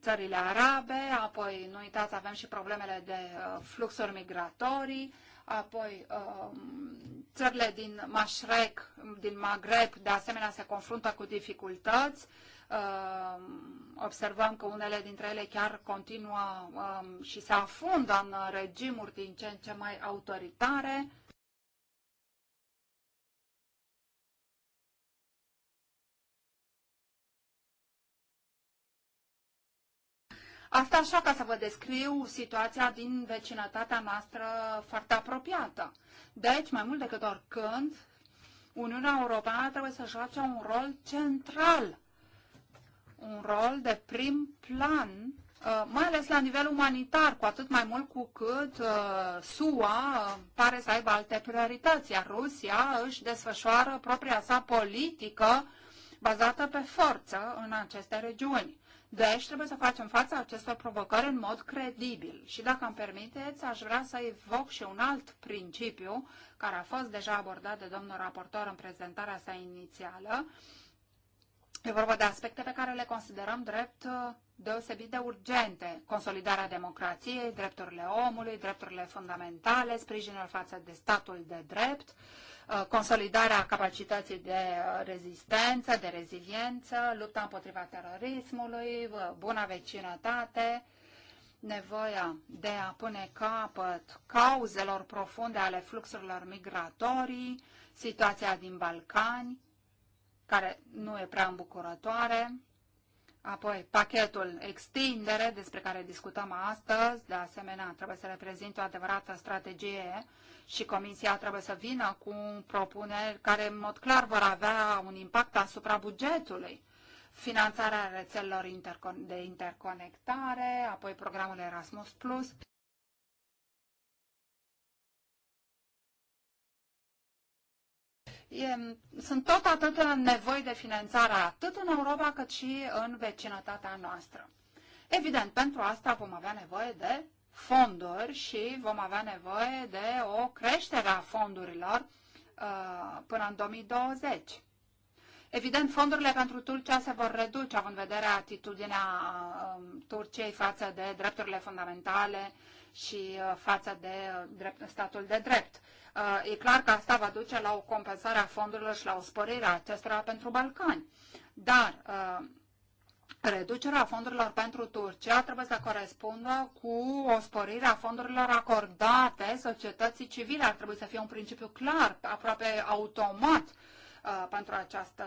țările arabe, apoi nu uitați, avem și problemele de uh, fluxuri migratorii, apoi um, țările din Mașrec, din Maghreb, de asemenea se confruntă cu dificultăți Ehm, observăm că unele dintre ele chiar continuă ehm, și se afundă în regimuri din ce în ce mai autoritare. Asta așa ca să vă descriu situația din vecinătatea noastră foarte apropiată. Deci, mai mult decât oricând, Uniunea Europeană trebuie să joace un rol central un rol de prim plan, uh, mai ales la nivel umanitar, cu atât mai mult cu cât uh, SUA uh, pare să aibă alte priorități, iar Rusia își desfășoară propria sa politică bazată pe forță în aceste regiuni. Deci trebuie să facem față acestor provocări în mod credibil. Și dacă îmi permiteți, aș vrea să evoc și un alt principiu care a fost deja abordat de domnul raportor în prezentarea sa inițială, E vorba de aspecte pe care le considerăm drept uh, deosebit de urgente. Consolidarea democrației, drepturile omului, drepturile fundamentale, sprijinul față de statul de drept, uh, consolidarea capacității de uh, rezistență, de reziliență, lupta împotriva terorismului, buna vecinătate, nevoia de a pune capăt cauzelor profunde ale fluxurilor migratorii, situația din Balcani, care nu e prea îmbucurătoare. Apoi, pachetul extindere, despre care discutăm astăzi, de asemenea, trebuie să reprezinte o adevărată strategie și Comisia trebuie să vină cu propuneri care, în mod clar, vor avea un impact asupra bugetului. Finanțarea rețelelor de interconectare, apoi programul Erasmus+, e, sunt tot atâtea nevoi de finanțare, atât în Europa cât și în vecinătatea noastră. Evident, pentru asta vom avea nevoie de fonduri și vom avea nevoie de o creștere a fondurilor uh, până în 2020. Evident, fondurile pentru Turcia se vor reduce, având în vedere atitudinea uh, Turciei față de drepturile fundamentale și uh, față de uh, drept, statul de drept. Uh, e clar că asta va duce la o compensare a fondurilor și la o sporire a acestora pentru Balcani. Dar uh, reducerea fondurilor pentru Turcia trebuie să corespundă cu o sporire a fondurilor acordate societății civile. Ar trebui să fie un principiu clar, aproape automat uh, pentru această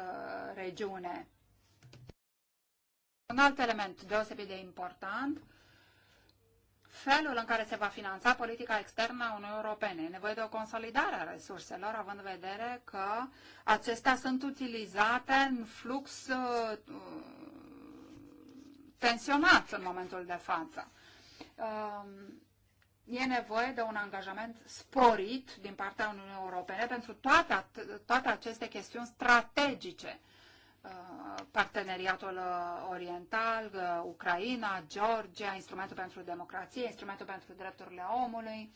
regiune. Un alt element deosebit de important felul în care se va finanța politica externă a Uniunii Europene. E nevoie de o consolidare a resurselor, având în vedere că acestea sunt utilizate în flux uh, tensionat în momentul de față. Uh, e nevoie de un angajament sporit din partea Uniunii Europene pentru toate, toate aceste chestiuni strategice Uh, parteneriatul uh, oriental, uh, Ucraina, Georgia, instrumentul pentru democrație, instrumentul pentru drepturile omului.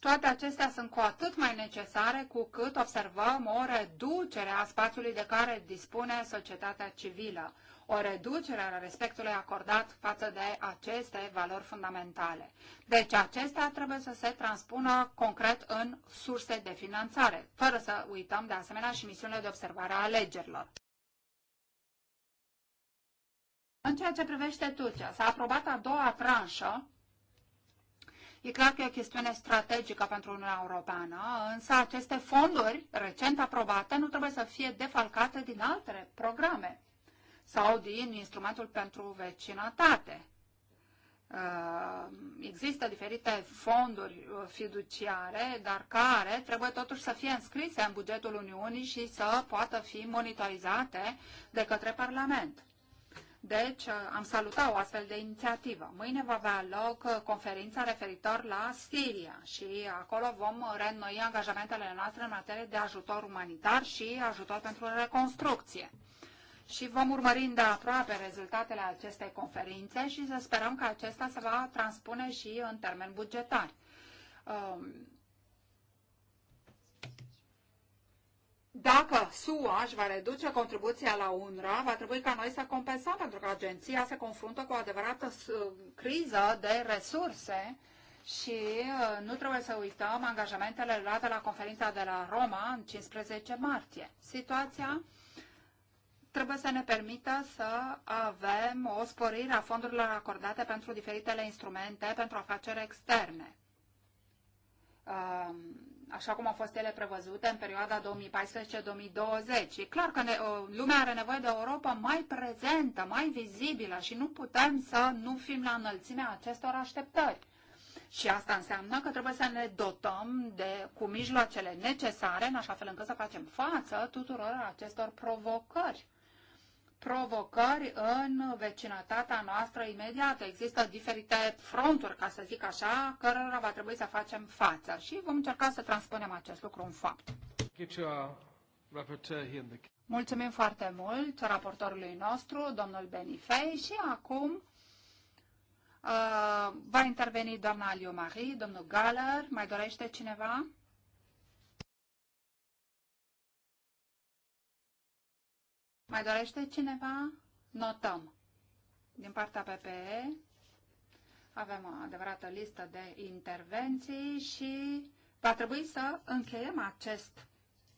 Toate acestea sunt cu atât mai necesare cu cât observăm o reducere a spațiului de care dispune societatea civilă, o reducere a respectului acordat față de aceste valori fundamentale. Deci acestea trebuie să se transpună concret în surse de finanțare, fără să uităm de asemenea și misiunile de observare a alegerilor. În ceea ce privește Turcia, s-a aprobat a doua tranșă E clar că e o chestiune strategică pentru Uniunea Europeană, însă aceste fonduri recent aprobate nu trebuie să fie defalcate din alte programe sau din instrumentul pentru vecinătate. Uh, există diferite fonduri uh, fiduciare, dar care trebuie totuși să fie înscrise în bugetul Uniunii și să poată fi monitorizate de către Parlament. Deci uh, am salutat o astfel de inițiativă. Mâine va avea loc conferința referitor la Siria și acolo vom reînnoi angajamentele noastre în materie de ajutor umanitar și ajutor pentru reconstrucție și vom urmări îndeaproape rezultatele acestei conferințe și să sperăm că acesta se va transpune și în termen bugetar. Um, dacă SUA își va reduce contribuția la UNRWA, va trebui ca noi să compensăm, pentru că agenția se confruntă cu o adevărată uh, criză de resurse și uh, nu trebuie să uităm angajamentele luate la conferința de la Roma în 15 martie. Situația trebuie să ne permită să avem o sporire a fondurilor acordate pentru diferitele instrumente pentru afaceri externe, um, așa cum au fost ele prevăzute în perioada 2014-2020. E clar că ne, uh, lumea are nevoie de o Europa mai prezentă, mai vizibilă și nu putem să nu fim la înălțimea acestor așteptări. Și asta înseamnă că trebuie să ne dotăm de, cu mijloacele necesare, în așa fel încât să facem față tuturor acestor provocări provocări în vecinătatea noastră imediată. Există diferite fronturi, ca să zic așa, cărora va trebui să facem față și vom încerca să transpunem acest lucru în fapt. Mulțumim foarte mult raportorului nostru, domnul Benifei, și acum uh, va interveni doamna Aliu Marie, domnul Galler. mai dorește cineva? Mai dorește cineva? Notăm. Din partea PPE avem o adevărată listă de intervenții și va trebui să încheiem acest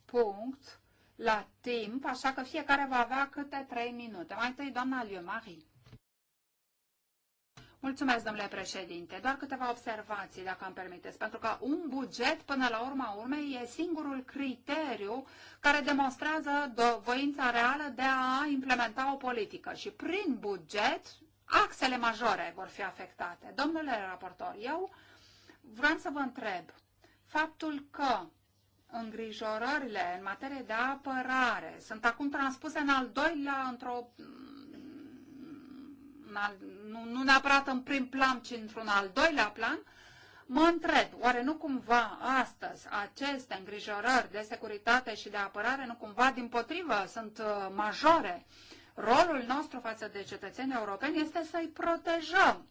punct la timp, așa că fiecare va avea câte trei minute. Mai întâi, doamna Liu Marie. Mulțumesc, domnule președinte. Doar câteva observații, dacă îmi permiteți, pentru că un buget, până la urma urmei, e singurul criteriu care demonstrează voința reală de a implementa o politică. Și prin buget, axele majore vor fi afectate. Domnule raportor, eu vreau să vă întreb faptul că îngrijorările în materie de apărare sunt acum transpuse în al doilea, într-o nu, nu neapărat în prim plan, ci într-un al doilea plan, mă întreb, oare nu cumva astăzi aceste îngrijorări de securitate și de apărare, nu cumva din potrivă, sunt uh, majore? Rolul nostru față de cetățenii europeni este să-i protejăm.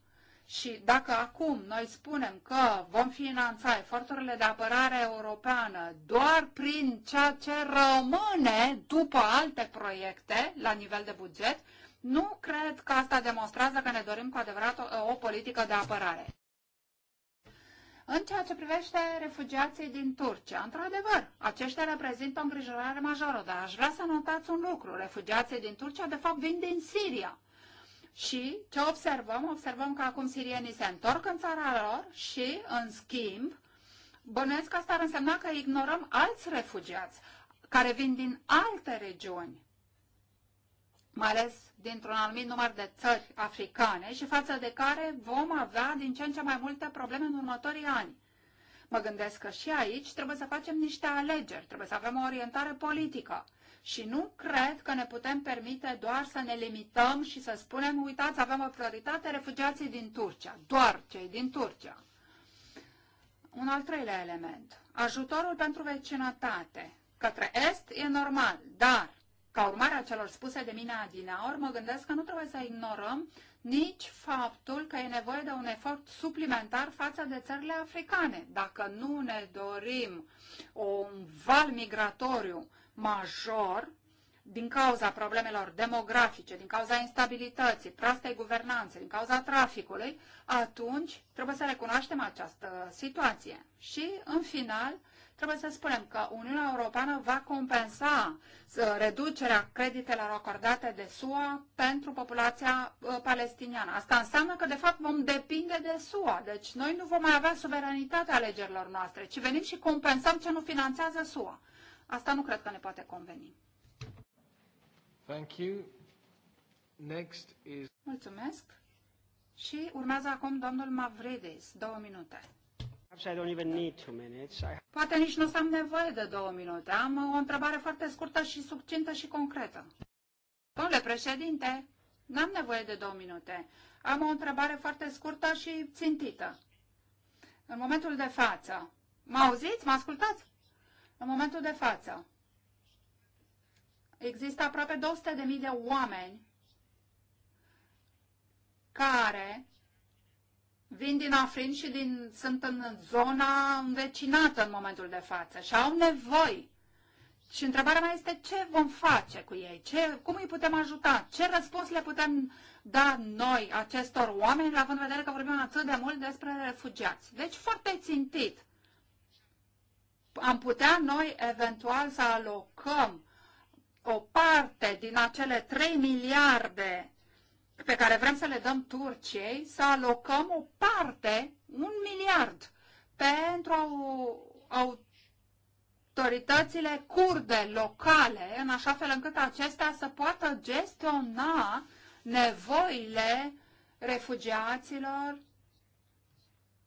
Și dacă acum noi spunem că vom finanța eforturile de apărare europeană doar prin ceea ce rămâne după alte proiecte la nivel de buget, nu cred că asta demonstrează că ne dorim cu adevărat o, o politică de apărare. În ceea ce privește refugiații din Turcia, într-adevăr, aceștia reprezintă o îngrijorare majoră, dar aș vrea să notați un lucru. Refugiații din Turcia, de fapt, vin din Siria. Și ce observăm? Observăm că acum sirienii se întorc în țara lor și, în schimb, bănuiesc că asta ar însemna că ignorăm alți refugiați care vin din alte regiuni mai ales dintr-un anumit număr de țări africane și față de care vom avea din ce în ce mai multe probleme în următorii ani. Mă gândesc că și aici trebuie să facem niște alegeri, trebuie să avem o orientare politică. Și nu cred că ne putem permite doar să ne limităm și să spunem, uitați, avem o prioritate, refugiații din Turcia, doar cei din Turcia. Un al treilea element, ajutorul pentru vecinătate. Către Est e normal, dar ca urmare a celor spuse de mine adineaori, mă gândesc că nu trebuie să ignorăm nici faptul că e nevoie de un efort suplimentar față de țările africane. Dacă nu ne dorim un val migratoriu major, din cauza problemelor demografice, din cauza instabilității, proastei guvernanțe, din cauza traficului, atunci trebuie să recunoaștem această situație. Și, în final, Trebuie să spunem că Uniunea Europeană va compensa uh, reducerea creditelor acordate de SUA pentru populația uh, palestiniană. Asta înseamnă că, de fapt, vom depinde de SUA. Deci noi nu vom mai avea suveranitatea alegerilor noastre, ci venim și compensăm ce nu finanțează SUA. Asta nu cred că ne poate conveni. Thank you. Next is... Mulțumesc. Și urmează acum domnul Mavridis, două minute. Poate nici nu am nevoie de două minute. Am uh, o întrebare foarte scurtă și succintă și concretă. Domnule președinte, n-am nevoie de două minute. Am o întrebare foarte scurtă și țintită. În momentul de față, mă auziți? Mă ascultați? În momentul de față, există aproape 200.000 de oameni care vin din Afrin și din, sunt în zona învecinată în momentul de față și au nevoi. Și întrebarea mea este ce vom face cu ei, ce, cum îi putem ajuta, ce răspuns le putem da noi acestor oameni, având în vedere că vorbim atât de mult despre refugiați. Deci foarte țintit. Am putea noi eventual să alocăm o parte din acele 3 miliarde pe care vrem să le dăm Turciei, să alocăm o parte, un miliard, pentru autoritățile curde locale, în așa fel încât acestea să poată gestiona nevoile refugiaților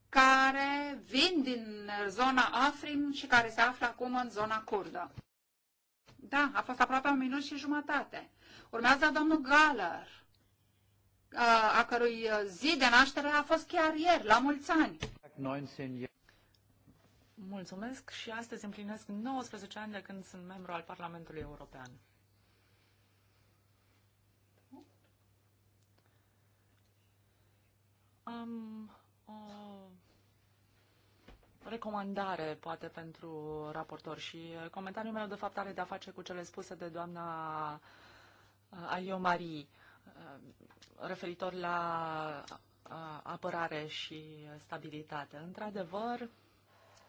care vin din zona Afrin și care se află acum în zona kurdă. Da, a fost aproape un minut și jumătate. Urmează domnul galer a cărui zi de naștere a fost chiar ieri, la mulți ani. Mulțumesc și astăzi împlinesc 19 ani de când sunt membru al Parlamentului European. Am o recomandare, poate, pentru raportor și comentariul meu, de fapt, are de-a face cu cele spuse de doamna Aio Marie. Uh, referitor la uh, apărare și stabilitate. Într-adevăr,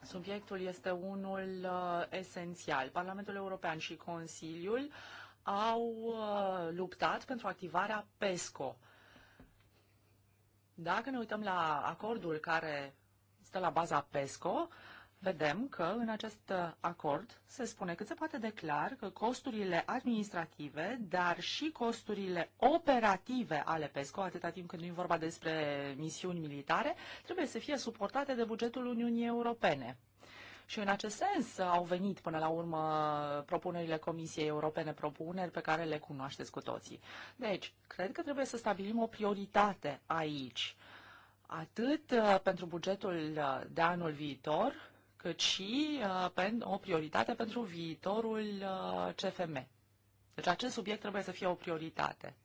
subiectul este unul uh, esențial. Parlamentul European și Consiliul au luptat pentru activarea PESCO. Dacă ne uităm la acordul care stă la baza PESCO, vedem că în acest uh, acord se spune cât se poate de clar că costurile administrative, dar și costurile operative ale PESCO, atâta timp când nu e vorba despre misiuni militare, trebuie să fie suportate de bugetul Uniunii Europene. Și în acest sens uh, au venit până la urmă propunerile Comisiei Europene, propuneri pe care le cunoașteți cu toții. Deci, cred că trebuie să stabilim o prioritate aici atât uh, pentru bugetul de anul viitor, cât și uh, o prioritate pentru viitorul uh, CFM. Deci acest subiect trebuie să fie o prioritate.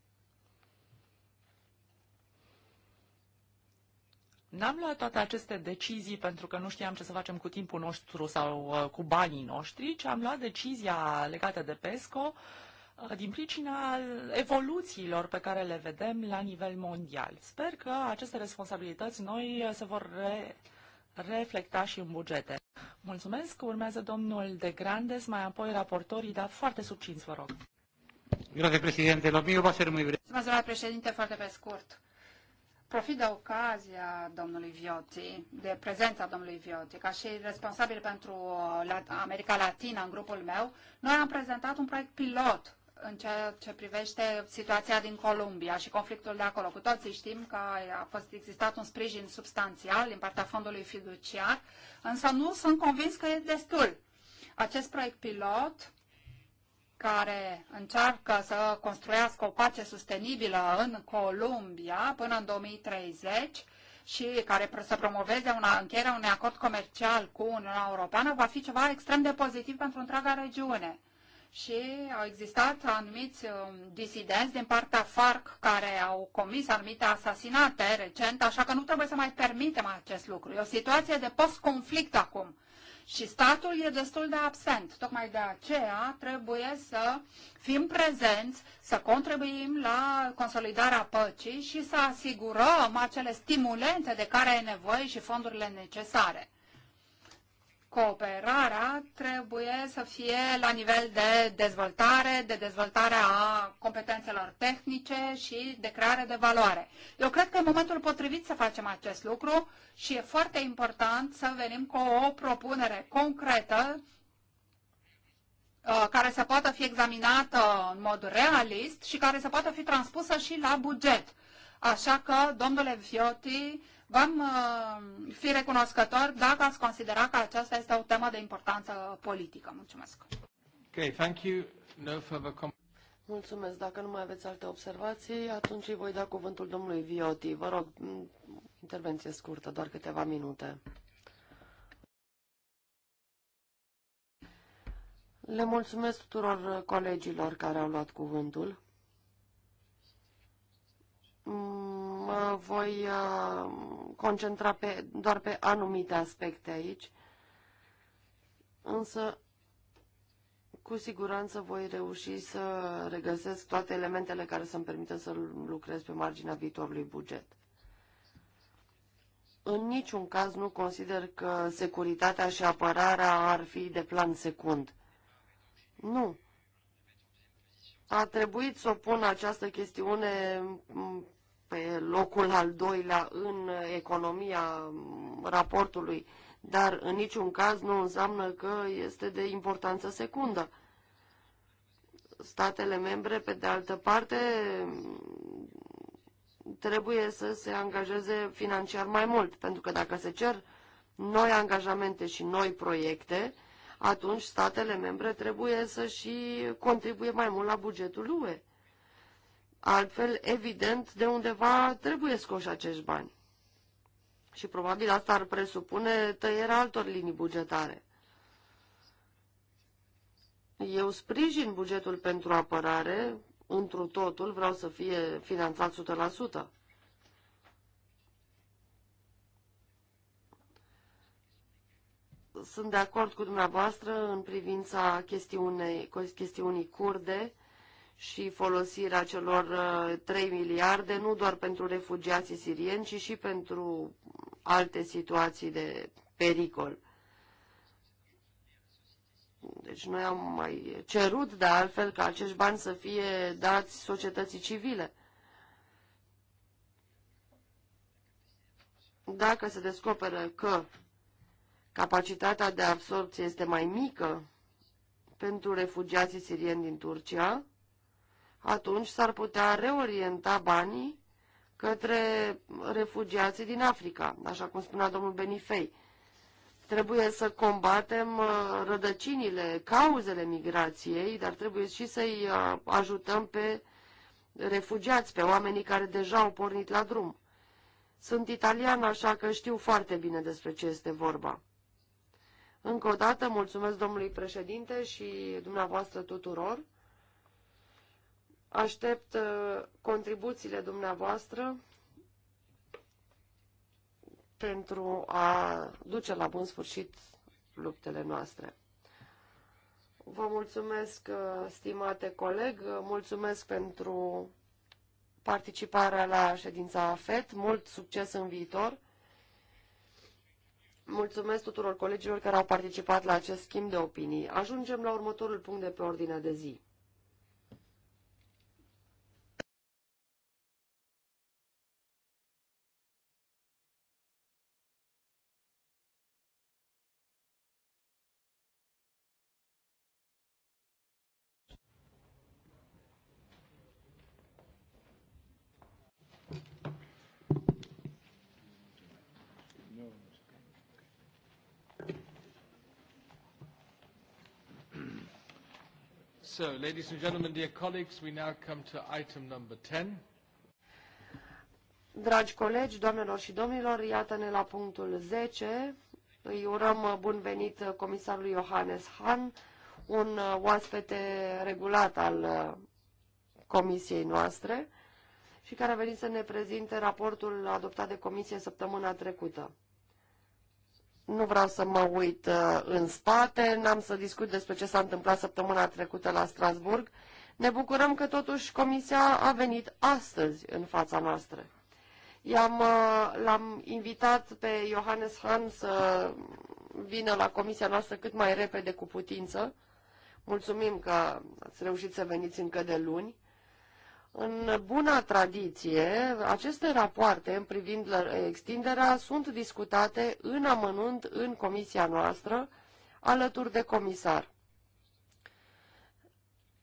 N-am luat toate aceste decizii pentru că nu știam ce să facem cu timpul nostru sau uh, cu banii noștri, ci am luat decizia legată de PESCO din pricina evoluțiilor pe care le vedem la nivel mondial. Sper că aceste responsabilități noi se vor re reflecta și în bugete. Mulțumesc. Urmează domnul De Grandes, mai apoi raportorii, dar foarte subținți, vă rog. Grazie, președinte. La mine va ser muy vreo. Mulțumesc, domnule președinte, foarte pe scurt. Profit de ocazia domnului Viotti, de prezența domnului Viotti, ca și responsabil pentru America Latina în grupul meu, noi am prezentat un proiect pilot în ceea ce privește situația din Columbia și conflictul de acolo. Cu toții știm că a fost existat un sprijin substanțial din partea fondului fiduciar, însă nu sunt convins că e destul. Acest proiect pilot care încearcă să construiască o pace sustenibilă în Columbia până în 2030 și care să promoveze una, încheierea unui acord comercial cu Uniunea Europeană va fi ceva extrem de pozitiv pentru întreaga regiune și au existat anumiți um, disidenți din partea FARC care au comis anumite asasinate recent, așa că nu trebuie să mai permitem acest lucru. E o situație de post-conflict acum și statul e destul de absent. Tocmai de aceea trebuie să fim prezenți, să contribuim la consolidarea păcii și să asigurăm acele stimulente de care e nevoie și fondurile necesare cooperarea trebuie să fie la nivel de dezvoltare, de dezvoltare a competențelor tehnice și de creare de valoare. Eu cred că e momentul potrivit să facem acest lucru și e foarte important să venim cu o propunere concretă uh, care să poată fi examinată în mod realist și care să poată fi transpusă și la buget. Așa că, domnule Vioti, V-am uh, fi recunoscător dacă ați considera că aceasta este o temă de importanță politică. Mulțumesc. Okay, thank you. No further Mulțumesc. Dacă nu mai aveți alte observații, atunci îi voi da cuvântul domnului Vioti. Vă rog, intervenție scurtă, doar câteva minute. Le mulțumesc tuturor colegilor care au luat cuvântul. Mm mă voi uh, concentra pe, doar pe anumite aspecte aici, însă cu siguranță voi reuși să regăsesc toate elementele care să-mi permită să lucrez pe marginea viitorului buget. În niciun caz nu consider că securitatea și apărarea ar fi de plan secund. Nu. A trebuit să o pun această chestiune pe locul al doilea în economia raportului, dar în niciun caz nu înseamnă că este de importanță secundă. Statele membre, pe de altă parte, trebuie să se angajeze financiar mai mult, pentru că dacă se cer noi angajamente și noi proiecte, atunci statele membre trebuie să și contribuie mai mult la bugetul UE. Altfel, evident, de undeva trebuie scoși acești bani. Și probabil asta ar presupune tăierea altor linii bugetare. Eu sprijin bugetul pentru apărare, întru totul vreau să fie finanțat 100%. Sunt de acord cu dumneavoastră în privința chestiunei, chestiunii curde, și folosirea celor 3 uh, miliarde, nu doar pentru refugiații sirieni, ci și pentru alte situații de pericol. Deci noi am mai cerut, de altfel, ca acești bani să fie dați societății civile. Dacă se descoperă că capacitatea de absorpție este mai mică pentru refugiații sirieni din Turcia, atunci s-ar putea reorienta banii către refugiații din Africa, așa cum spunea domnul Benifei. Trebuie să combatem uh, rădăcinile, cauzele migrației, dar trebuie și să-i uh, ajutăm pe refugiați, pe oamenii care deja au pornit la drum. Sunt italian, așa că știu foarte bine despre ce este vorba. Încă o dată mulțumesc domnului președinte și dumneavoastră tuturor. Aștept uh, contribuțiile dumneavoastră pentru a duce la bun sfârșit luptele noastre. Vă mulțumesc, uh, stimate coleg, uh, mulțumesc pentru participarea la ședința AFET, mult succes în viitor. Mulțumesc tuturor colegilor care au participat la acest schimb de opinii. Ajungem la următorul punct de pe ordinea de zi. So, ladies and gentlemen, dear colleagues, we now come to item number 10. Dragi colegi, doamnelor și domnilor, iată-ne la punctul 10. Îi urăm uh, bun venit uh, comisarului Johannes Hahn, un uh, oaspete regulat al comisiei noastre și care a venit să ne prezinte raportul adoptat de comisie săptămâna trecută. Nu vreau să mă uit uh, în spate, n-am să discut despre ce s-a întâmplat săptămâna trecută la Strasburg. Ne bucurăm că totuși Comisia a venit astăzi în fața noastră. I-am, uh, l-am invitat pe Johannes Hahn să vină la comisia noastră cât mai repede cu putință. Mulțumim că ați reușit să veniți încă de luni. În buna tradiție, aceste rapoarte în privind extinderea sunt discutate în amănunt în comisia noastră, alături de comisar.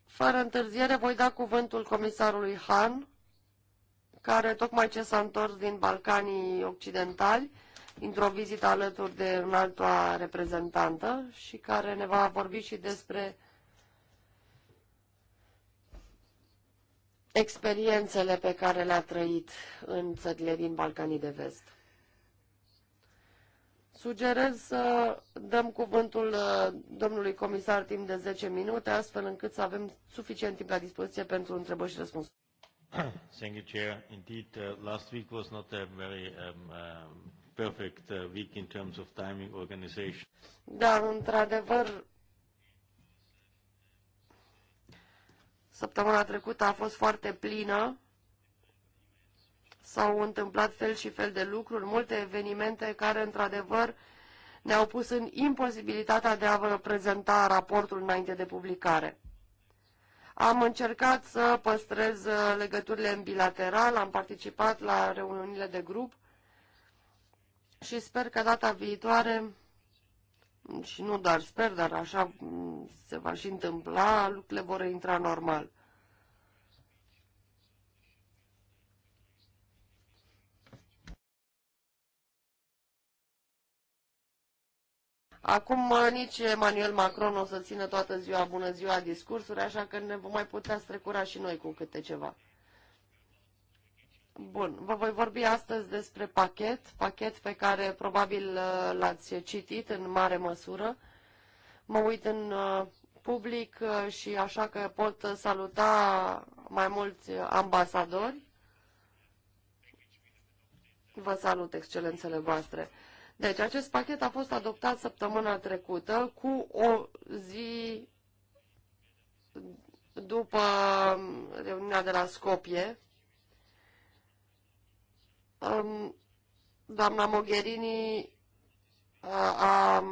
Fără întârziere voi da cuvântul comisarului Han, care tocmai ce s-a întors din Balcanii Occidentali, într-o vizită alături de un altă reprezentantă și care ne va vorbi și despre experiențele pe care le-a trăit în țările din Balcanii de Vest. Sugerez să dăm cuvântul uh, domnului comisar timp de 10 minute, astfel încât să avem suficient timp la dispoziție pentru întrebări și răspunsuri. Thank you, Chair. Indeed, uh, last week was not a very um, uh, perfect uh, week in terms of timing organization. Da, într-adevăr, Săptămâna trecută a fost foarte plină. S-au întâmplat fel și fel de lucruri, multe evenimente care, într-adevăr, ne-au pus în imposibilitatea de a vă prezenta raportul înainte de publicare. Am încercat să păstrez uh, legăturile în bilateral, am participat la reuniunile de grup și sper că data viitoare și nu doar sper, dar așa se va și întâmpla, lucrurile vor intra normal. Acum nici Emmanuel Macron o să țină toată ziua bună ziua discursuri, așa că ne vom mai putea strecura și noi cu câte ceva. Bun, vă voi vorbi astăzi despre pachet, pachet pe care probabil uh, l-ați citit în mare măsură. Mă uit în uh, public uh, și așa că pot saluta mai mulți ambasadori. Vă salut, excelențele voastre. Deci, acest pachet a fost adoptat săptămâna trecută cu o zi după reuniunea de la Scopie, doamna Mogherini a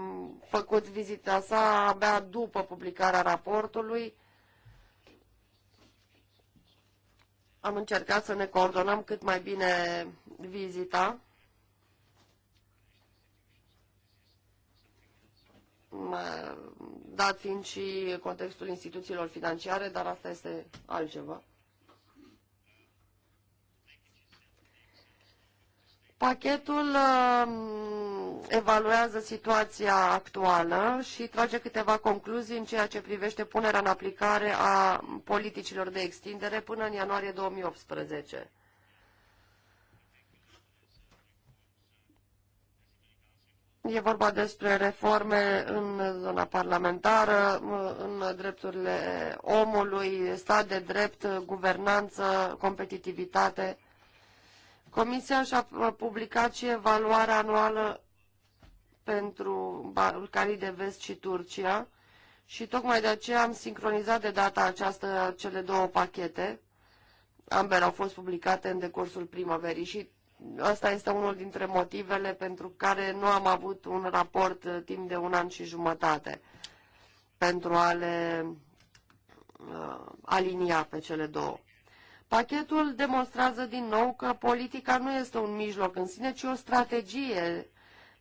făcut vizita sa abia după publicarea raportului. Am încercat să ne coordonăm cât mai bine vizita. dat fiind și contextul instituțiilor financiare, dar asta este altceva. Pachetul um, evaluează situația actuală și trage câteva concluzii în ceea ce privește punerea în aplicare a politicilor de extindere până în ianuarie 2018. E vorba despre reforme în zona parlamentară, în drepturile omului, stat de drept, guvernanță, competitivitate. Comisia și-a publicat și evaluarea anuală pentru Balcanii de Vest și Turcia și tocmai de aceea am sincronizat de data aceasta cele două pachete. Ambele au fost publicate în decursul primăverii și asta este unul dintre motivele pentru care nu am avut un raport uh, timp de un an și jumătate pentru a le uh, alinia pe cele două. Pachetul demonstrează din nou că politica nu este un mijloc în sine, ci o strategie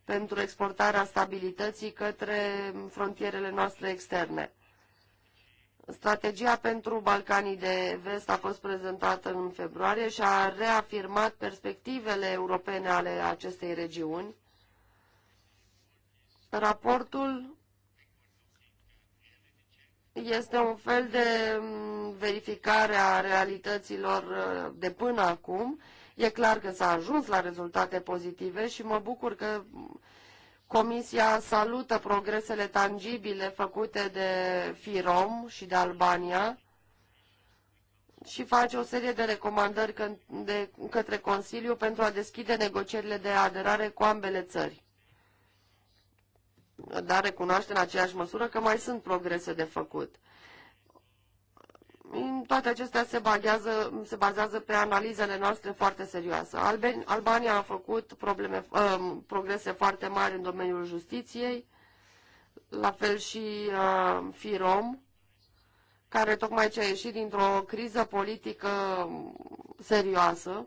pentru exportarea stabilității către frontierele noastre externe. Strategia pentru Balcanii de Vest a fost prezentată în februarie și a reafirmat perspectivele europene ale acestei regiuni. Raportul este un fel de mm, verificare a realităților uh, de până acum. E clar că s-a ajuns la rezultate pozitive și mă bucur că mm, Comisia salută progresele tangibile făcute de FIROM și de Albania și face o serie de recomandări de către Consiliu pentru a deschide negocierile de aderare cu ambele țări dar recunoaște în aceeași măsură că mai sunt progrese de făcut. Toate acestea se, baghează, se bazează pe analizele noastre foarte serioase. Albania a făcut probleme, uh, progrese foarte mari în domeniul justiției, la fel și uh, FIROM, care tocmai ce a ieșit dintr-o criză politică serioasă,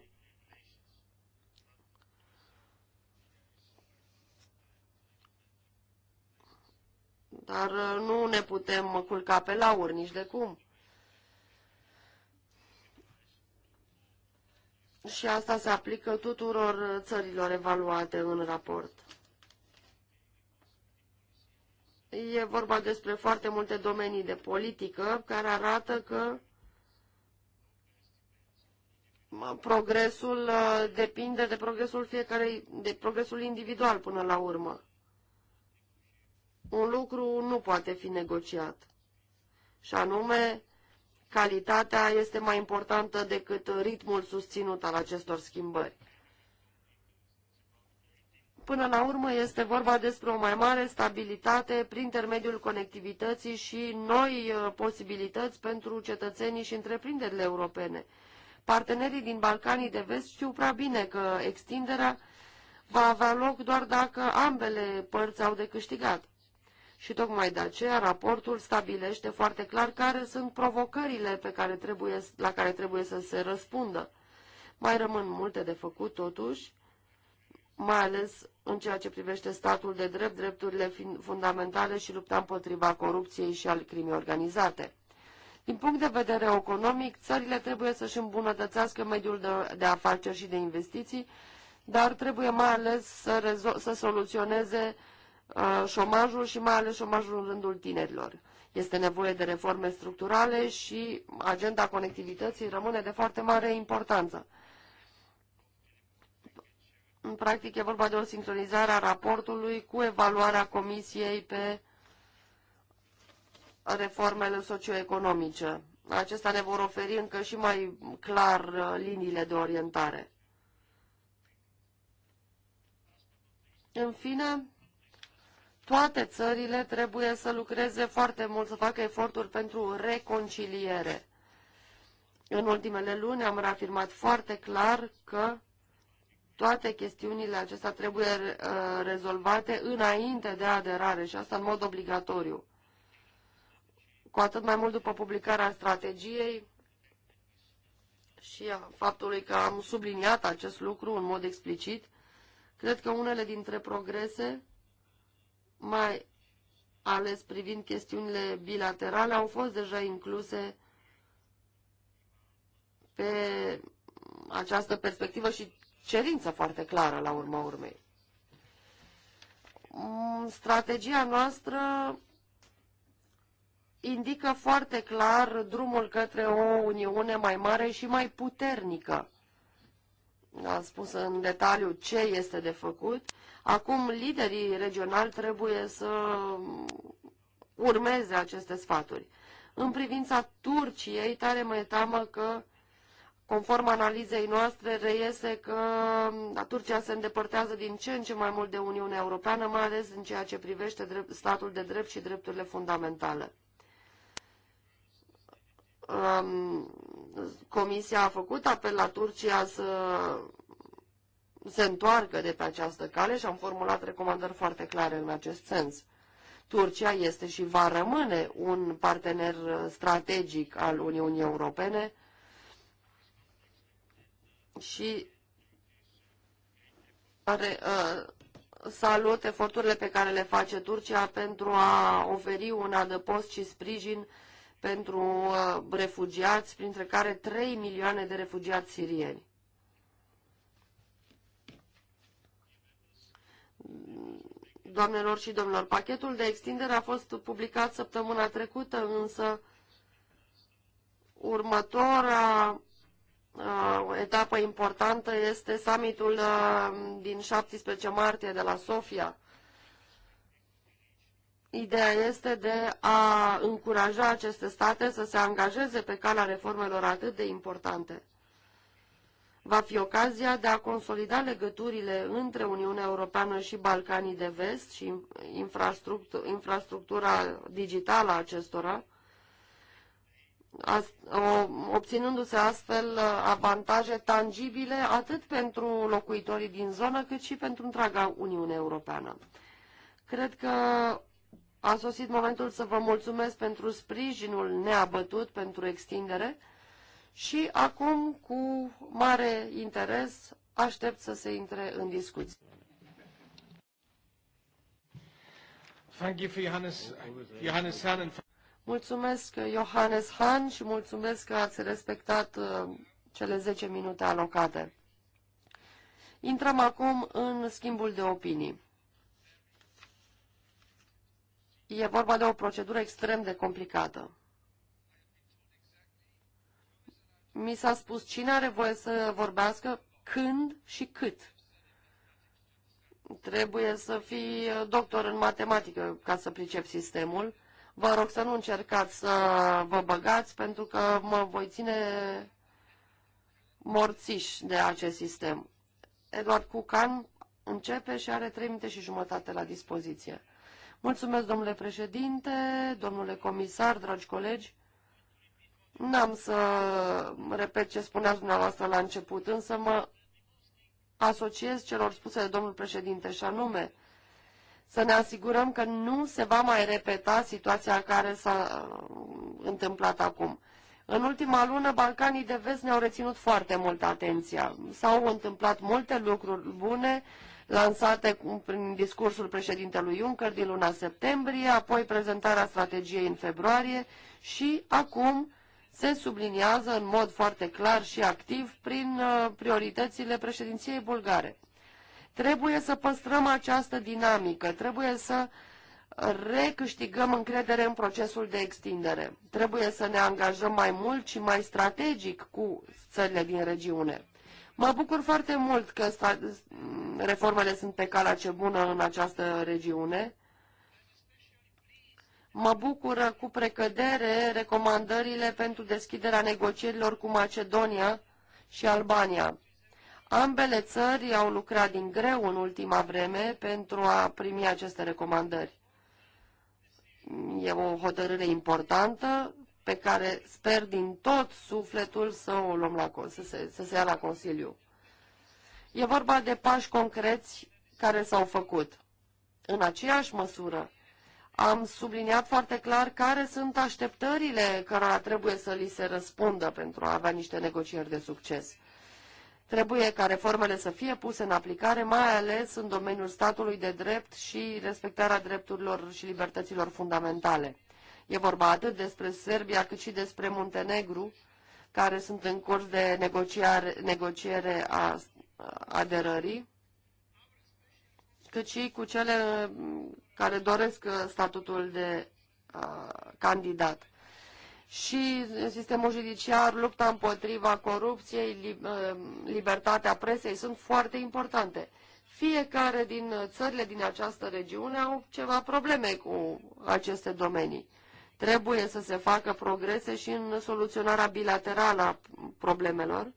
Dar uh, nu ne putem uh, culca pe lauri nici de cum. Și asta se aplică tuturor uh, țărilor evaluate în raport. E vorba despre foarte multe domenii de politică care arată că progresul depinde de progresul fiecare, de progresul individual până la urmă un lucru nu poate fi negociat. Și anume, calitatea este mai importantă decât ritmul susținut al acestor schimbări. Până la urmă este vorba despre o mai mare stabilitate prin intermediul conectivității și noi uh, posibilități pentru cetățenii și întreprinderile europene. Partenerii din Balcanii de Vest știu prea bine că extinderea va avea loc doar dacă ambele părți au de câștigat. Și tocmai de aceea raportul stabilește foarte clar care sunt provocările pe care trebuie, la care trebuie să se răspundă. Mai rămân multe de făcut totuși, mai ales în ceea ce privește statul de drept, drepturile fundamentale și lupta împotriva corupției și al crimei organizate. Din punct de vedere economic, țările trebuie să-și îmbunătățească mediul de, de afaceri și de investiții, dar trebuie mai ales să, să soluționeze șomajul și mai ales șomajul în rândul tinerilor. Este nevoie de reforme structurale și agenda conectivității rămâne de foarte mare importanță. În practic e vorba de o sincronizare a raportului cu evaluarea Comisiei pe reformele socioeconomice. Acesta ne vor oferi încă și mai clar uh, liniile de orientare. În fine, toate țările trebuie să lucreze foarte mult, să facă eforturi pentru reconciliere. În ultimele luni am reafirmat foarte clar că toate chestiunile acestea trebuie uh, rezolvate înainte de aderare și asta în mod obligatoriu. Cu atât mai mult după publicarea strategiei și a faptului că am subliniat acest lucru în mod explicit, cred că unele dintre progrese mai ales privind chestiunile bilaterale, au fost deja incluse pe această perspectivă și cerință foarte clară la urma urmei. Mm, strategia noastră indică foarte clar drumul către o Uniune mai mare și mai puternică a spus în detaliu ce este de făcut. Acum liderii regionali trebuie să urmeze aceste sfaturi. În privința Turciei, tare mă e teamă că, conform analizei noastre, reiese că da, Turcia se îndepărtează din ce în ce mai mult de Uniunea Europeană, mai ales în ceea ce privește drept, statul de drept și drepturile fundamentale. Comisia a făcut apel la Turcia să se întoarcă de pe această cale și am formulat recomandări foarte clare în acest sens. Turcia este și va rămâne un partener strategic al Uniunii Europene și are, uh, salut eforturile pe care le face Turcia pentru a oferi un adăpost și sprijin uh, pentru uh, refugiați, printre care 3 milioane de refugiați sirieni. Doamnelor și domnilor, pachetul de extindere a fost publicat săptămâna trecută, însă următoarea uh, etapă importantă este summitul uh, din 17 martie de la Sofia. Ideea este de a încuraja aceste state să se angajeze pe calea reformelor atât de importante. Va fi ocazia de a consolida legăturile între Uniunea Europeană și Balcanii de Vest și infrastructura, digitală a acestora, obținându-se astfel uh, avantaje tangibile atât pentru locuitorii din zonă, cât și pentru întreaga Uniune Europeană. Cred că a sosit momentul să vă mulțumesc pentru sprijinul neabătut pentru extindere și acum, cu mare interes, aștept să se intre în discuție. Mulțumesc, Johannes Hahn, și mulțumesc că ați respectat uh, cele 10 minute alocate. Intrăm acum în schimbul de opinii. E vorba de o procedură extrem de complicată. Mi s-a spus cine are voie să vorbească, când și cât. Trebuie să fii doctor în matematică ca să pricep sistemul. Vă rog să nu încercați să vă băgați, pentru că mă voi ține morțiș de acest sistem. Eduard Cucan începe și are 3 minute și jumătate la dispoziție. Mulțumesc, domnule președinte, domnule comisar, dragi colegi. N-am să repet ce spuneați dumneavoastră la început, însă mă asociez celor spuse de domnul președinte și anume să ne asigurăm că nu se va mai repeta situația care s-a uh, întâmplat acum. În ultima lună, Balcanii de Vest ne-au reținut foarte mult atenția. S-au întâmplat multe lucruri bune, lansate prin discursul președintelui Juncker din luna septembrie, apoi prezentarea strategiei în februarie și acum se subliniază în mod foarte clar și activ prin uh, prioritățile președinției bulgare. Trebuie să păstrăm această dinamică, trebuie să recâștigăm încredere în procesul de extindere. Trebuie să ne angajăm mai mult și mai strategic cu țările din regiune. Mă bucur foarte mult că reformele sunt pe calea ce bună în această regiune. Mă bucură cu precădere recomandările pentru deschiderea negocierilor cu Macedonia și Albania. Ambele țări au lucrat din greu în ultima vreme pentru a primi aceste recomandări. E o hotărâre importantă pe care sper din tot sufletul să o luăm la să se, să se ia la Consiliu. E vorba de pași concreți care s-au făcut. În aceeași măsură, am subliniat foarte clar care sunt așteptările cărora trebuie să li se răspundă pentru a avea niște negocieri de succes. Trebuie ca reformele să fie puse în aplicare, mai ales în domeniul statului de drept și respectarea drepturilor și libertăților fundamentale. E vorba atât despre Serbia cât și despre Muntenegru, care sunt în curs de negociere a aderării, cât și cu cele mm, care doresc uh, statutul de uh, candidat. Și uh, sistemul judiciar, lupta împotriva corupției, libertatea presei sunt foarte importante. Fiecare din țările din această regiune au ceva probleme cu aceste domenii. Trebuie să se facă progrese și în soluționarea bilaterală a problemelor.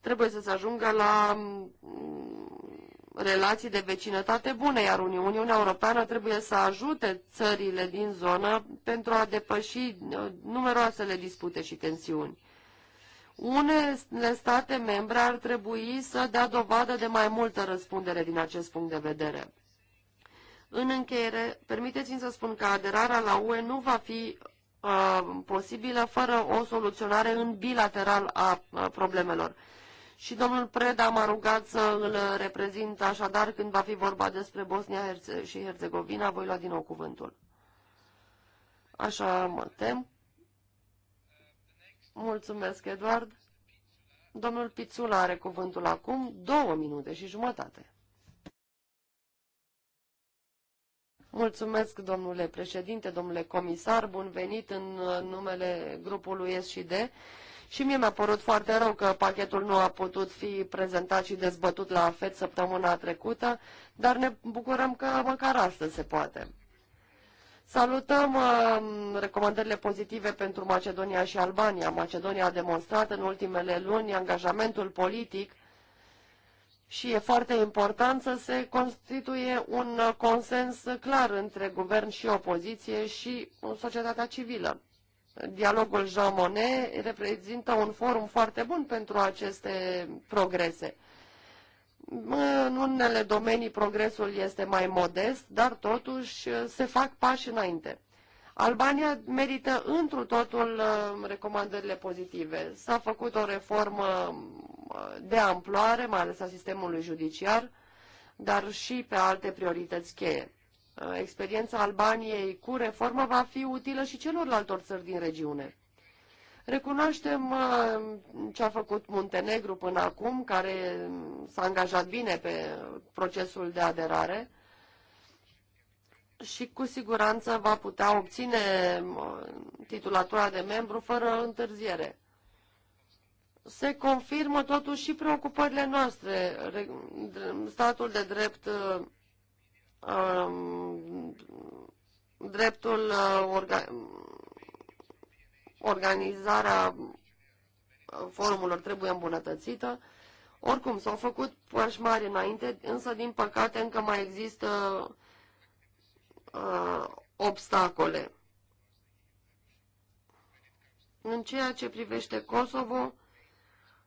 Trebuie să se ajungă la mm, relații de vecinătate bune, iar Uniunea Europeană trebuie să ajute țările din zonă pentru a depăși uh, numeroasele dispute și tensiuni. Unele state membre ar trebui să dea dovadă de mai multă răspundere din acest punct de vedere. În încheiere, permiteți-mi să spun că aderarea la UE nu va fi uh, posibilă fără o soluționare în bilateral a uh, problemelor. Și domnul Preda m-a rugat să îl reprezint așadar când va fi vorba despre Bosnia Herze și Herzegovina, voi lua din nou cuvântul. Așa mă tem. Mulțumesc, Eduard. Domnul Pițula are cuvântul acum două minute și jumătate. Mulțumesc, domnule președinte, domnule comisar, bun venit în uh, numele grupului S&D. Și mie mi-a părut foarte rău că pachetul nu a putut fi prezentat și dezbătut la FED săptămâna trecută, dar ne bucurăm că măcar astăzi se poate. Salutăm uh, recomandările pozitive pentru Macedonia și Albania. Macedonia a demonstrat în ultimele luni angajamentul politic și e foarte important să se constituie un consens clar între guvern și opoziție și societatea civilă. Dialogul Jean Monnet reprezintă un forum foarte bun pentru aceste progrese. În unele domenii progresul este mai modest, dar totuși se fac pași înainte. Albania merită întru totul uh, recomandările pozitive. S-a făcut o reformă uh, de amploare, mai ales a sistemului judiciar, dar și pe alte priorități cheie. Uh, experiența Albaniei cu reformă va fi utilă și celorlaltor țări din regiune. Recunoaștem ce a făcut Muntenegru până acum, care s-a angajat bine pe procesul de aderare, și cu siguranță va putea obține uh, titulatura de membru fără întârziere. Se confirmă totuși și preocupările noastre. Statul de drept, uh, um, dreptul, uh, orga, organizarea forumurilor trebuie îmbunătățită. Oricum, s-au făcut pași mari înainte, însă, din păcate, încă mai există uh, obstacole. În ceea ce privește Kosovo,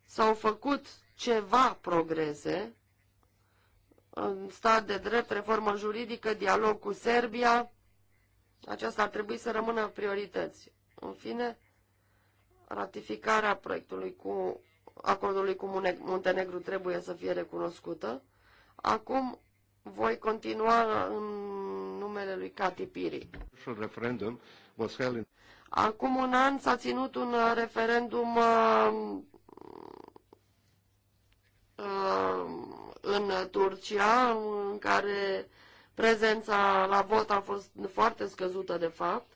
s-au făcut ceva progrese în stat de drept, reformă juridică, dialog cu Serbia. Aceasta ar trebui să rămână priorități. În fine, ratificarea proiectului cu acordului cu Muntenegru trebuie să fie recunoscută. Acum voi continua în numele lui Cati Piri. Acum un an s-a ținut un uh, referendum uh, uh, în Turcia, în care prezența la vot a fost foarte scăzută, de fapt.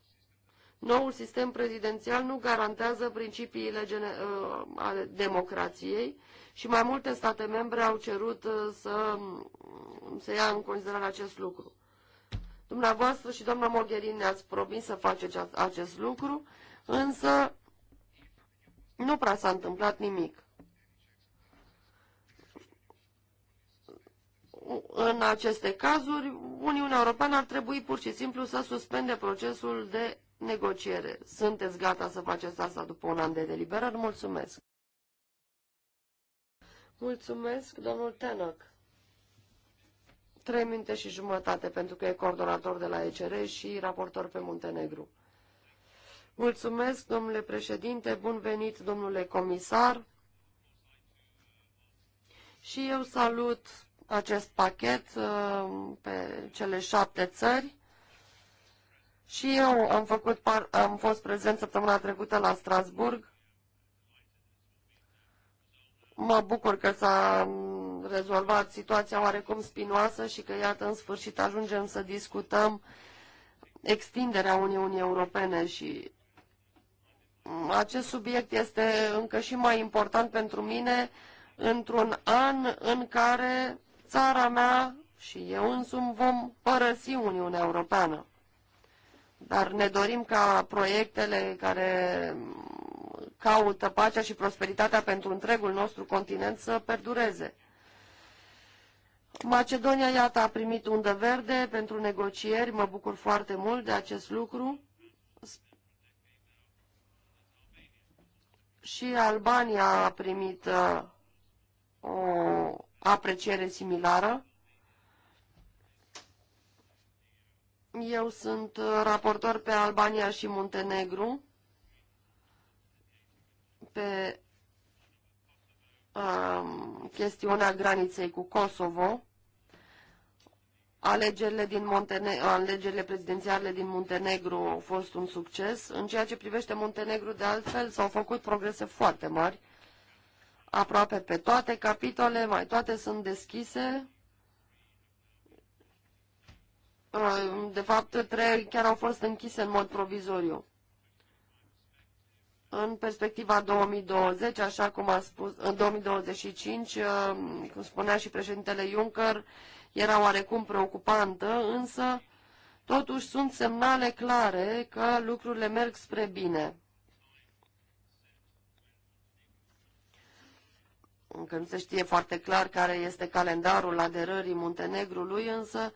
Noul sistem prezidențial nu garantează principiile uh, ale democrației și mai multe state membre au cerut uh, să se ia în considerare acest lucru. Dumneavoastră și doamna Mogherini ați promis să faceți acest lucru, însă nu prea s-a întâmplat nimic. În aceste cazuri, Uniunea Europeană ar trebui pur și simplu să suspende procesul de negociere. Sunteți gata să faceți asta după un an de deliberări? Mulțumesc! Mulțumesc, domnul Tenoc! Trei minute și jumătate pentru că e coordonator de la ECR și raportor pe Muntenegru. Mulțumesc, domnule președinte, bun venit, domnule comisar. Și eu salut acest pachet uh, pe cele șapte țări. Și eu am, făcut par, am fost prezent săptămâna trecută la Strasburg. Mă bucur că s-a rezolvat situația oarecum spinoasă și că, iată, în sfârșit ajungem să discutăm extinderea Uniunii Europene și acest subiect este încă și mai important pentru mine într-un an în care țara mea și eu însumi vom părăsi Uniunea Europeană. Dar ne dorim ca proiectele care caută pacea și prosperitatea pentru întregul nostru continent să perdureze. Macedonia, iată, a primit undă verde pentru negocieri. Mă bucur foarte mult de acest lucru. Și Albania a primit uh, o apreciere similară. Eu sunt raportor pe Albania și Muntenegru pe Um, chestiunea graniței cu Kosovo, alegerile, din Montene alegerile prezidențiale din Muntenegru au fost un succes. În ceea ce privește Muntenegru, de altfel, s-au făcut progrese foarte mari, aproape pe toate capitole, mai toate sunt deschise. Uh, de fapt, trei chiar au fost închise în mod provizoriu. În perspectiva 2020, așa cum a spus, în 2025, uh, cum spunea și președintele Juncker, era oarecum preocupantă, însă totuși sunt semnale clare că lucrurile merg spre bine. Încă nu se știe foarte clar care este calendarul aderării Muntenegrului, însă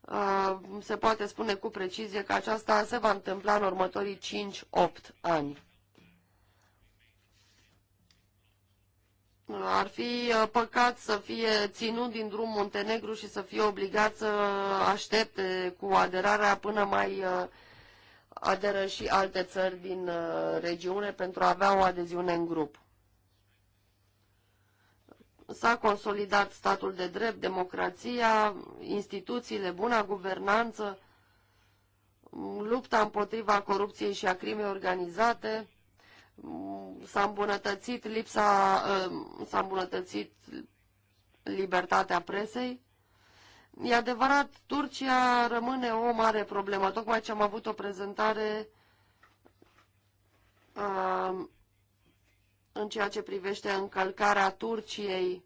uh, se poate spune cu precizie că aceasta se va întâmpla în următorii 5-8 ani. Ar fi uh, păcat să fie ținut din drum Muntenegru și să fie obligat să aștepte cu aderarea până mai uh, aderă și alte țări din uh, regiune pentru a avea o adeziune în grup. S-a consolidat statul de drept, democrația, instituțiile, buna guvernanță, lupta împotriva corupției și a crimei organizate, S-a îmbunătățit lipsa, uh, s-a îmbunătățit libertatea presei. E adevărat, Turcia rămâne o mare problemă. Tocmai ce am avut o prezentare a, uh, în ceea ce privește încălcarea Turciei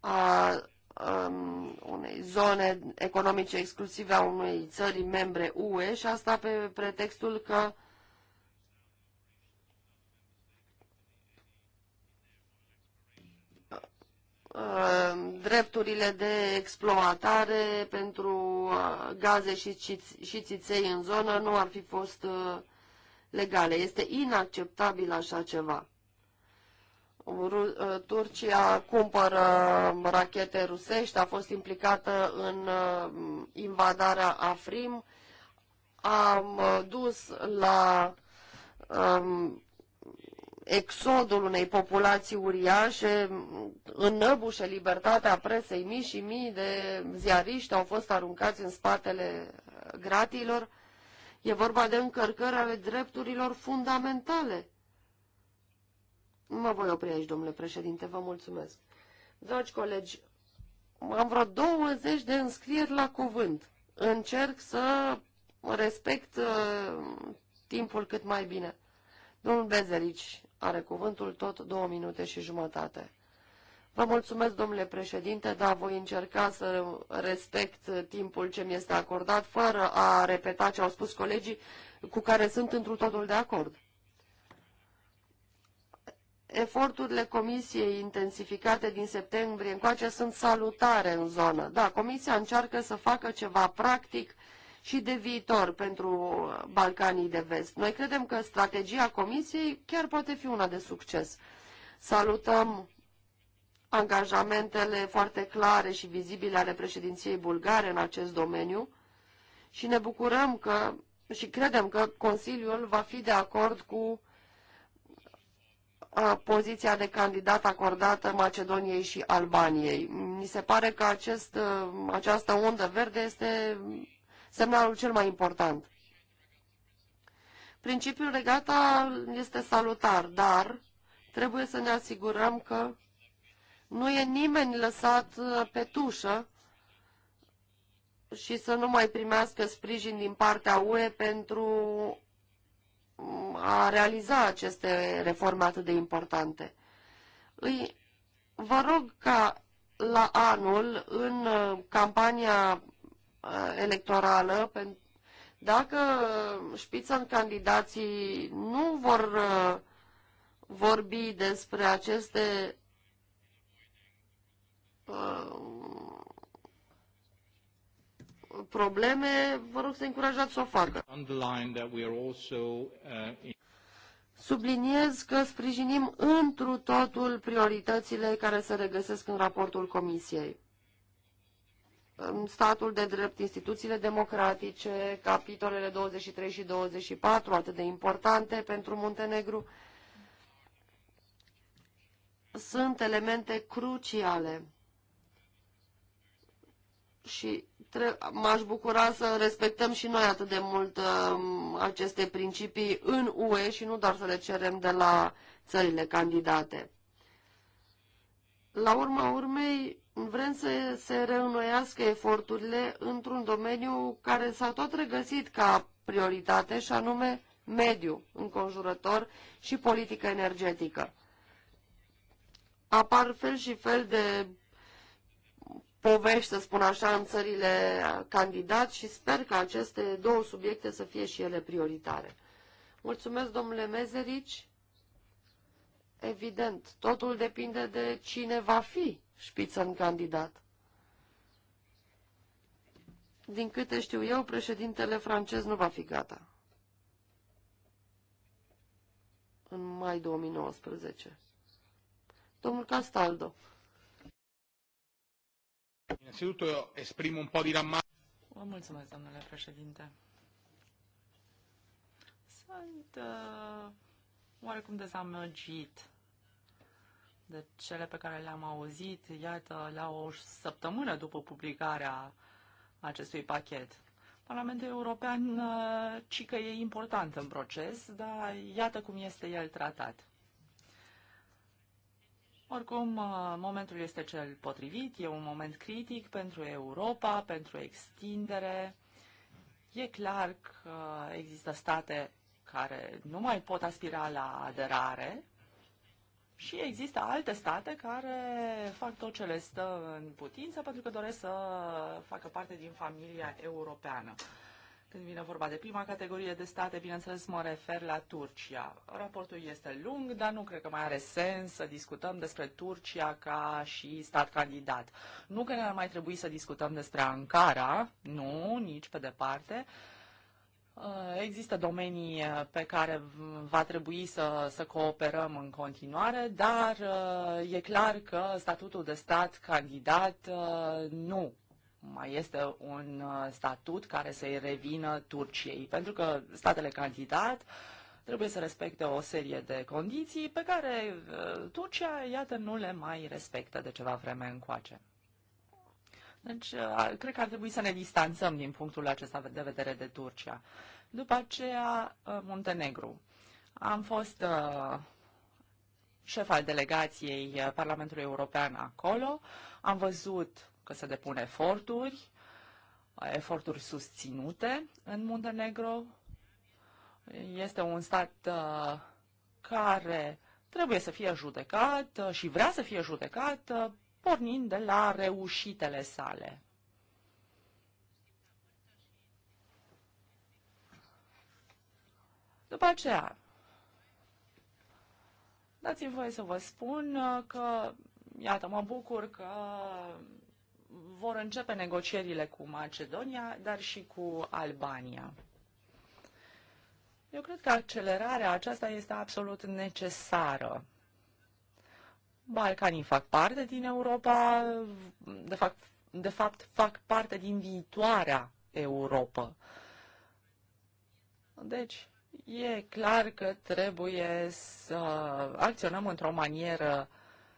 a, uh, a um, unei zone economice exclusive a unei țări membre UE și asta pe pretextul că Uh, drepturile de exploatare pentru uh, gaze și, și țiței în zonă nu ar fi fost uh, legale. Este inacceptabil așa ceva. Turcia cumpără rachete rusești, a fost implicată în invadarea Afrim, am dus la um, exodul unei populații uriașe înăbușe libertatea presei. Mii și mii de ziariști au fost aruncați în spatele gratilor. E vorba de încărcări ale drepturilor fundamentale. Mă voi opri aici, domnule președinte, vă mulțumesc. Dragi colegi, am vreo 20 de înscrieri la cuvânt. Încerc să respect uh, timpul cât mai bine. Domnul Bezerici are cuvântul tot două minute și jumătate. Vă mulțumesc, domnule președinte, dar voi încerca să respect timpul ce mi este acordat, fără a repeta ce au spus colegii cu care sunt întru totul de acord. Eforturile Comisiei intensificate din septembrie încoace sunt salutare în zonă. Da, Comisia încearcă să facă ceva practic și de viitor pentru Balcanii de Vest. Noi credem că strategia Comisiei chiar poate fi una de succes. Salutăm angajamentele foarte clare și vizibile ale președinției bulgare în acest domeniu și ne bucurăm că și credem că Consiliul va fi de acord cu poziția de candidat acordată Macedoniei și Albaniei. Mi se pare că acest, această undă verde este semnalul cel mai important. Principiul regata este salutar, dar trebuie să ne asigurăm că nu e nimeni lăsat uh, pe tușă și să nu mai primească sprijin din partea UE pentru mm, a realiza aceste reforme atât de importante. Îi vă rog ca la anul, în uh, campania Uh, electorală, dacă în candidații nu vor uh, vorbi despre aceste uh, probleme, vă rog să încurajați să o facă. Subliniez că sprijinim întru totul prioritățile care se regăsesc în raportul Comisiei statul de drept, instituțiile democratice, capitolele 23 și 24, atât de importante pentru Muntenegru, sunt elemente cruciale și m-aș bucura să respectăm și noi atât de mult um, aceste principii în UE și nu doar să le cerem de la țările candidate. La urma urmei, vrem să se reînnoiască eforturile într-un domeniu care s-a tot regăsit ca prioritate și anume mediu înconjurător și politică energetică. Apar fel și fel de povești, să spun așa, în țările candidat și sper că aceste două subiecte să fie și ele prioritare. Mulțumesc, domnule Mezerici. Evident, totul depinde de cine va fi Spitzenkandidat. Din câte știu eu, președintele francez nu va fi gata. În mai 2019. Domnul Castaldo. Innanzitutto esprimo un po' di rammarico. Vă mulțumesc, domnule președinte. Sunt uh, oarecum dezamăgit de cele pe care le-am auzit, iată, la o săptămână după publicarea acestui pachet. Parlamentul European uh, ci că e important în proces, dar iată cum este el tratat. Oricum, uh, momentul este cel potrivit, e un moment critic pentru Europa, pentru extindere. E clar că există state care nu mai pot aspira la aderare, și există alte state care fac tot ce le stă în putință pentru că doresc să facă parte din familia europeană. Când vine vorba de prima categorie de state, bineînțeles mă refer la Turcia. Raportul este lung, dar nu cred că mai are sens să discutăm despre Turcia ca și stat candidat. Nu că ne-ar mai trebui să discutăm despre Ankara, nu, nici pe departe, uh, Uh, există domenii uh, pe care va trebui să, să cooperăm în continuare, dar uh, e clar că statutul de stat candidat nu mai este un statut care să-i revină Turciei, pentru că statele candidat trebuie să respecte o serie de condiții pe care Turcia, iată, nu le mai respectă de ceva vreme încoace. Deci, cred că ar trebui să ne distanțăm din punctul acesta de vedere de Turcia. După aceea, Montenegru. Am fost șef al delegației Parlamentului European acolo. Am văzut că se depun eforturi, eforturi susținute în Montenegro Este un stat care trebuie să fie judecat și vrea să fie judecat pornind de la reușitele sale. După aceea, dați-mi voie să vă spun uh, că, iată, mă bucur că vor începe negocierile cu Macedonia, dar și cu Albania. Eu cred că accelerarea aceasta este absolut necesară. Balcanii fac parte din Europa, de fapt, de fapt fac parte din viitoarea Europa. Deci, e clar că trebuie să acționăm într-o manieră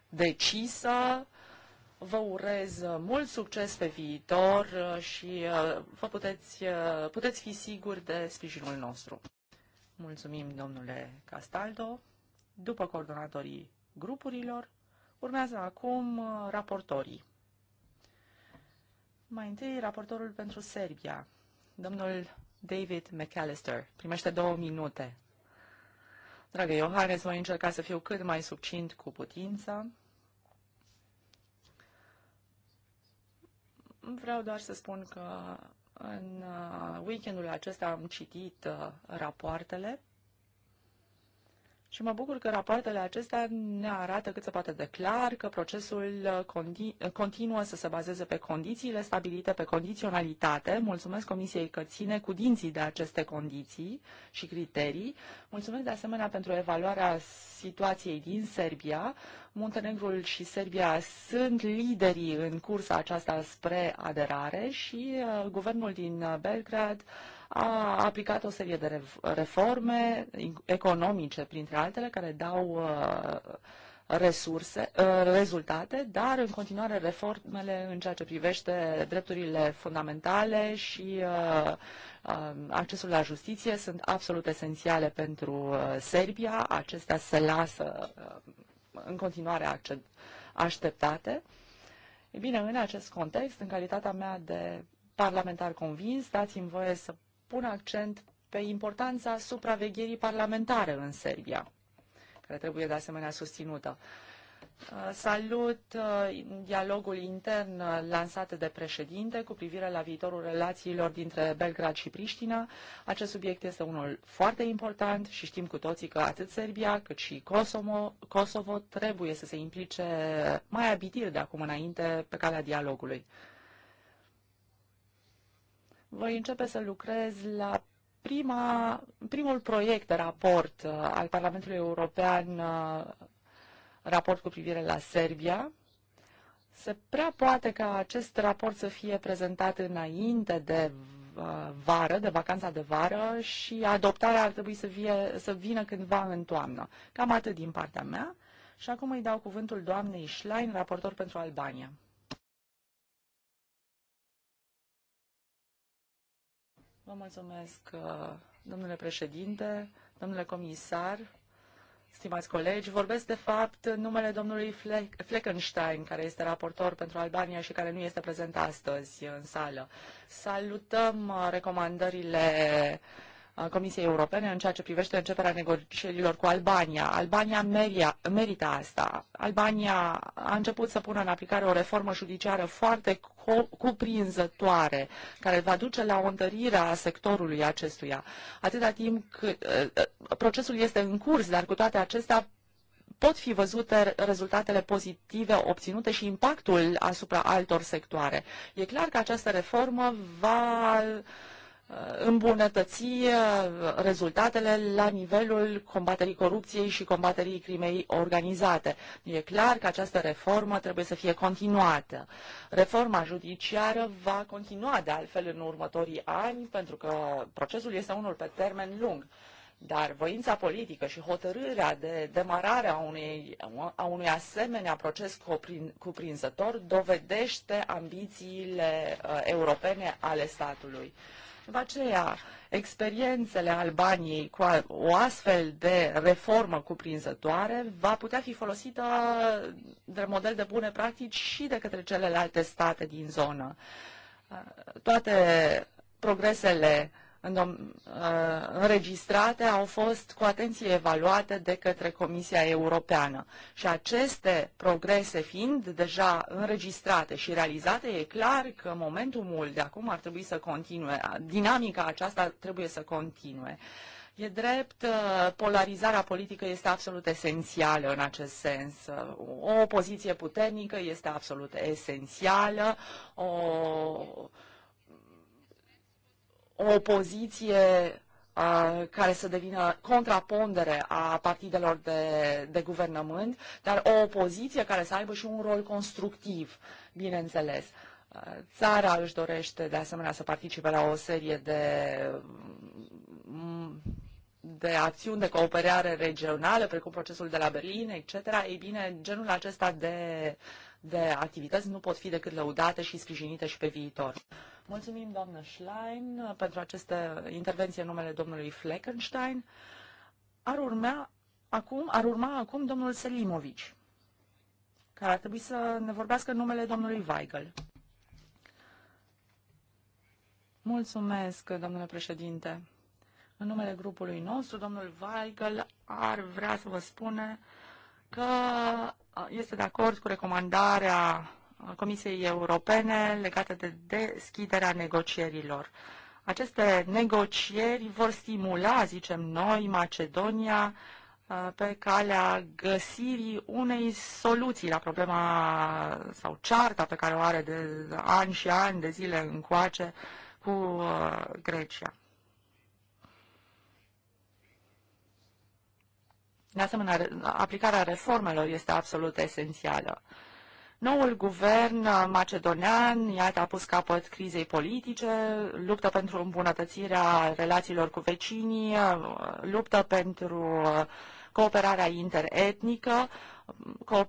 decisă. Vă urez mult succes pe viitor și uh, vă puteți, uh, puteți fi siguri de sprijinul nostru. Mulțumim, domnule Castaldo. După coordonatorii grupurilor, Urmează acum uh, raportorii. Mai întâi, raportorul pentru Serbia, domnul David McAllister, primește două minute. Dragă Iohannes, voi încerca să fiu cât mai subțint cu putință. Vreau doar să spun că în uh, weekendul acesta am citit uh, rapoartele și mă bucur că rapoartele acestea ne arată cât se poate de clar că procesul uh, uh, continuă să se bazeze pe condițiile stabilite, pe condiționalitate. Mulțumesc Comisiei că ține cu dinții de aceste condiții și criterii. Mulțumesc de asemenea pentru evaluarea situației din Serbia. Muntenegrul și Serbia sunt liderii în cursa aceasta spre aderare și uh, guvernul din Belgrad uh, a aplicat o serie de reforme economice, printre altele, care dau uh, resurse, uh, rezultate, dar în continuare reformele în ceea ce privește drepturile fundamentale și uh, accesul la justiție sunt absolut esențiale pentru Serbia. Acestea se lasă în continuare așteptate. E bine, în acest context, în calitatea mea de parlamentar convins, dați-mi voie să pun accent pe importanța supravegherii parlamentare în Serbia, care trebuie de asemenea susținută. Uh, salut uh, dialogul intern uh, lansat de președinte cu privire la viitorul relațiilor dintre Belgrad și Priștina. Acest subiect este unul foarte important și știm cu toții că atât Serbia cât și Kosovo, Kosovo trebuie să se implice mai abitir de acum înainte pe calea dialogului voi începe să lucrez la prima, primul proiect de raport uh, al Parlamentului European, uh, raport cu privire la Serbia. Se prea poate ca acest raport să fie prezentat înainte de uh, vară, de vacanța de vară și adoptarea ar trebui să, vie, să vină cândva în toamnă. Cam atât din partea mea. Și acum îi dau cuvântul doamnei Schlein, raportor pentru Albania. Vă mulțumesc, uh, domnule președinte, domnule comisar, stimați colegi. Vorbesc, de fapt, în numele domnului Fleckenstein, care este raportor pentru Albania și care nu este prezent astăzi în sală. Salutăm uh, recomandările Comisiei Europene în ceea ce privește începerea negocierilor cu Albania. Albania meria, merită asta. Albania a început să pună în aplicare o reformă judiciară foarte cuprinzătoare, care va duce la o întărire a sectorului acestuia. Atâta timp cât ă, ă, procesul este în curs, dar cu toate acestea pot fi văzute rezultatele pozitive obținute și impactul asupra altor sectoare. E clar că această reformă va îmbunătăți uh, rezultatele la nivelul combaterii corupției și combaterii crimei organizate. E clar că această reformă trebuie să fie continuată. Reforma judiciară va continua de altfel în următorii ani, pentru că procesul este unul pe termen lung. Dar voința politică și hotărârea de demarare a unei, a unui asemenea proces cuprin, cuprinzător dovedește ambițiile uh, europene ale statului. Uh, după aceea, experiențele Albaniei cu o astfel de reformă cuprinzătoare va putea fi folosită de model de bune practici și de către celelalte state din zonă. Toate progresele uh, Uh, înregistrate au fost cu atenție evaluate de către Comisia Europeană. Și aceste progrese fiind deja înregistrate și realizate, e clar că momentumul de acum ar trebui să continue. Dinamica aceasta trebuie să continue. E drept, uh, polarizarea politică este absolut esențială în acest sens. O opoziție puternică este absolut esențială. O o opoziție uh, care să devină contrapondere a partidelor de, de guvernământ, dar o opoziție care să aibă și un rol constructiv, bineînțeles. țara își dorește de asemenea să participe la o serie de de acțiuni de cooperare regională, precum procesul de la Berlin, etc., ei bine, genul acesta de, de activități nu pot fi decât lăudate și sprijinite și pe viitor. Mulțumim, doamnă Schlein, pentru aceste intervenții în numele domnului Fleckenstein. Ar urma acum, ar urma acum domnul Selimovici, care ar trebui să ne vorbească în numele domnului Weigel. Mulțumesc, domnule președinte. În numele grupului nostru, domnul Weigel ar vrea să vă spune că este de acord cu recomandarea Comisiei Europene legate de deschiderea negocierilor. Aceste negocieri vor stimula, zicem noi, Macedonia pe calea găsirii unei soluții la problema sau cearta pe care o are de ani și ani de zile încoace cu Grecia. De asemenea, aplicarea reformelor este absolut esențială. Noul guvern macedonian, iată, a pus capăt crizei politice, luptă pentru îmbunătățirea relațiilor cu vecinii, luptă pentru uh, cooperarea interetnică, uh,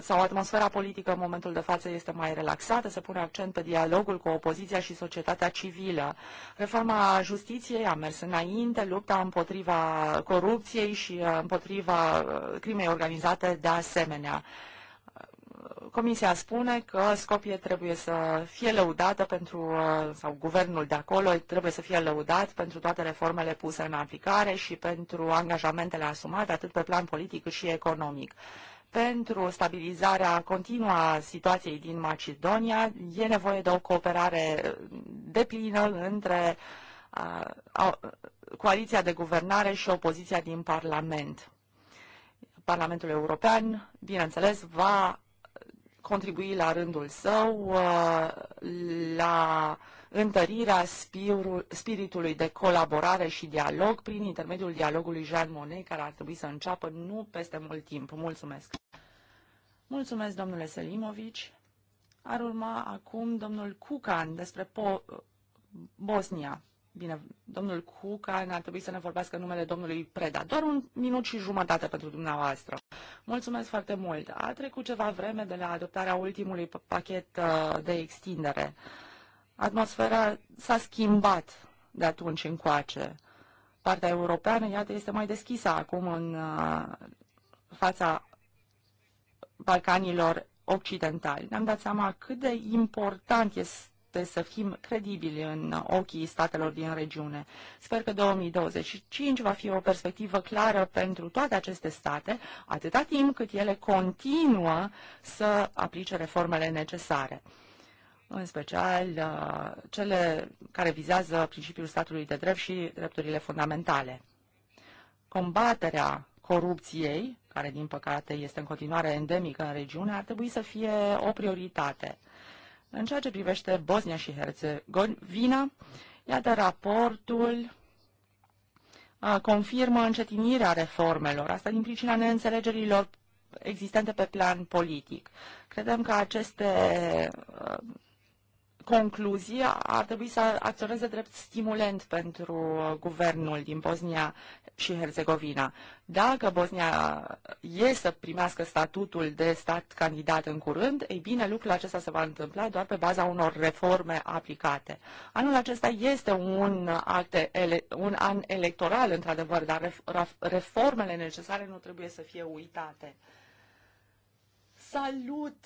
sau atmosfera politică în momentul de față este mai relaxată, se pune accent pe dialogul cu opoziția și societatea civilă. Reforma justiției a mers înainte, lupta împotriva corupției și uh, împotriva crimei organizate de asemenea. Comisia spune că Scopie trebuie să fie lăudată pentru, uh, sau guvernul de acolo trebuie să fie lăudat pentru toate reformele puse în aplicare și pentru angajamentele asumate, atât pe plan politic cât și economic. Pentru stabilizarea continuă a situației din Macedonia e nevoie de o cooperare deplină între a, uh, a, coaliția de guvernare și opoziția din Parlament. Parlamentul European, bineînțeles, va contribui la rândul său uh, la întărirea spiritului de colaborare și dialog prin intermediul dialogului Jean Monnet, care ar trebui să înceapă nu peste mult timp. Mulțumesc! Mulțumesc, domnule Selimovici. Ar urma acum domnul Cucan despre po- Bosnia. Bine, domnul Cuca ar trebui să ne vorbească numele domnului Preda. Doar un minut și jumătate pentru dumneavoastră. Mulțumesc foarte mult. A trecut ceva vreme de la adoptarea ultimului pachet uh, de extindere. Atmosfera s-a schimbat de atunci încoace. Partea europeană, iată, este mai deschisă acum în uh, fața Balcanilor occidentali. Ne-am dat seama cât de important este este să fim credibili în ochii statelor din regiune. Sper că 2025 va fi o perspectivă clară pentru toate aceste state, atâta timp cât ele continuă să aplice reformele necesare în special uh, cele care vizează principiul statului de drept și drepturile fundamentale. Combaterea corupției, care din păcate este în continuare endemică în regiune, ar trebui să fie o prioritate. În ceea ce privește Bosnia și Herțegovina, iată raportul confirmă încetinirea reformelor, asta din pricina neînțelegerilor existente pe plan politic. Credem că aceste concluzii ar trebui să acționeze drept stimulent pentru guvernul din Bosnia și Herzegovina. Dacă Bosnia e să primească statutul de stat candidat în curând, ei bine, lucrul acesta se va întâmpla doar pe baza unor reforme aplicate. Anul acesta este un, acte ele, un an electoral, într-adevăr, dar reformele necesare nu trebuie să fie uitate. Salut!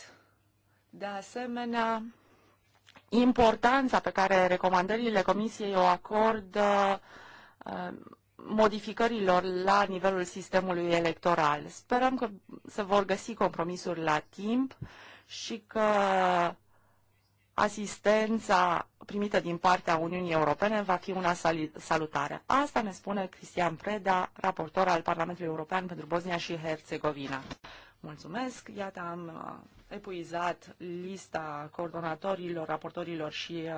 De asemenea, importanța pe care recomandările Comisiei o acordă uh, modificărilor la nivelul sistemului electoral. Sperăm că se vor găsi compromisuri la timp și că asistența primită din partea Uniunii Europene va fi una salutare. Asta ne spune Cristian Preda, raportor al Parlamentului European pentru Bosnia și Herțegovina. Mulțumesc, iată am uh, epuizat lista coordonatorilor, raportorilor și uh,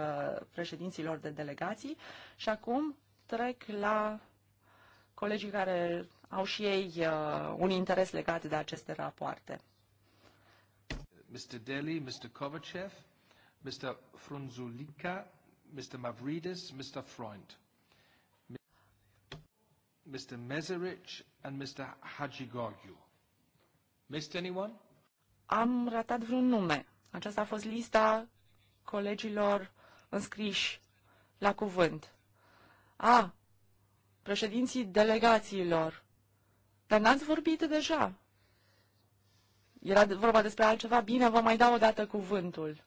președinților de delegații și acum trec la colegii care au și ei uh, un interes legat de aceste rapoarte. Mr. Deli, Mr. Kovacev, Mr. Frunzulica, Mr. Mavridis, Mr. Freund, Mr. Mezerich and Mr. Hagigorgiou. Missed anyone? Am ratat vreun nume. Aceasta a fost lista colegilor înscriși la cuvânt. A, președinții delegațiilor. Dar n-ați vorbit deja. Era vorba despre altceva. Bine, vă mai dau o dată cuvântul.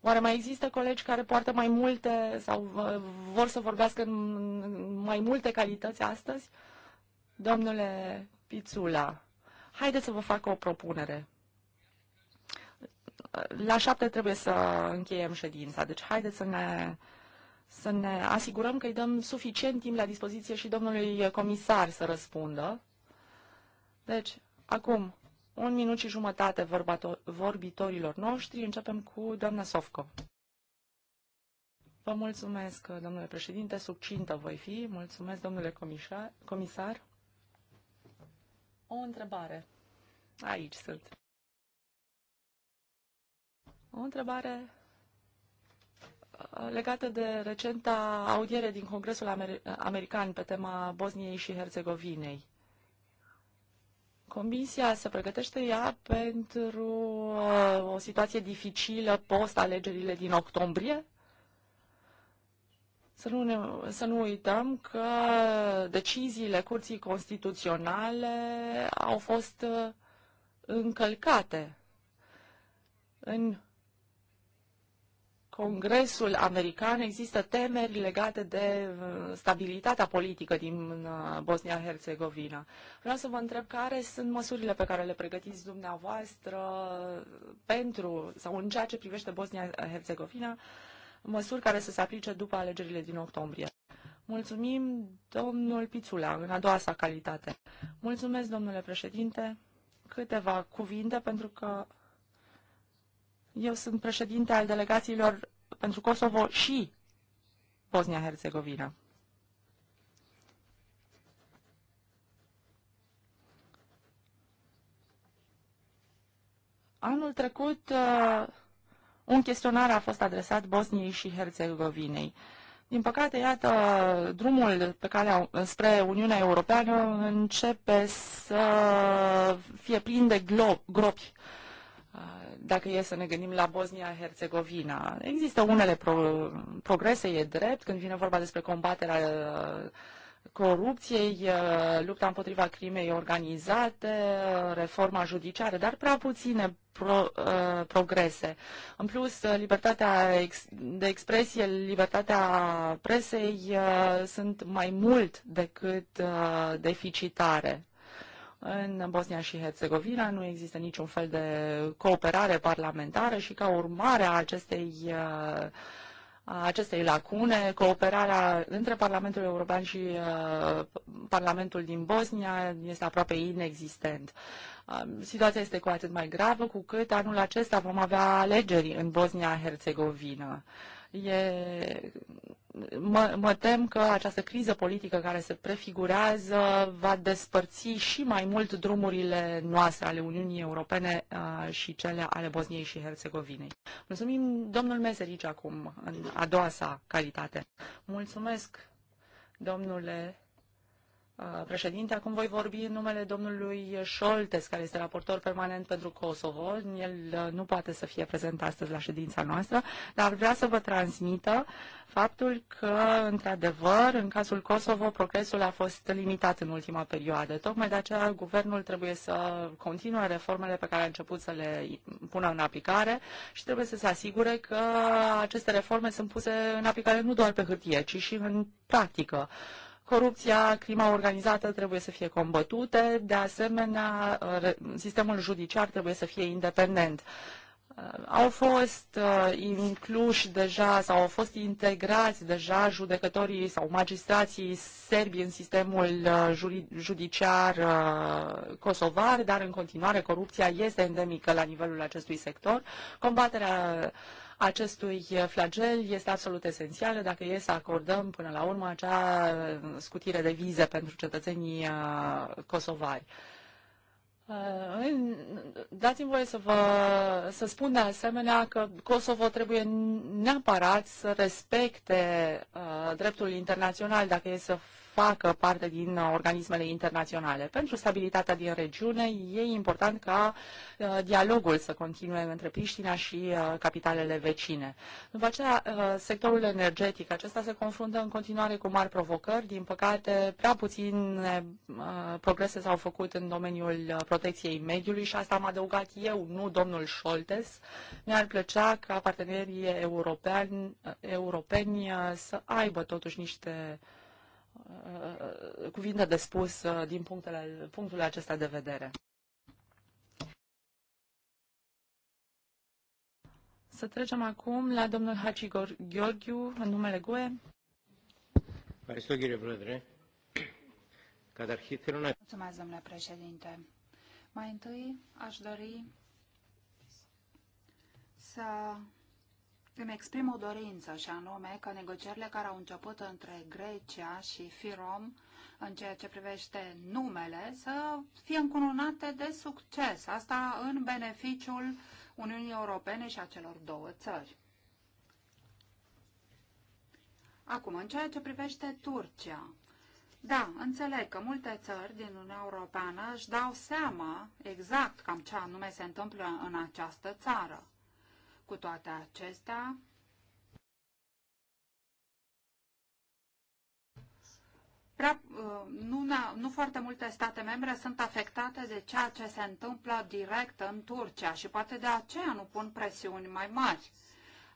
Oare mai există colegi care poartă mai multe sau uh, vor să vorbească în mai multe calități astăzi? Domnule Pițula, haideți să vă fac o propunere. La șapte trebuie să încheiem ședința, deci haideți să ne să ne asigurăm că îi dăm suficient timp la dispoziție și domnului comisar să răspundă. Deci, acum, un minut și jumătate vorbitorilor noștri. Începem cu doamna Sofco. Vă mulțumesc, domnule președinte, succintă voi fi. Mulțumesc, domnule comisar. comisar. O întrebare. Aici sunt. O întrebare legată de recenta audiere din Congresul Amer American pe tema Bosniei și Herzegovinei, Comisia se pregătește ea pentru uh, o situație dificilă post-alegerile din octombrie? Să nu, ne, să nu uităm că deciziile Curții Constituționale au fost uh, încălcate în Congresul american există temeri legate de uh, stabilitatea politică din uh, Bosnia-Herzegovina. Vreau să vă întreb care sunt măsurile pe care le pregătiți dumneavoastră pentru sau în ceea ce privește Bosnia-Herzegovina, măsuri care să se aplice după alegerile din octombrie. Mulțumim, domnul Pițula, în a doua sa calitate. Mulțumesc, domnule președinte. Câteva cuvinte pentru că eu sunt președinte al delegațiilor pentru Kosovo și Bosnia-Herzegovina. Anul trecut, uh, un chestionar a fost adresat Bosniei și Herzegovinei. Din păcate, iată, drumul pe care spre Uniunea Europeană începe să fie plin de glo- gropi. Uh, Ah, dacă e să ne gândim la Bosnia-Herzegovina, există da. unele pro- progrese, e drept, când vine vorba despre combaterea uh, corupției, uh, lupta împotriva crimei organizate, uh, reforma judiciară, dar prea puține pro, uh, progrese. În plus, libertatea ex, de expresie, libertatea presei uh, sunt mai mult decât uh, deficitare. În Bosnia și Herțegovina nu există niciun fel de cooperare parlamentară și ca urmare a acestei a acestei lacune, cooperarea între Parlamentul European și uh, Parlamentul din Bosnia este aproape inexistent. Uh, situația este cu atât mai gravă cu cât anul acesta vom avea alegeri în Bosnia-Herzegovina. Uh, E, mă, mă tem că această criză politică care se prefigurează va despărți și mai mult drumurile noastre ale Uniunii Europene uh, și cele ale Bosniei și Herțegovinei. Mulțumim domnul Meserici acum, în a doua sa calitate. Mulțumesc, domnule Uh, președinte. Acum voi vorbi în numele domnului Scholtes, care este raportor permanent pentru Kosovo. El uh, nu poate să fie prezent astăzi la ședința noastră, dar vrea să vă transmită faptul că, într-adevăr, în cazul Kosovo, progresul a fost limitat în ultima perioadă. Tocmai de aceea, guvernul trebuie să continue reformele pe care a început să le pună în aplicare și trebuie să se asigure că aceste reforme sunt puse în aplicare nu doar pe hârtie, ci și în practică. Corupția, crima organizată trebuie să fie combătute, de asemenea, sistemul judiciar trebuie să fie independent. Uh, au fost uh, incluși deja sau au fost integrați deja judecătorii sau magistrații serbi în sistemul uh, judiciar kosovar, dar în continuare corupția este endemică la nivelul acestui sector. Combaterea acestui flagel este absolut esențială dacă e să acordăm până la urmă acea scutire de vize pentru cetățenii uh, kosovari. Uh, dați-mi voie să, vă, să spun de asemenea că Kosovo trebuie neapărat să respecte uh, dreptul internațional dacă e să facă parte din organismele internaționale. Pentru stabilitatea din regiune e important ca uh, dialogul să continue între Priștina și uh, capitalele vecine. După aceea, uh, sectorul energetic, acesta se confruntă în continuare cu mari provocări. Din păcate, prea puțin progrese s-au făcut în domeniul protecției mediului și asta am adăugat eu, nu domnul Scholtes. Mi-ar plăcea ca partenerii europeni europeni să aibă totuși niște uh, Uh, cuvinte de spus uh, din punctele, punctul acesta de vedere. Să trecem acum la domnul Haci Gheorghiu, în numele GUE. Mulțumesc, domnule președinte. Mai întâi aș dori să îmi exprim o dorință și anume că negocierile care au început între Grecia și FIROM în ceea ce privește numele să fie încununate de succes. Asta în beneficiul Uniunii Europene și a celor două țări. Acum, în ceea ce privește Turcia, da, înțeleg că multe țări din Uniunea Europeană își dau seama exact cam ce anume se întâmplă în această țară. Cu toate acestea, prea, uh, nu, nu foarte multe state membre sunt afectate de ceea ce se întâmplă direct în Turcia și poate de aceea nu pun presiuni mai mari.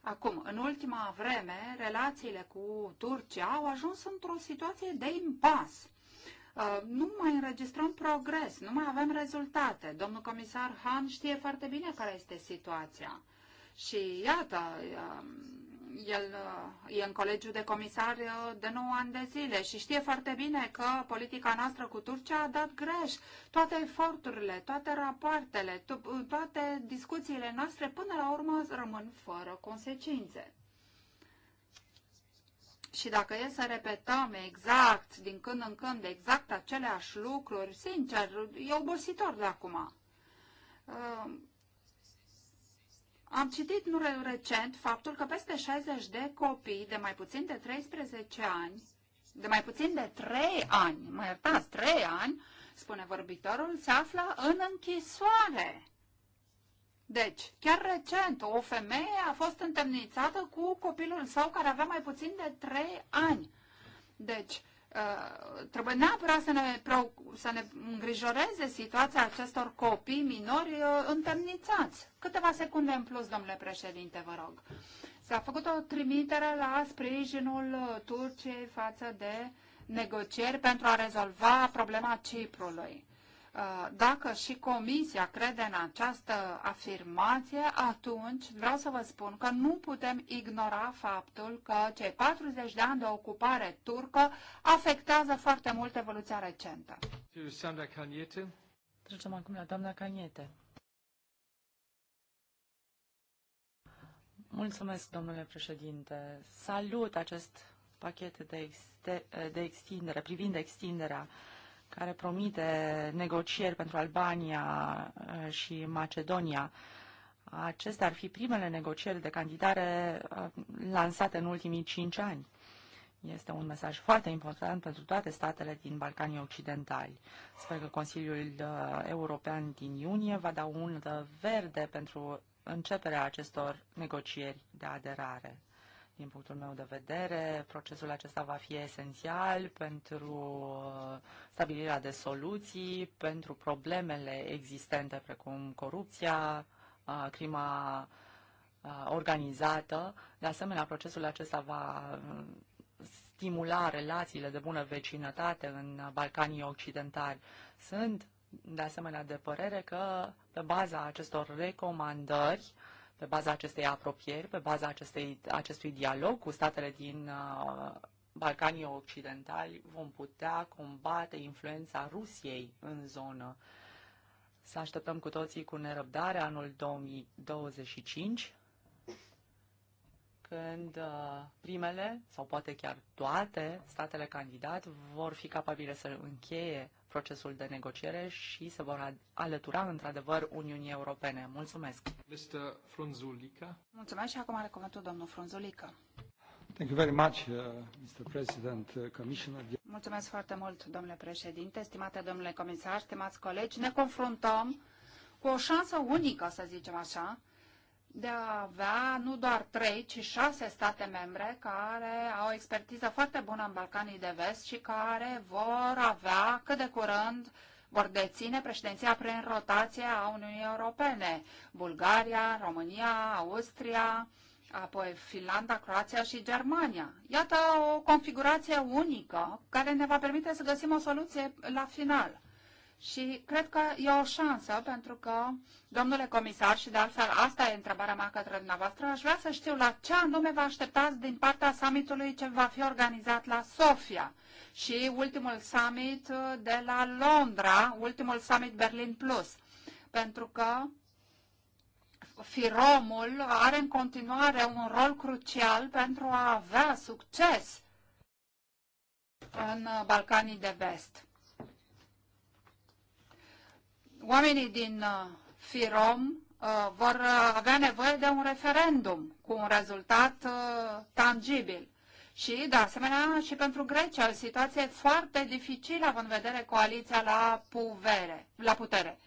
Acum, în ultima vreme, relațiile cu Turcia au ajuns într-o situație de impas. Uh, nu mai înregistrăm progres, nu mai avem rezultate. Domnul comisar Han știe foarte bine care este situația. Și iată, el e în colegiul de comisari de 9 ani de zile și știe foarte bine că politica noastră cu Turcia a dat greș. Toate eforturile, toate rapoartele, toate discuțiile noastre până la urmă rămân fără consecințe. Și dacă e să repetăm exact, din când în când, exact aceleași lucruri, sincer, e obositor de acum. Uh, am citit nu recent faptul că peste 60 de copii de mai puțin de 13 ani, de mai puțin de 3 ani, mă iertați, 3 ani, spune vorbitorul, se află în închisoare. Deci, chiar recent, o femeie a fost întemnițată cu copilul său care avea mai puțin de 3 ani. Deci, Uh, trebuie neapărat să ne, să ne îngrijoreze situația acestor copii minori uh, întemnițați. Câteva secunde în plus, domnule președinte, vă rog. S-a făcut o trimitere la sprijinul uh, Turciei față de negocieri pentru a rezolva problema Ciprului. Uh, dacă și Comisia crede în această afirmație, atunci vreau să vă spun că nu putem ignora faptul că cei 40 de ani de ocupare turcă afectează foarte mult evoluția recentă. Trecem acum la doamna Caniete. Mulțumesc, domnule președinte. Salut acest pachet de, de extindere, privind extinderea uh, care promite negocieri pentru Albania uh, și Macedonia. Acestea ar fi primele negocieri de candidare uh, lansate în ultimii cinci ani. Este un mesaj foarte important pentru toate statele din Balcanii Occidentali. Sper că Consiliul uh, European din iunie va da un verde pentru începerea acestor negocieri de aderare. Din punctul meu de vedere, procesul acesta va fi esențial pentru uh, stabilirea de soluții, pentru problemele existente, precum corupția, uh, crima uh, organizată. De asemenea, procesul acesta va stimula relațiile de bună vecinătate în Balcanii Occidentali. Sunt, de asemenea, de părere că, pe baza acestor recomandări, pe baza acestei apropieri, pe baza acestei, acestui dialog cu statele din uh, Balcanii Occidentali, vom putea combate influența Rusiei în zonă. Să așteptăm cu toții cu nerăbdare anul 2025, când uh, primele, sau poate chiar toate, statele candidat vor fi capabile să încheie procesul de negociere și se vor alătura într-adevăr Uniunii Europene. Mulțumesc! Mr. Frunzulica. Mulțumesc și acum are cuvântul domnul Frunzulica. Thank you very much, uh, Mr. President, uh, Commissioner. Mulțumesc foarte mult, domnule președinte, stimate domnule comisar, stimați colegi. Ne confruntăm cu o șansă unică, să zicem așa, de a avea nu doar trei, ci șase state membre care au expertiză foarte bună în Balcanii de Vest și care vor avea cât de curând vor deține președinția prin rotație a Uniunii Europene. Bulgaria, România, Austria, apoi Finlanda, Croația și Germania. Iată o configurație unică care ne va permite să găsim o soluție la final. Și cred că e o șansă, pentru că, domnule comisar, și de altfel asta e întrebarea mea către dumneavoastră, aș vrea să știu la ce anume vă așteptați din partea summitului ce va fi organizat la Sofia și ultimul summit uh, de la Londra, ultimul summit Berlin Plus. Pentru că Firomul are în continuare un rol crucial pentru a avea succes în Balcanii de Vest oamenii din uh, FIROM uh, vor uh, avea nevoie de un referendum cu un rezultat tangibil. Și, de asemenea, și pentru Grecia, o situație foarte dificilă, având în vedere coaliția la, puvere, la putere.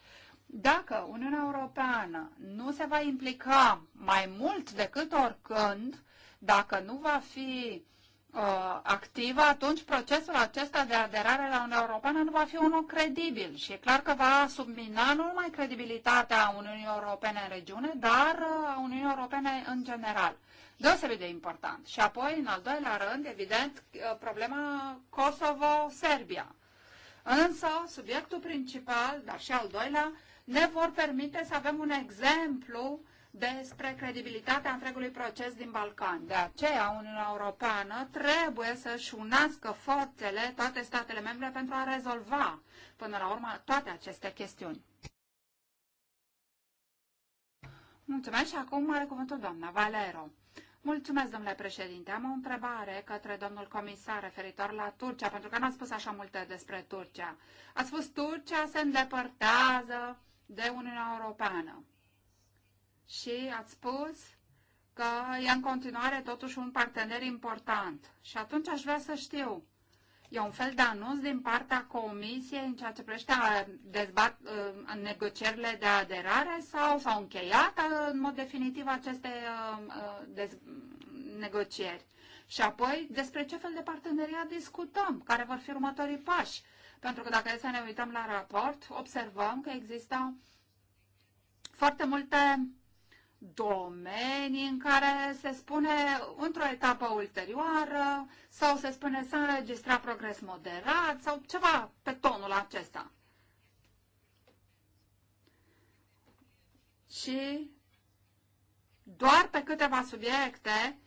Dacă Uniunea Europeană nu se va implica mai mult decât oricând, dacă nu va fi Uh, activă, atunci procesul acesta de aderare la Uniunea Europeană nu va fi unul credibil și e clar că va submina nu numai credibilitatea Uniunii Europene în regiune, dar uh, a Uniunii Europene în general. Deosebit de important. Și apoi, în al doilea rând, evident, uh, problema Kosovo-Serbia. Însă, subiectul principal, dar și al doilea, ne vor permite să avem un exemplu despre credibilitatea întregului proces din Balcan. De aceea, Uniunea Europeană trebuie să-și unească forțele toate statele membre pentru a rezolva, până la urmă, toate aceste chestiuni. Mulțumesc și acum are cuvântul doamna Valero. Mulțumesc, domnule președinte. Am o întrebare către domnul comisar referitor la Turcia, pentru că n-ați spus așa multe despre Turcia. A spus Turcia se îndepărtează de Uniunea Europeană și ați spus că e în continuare totuși un partener important. Și atunci aș vrea să știu, e un fel de anunț din partea Comisiei în ceea ce privește dezbat, ă, în negocierile de aderare sau s-au încheiat ă, în mod definitiv aceste ă, dez, negocieri? Și apoi, despre ce fel de parteneriat discutăm? Care vor fi următorii pași? Pentru că dacă e să ne uităm la raport, observăm că există foarte multe domenii în care se spune într-o etapă ulterioară sau se spune s-a înregistrat progres moderat sau ceva pe tonul acesta. Și doar pe câteva subiecte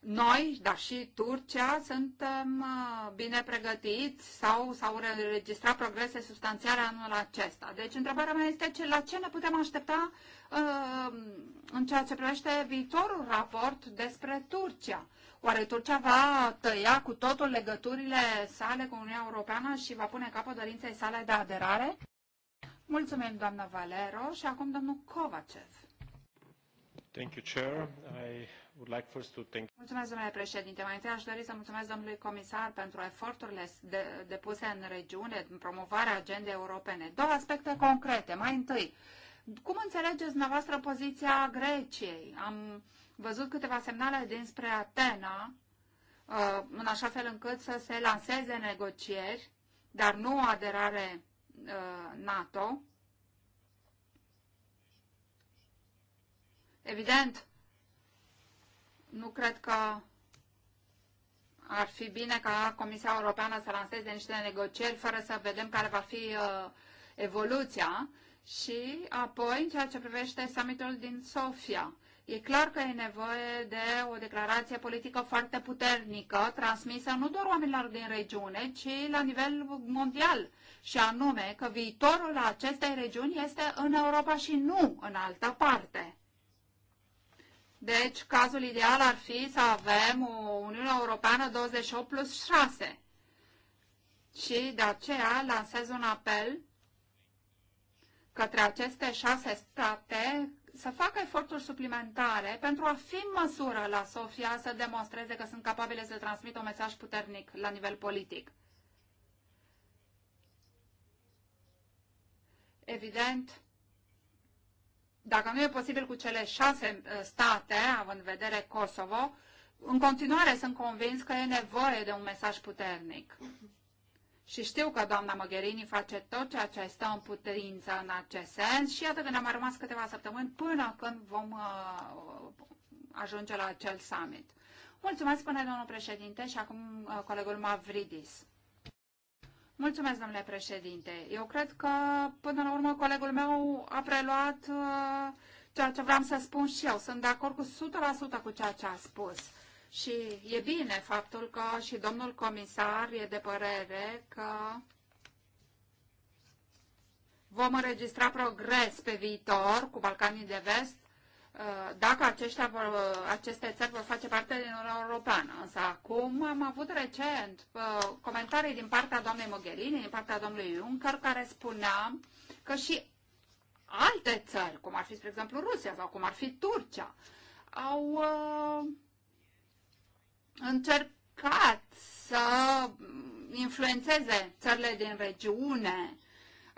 noi, dar și Turcia, suntem uh, bine pregătiți sau s-au înregistrat progrese substanțiale anul acesta. Deci, întrebarea mea este ce, la ce ne putem aștepta uh, în ceea ce privește viitorul raport despre Turcia. Oare Turcia va tăia cu totul legăturile sale cu Uniunea Europeană și va pune capăt dorinței sale de aderare? Mulțumim, doamna Valero, și acum domnul Kovacev. Thank you, Chair. I Mulțumesc, domnule președinte. Mai întâi aș dori să mulțumesc domnului comisar pentru eforturile de, depuse în regiune, în promovarea agendei europene. Două aspecte concrete. Mai întâi, cum înțelegeți dumneavoastră poziția Greciei? Am văzut câteva semnale dinspre Atena, uh, în așa fel încât să se lanseze negocieri, dar nu o aderare uh, NATO. Evident, nu cred că ar fi bine ca Comisia Europeană să lanseze niște negocieri fără să vedem care va fi uh, evoluția și apoi în ceea ce privește summitul din Sofia. E clar că e nevoie de o declarație politică foarte puternică, transmisă nu doar oamenilor din regiune, ci la nivel mondial, și anume că viitorul acestei regiuni este în Europa și nu în altă parte. Deci, cazul ideal ar fi să avem o Uniune Europeană 28 plus 6. Și de aceea lansez un apel către aceste șase state să facă eforturi suplimentare pentru a fi în măsură la Sofia să demonstreze că sunt capabile să transmită un mesaj puternic la nivel politic. Evident, dacă nu e posibil cu cele șase eh, state, având în vedere Kosovo, în continuare sunt convins că e nevoie de un mesaj puternic. Și știu că doamna Mogherini face tot ceea ce stă în putință în acest sens și iată că ne-am rămas câteva săptămâni până când vom uh, ajunge la acel summit. Mulțumesc, până domnul președinte, și acum uh, colegul Mavridis. Mulțumesc, domnule președinte. Eu cred că, până la urmă, colegul meu a preluat uh, ceea ce vreau să spun și eu. Sunt de acord cu 100% cu ceea ce a spus. Și e bine faptul că și domnul comisar e de părere că vom înregistra progres pe viitor cu Balcanii de Vest Uh, dacă aceștia vor, uh, aceste țări vor face parte din Uniunea Europeană. Însă acum am avut recent uh, comentarii din partea doamnei Mogherini, din partea domnului Juncker, care spunea că și alte țări, cum ar fi, spre exemplu, Rusia sau cum ar fi Turcia, au uh, încercat să influențeze țările din regiune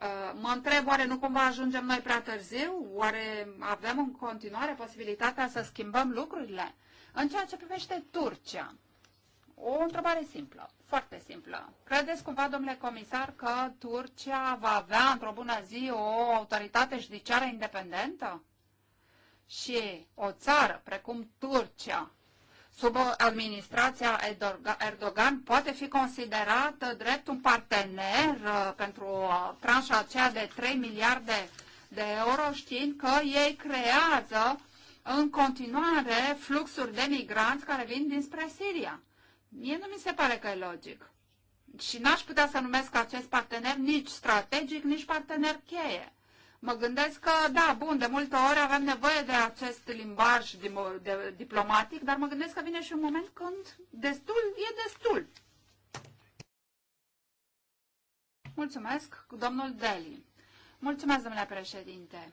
Uh, mă întreb, oare nu cumva ajungem noi prea târziu? Oare avem în continuare posibilitatea să schimbăm lucrurile? În ceea ce privește Turcia, o întrebare simplă, foarte simplă. Credeți cumva, domnule comisar, că Turcia va avea într-o bună zi o autoritate judiciară independentă? Și o țară precum Turcia, sub administrația Erdogan poate fi considerat drept un partener uh, pentru uh, tranșa aceea de 3 miliarde de euro, știind că ei creează în continuare fluxuri de migranți care vin dinspre Siria. Mie nu mi se pare că e logic. Și n-aș putea să numesc acest partener nici strategic, nici partener cheie mă gândesc că, da, bun, de multe ori avem nevoie de acest limbaj diplomatic, dar mă gândesc că vine și un moment când destul e destul. Mulțumesc, domnul Deli. Mulțumesc, domnule președinte.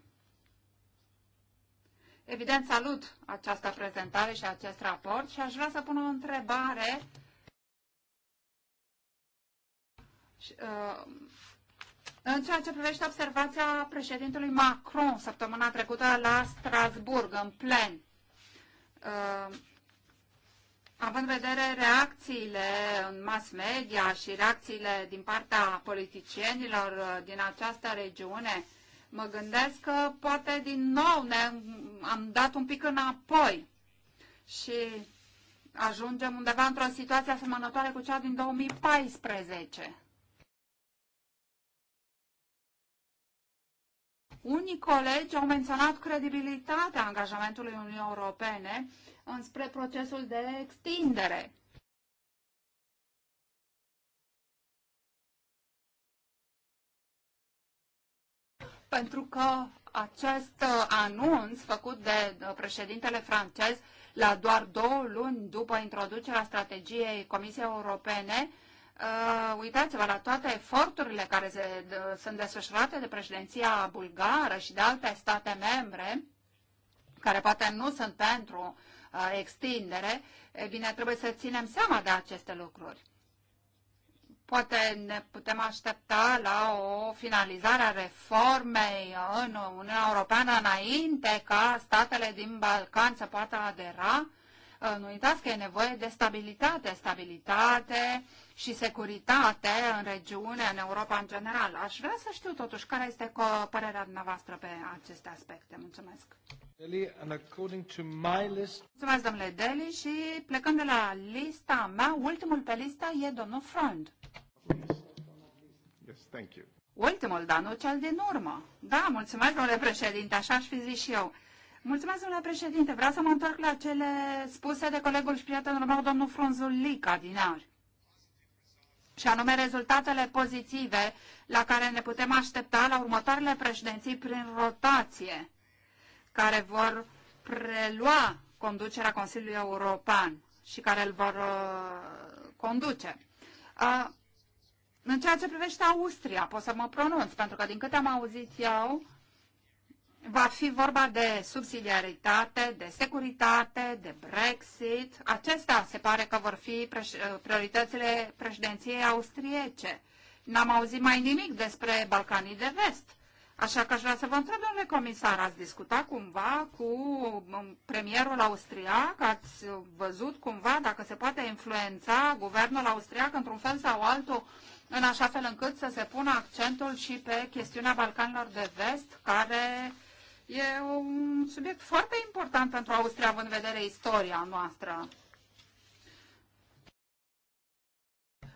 Evident, salut această prezentare și acest raport și aș vrea să pun o întrebare uh, în ceea ce privește observația președintelui Macron săptămâna trecută la Strasburg, în plen, uh, având în vedere reacțiile în mass media și reacțiile din partea politicienilor uh, din această regiune, mă gândesc că poate din nou ne am dat un pic înapoi și ajungem undeva într-o situație asemănătoare cu cea din 2014. Unii colegi au menționat credibilitatea angajamentului Uniunii Europene înspre procesul de extindere. Pentru că acest uh, anunț făcut de uh, președintele francez la doar două luni după introducerea strategiei Comisiei Europene Uh, uitați-vă la toate eforturile care se, de, sunt desfășurate de președinția bulgară și de alte state membre, care poate nu sunt pentru uh, extindere, e bine, trebuie să ținem seama de aceste lucruri. Poate ne putem aștepta la o finalizare a reformei în Uniunea Europeană înainte ca statele din Balcan să poată adera. Uh, nu uitați că e nevoie de stabilitate, stabilitate, uh, și securitate în regiune, în Europa în general. Aș vrea să știu totuși care este părerea dumneavoastră pe aceste aspecte. Mulțumesc! Deli, and according to my list... Mulțumesc, domnule Deli, și plecând de la lista mea, ultimul pe lista e domnul Frond. Yes, thank you. Ultimul, dar nu cel din urmă. Da, mulțumesc, domnule președinte, așa aș fi zis și eu. Mulțumesc, domnule președinte. Vreau să mă întorc la cele spuse de colegul și prietenul meu, domnul Lica, din Ari și anume rezultatele pozitive la care ne putem aștepta la următoarele președinții prin rotație, care vor prelua conducerea Consiliului European și care îl vor uh, conduce. Uh, în ceea ce privește Austria, pot să mă pronunț, pentru că din câte am auzit eu, Va fi vorba de subsidiaritate, de securitate, de Brexit. Acestea se pare că vor fi prioritățile președinției austriece. N-am auzit mai nimic despre Balcanii de Vest. Așa că aș vrea să vă întreb, domnule comisar, ați discutat cumva cu um, premierul austriac? Ați văzut cumva dacă se poate influența guvernul austriac într-un fel sau altul, în așa fel încât să se pună accentul și pe chestiunea Balcanilor de Vest, care E un subiect foarte important pentru Austria, având în vedere istoria noastră.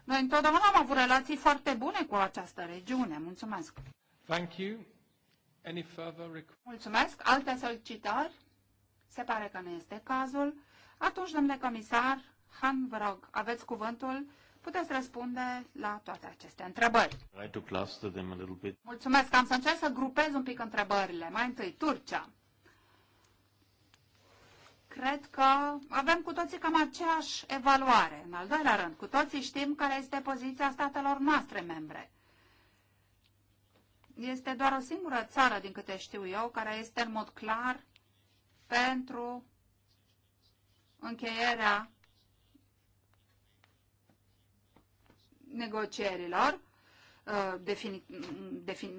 Noi întotdeauna am avut relații foarte bune cu această regiune. Mulțumesc! Thank you. Any further Mulțumesc! Alte solicitări? Se pare că nu este cazul. Atunci, domnule comisar, Han, vă rog, aveți cuvântul puteți răspunde la toate aceste întrebări. Mulțumesc, am să încerc să grupez un pic întrebările. Mai întâi, Turcia. Cred că avem cu toții cam aceeași evaluare. În al doilea rând, cu toții știm care este poziția statelor noastre membre. Este doar o singură țară, din câte știu eu, care este în mod clar pentru încheierea negocierilor, uh,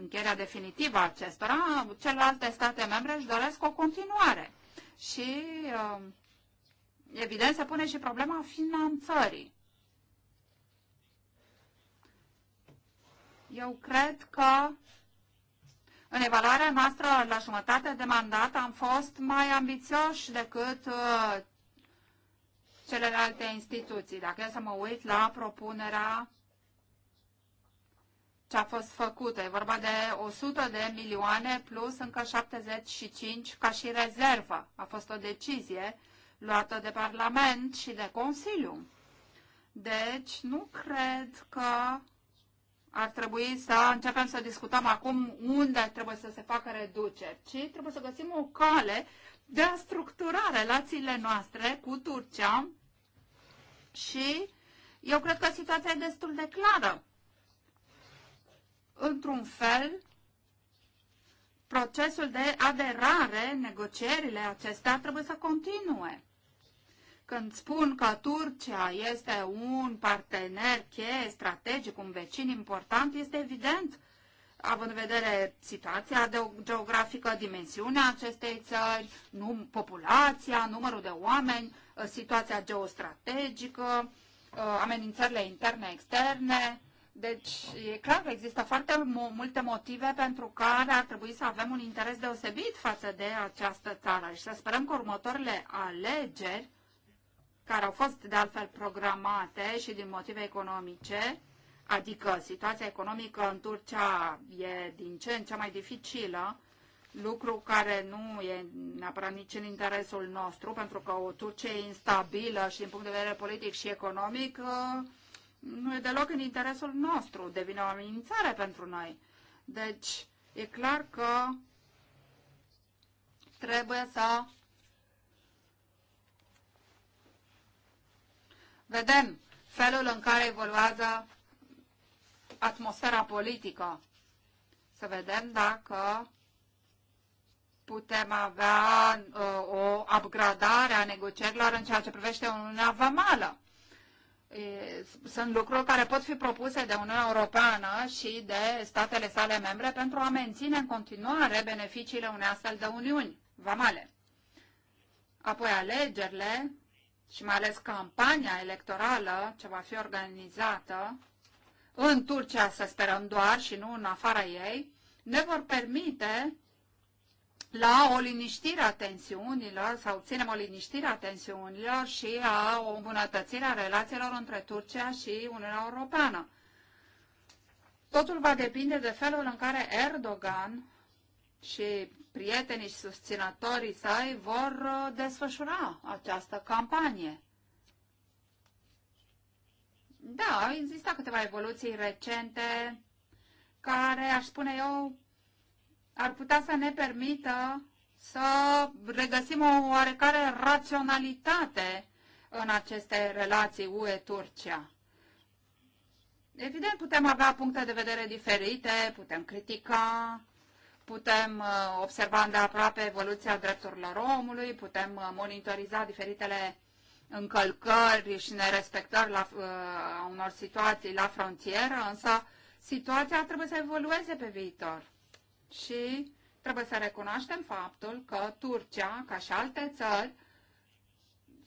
încheierea definitivă a acestora, celelalte state membre își doresc o continuare. Și, uh, evident, se pune și problema finanțării. Eu cred că în evaluarea noastră la jumătate de mandat am fost mai ambițioși decât uh, celelalte instituții. Dacă e să mă uit la propunerea ce a fost făcută. E vorba de 100 de milioane plus încă 75 ca și rezervă. A fost o decizie luată de Parlament și de Consiliu. Deci nu cred că ar trebui să începem să discutăm acum unde trebuie să se facă reduceri, ci trebuie să găsim o cale de a structura relațiile noastre cu Turcia și eu cred că situația e destul de clară într-un fel, procesul de aderare, negocierile acestea trebuie să continue. Când spun că Turcia este un partener cheie strategic, un vecin important, este evident, având în vedere situația geografică, dimensiunea acestei țări, num, populația, numărul de oameni, situația geostrategică, amenințările interne, externe, deci e clar că există foarte multe motive pentru care ar trebui să avem un interes deosebit față de această țară și să sperăm că următoarele alegeri, care au fost de altfel programate și din motive economice, adică situația economică în Turcia e din ce în ce mai dificilă, lucru care nu e neapărat nici în interesul nostru, pentru că o Turcie instabilă și din punct de vedere politic și economic, nu e deloc în interesul nostru, devine o amenințare pentru noi. Deci, e clar că trebuie să vedem felul în care evoluează atmosfera politică. Să vedem dacă putem avea uh, o upgradare a negocierilor în ceea ce privește Uniunea Vamală sunt lucruri care pot fi propuse de Uniunea Europeană și de statele sale membre pentru a menține în continuare beneficiile unei astfel de uniuni vamale. Apoi alegerile și mai ales campania electorală ce va fi organizată în Turcia, să sperăm doar, și nu în afara ei, ne vor permite la o liniștire a tensiunilor sau ținem o liniștire a tensiunilor și a o îmbunătățire a relațiilor între Turcia și Uniunea Europeană. Totul va depinde de felul în care Erdogan și prietenii și susținătorii săi vor uh, desfășura această campanie. Da, există câteva evoluții recente care, aș spune eu, ar putea să ne permită să regăsim o oarecare raționalitate în aceste relații UE-Turcia. Evident, putem avea puncte de vedere diferite, putem critica, putem uh, observa de aproape evoluția drepturilor omului, putem uh, monitoriza diferitele încălcări și nerespectări la, uh, unor situații la frontieră, însă situația trebuie să evolueze pe viitor și trebuie să recunoaștem faptul că Turcia, ca și alte țări,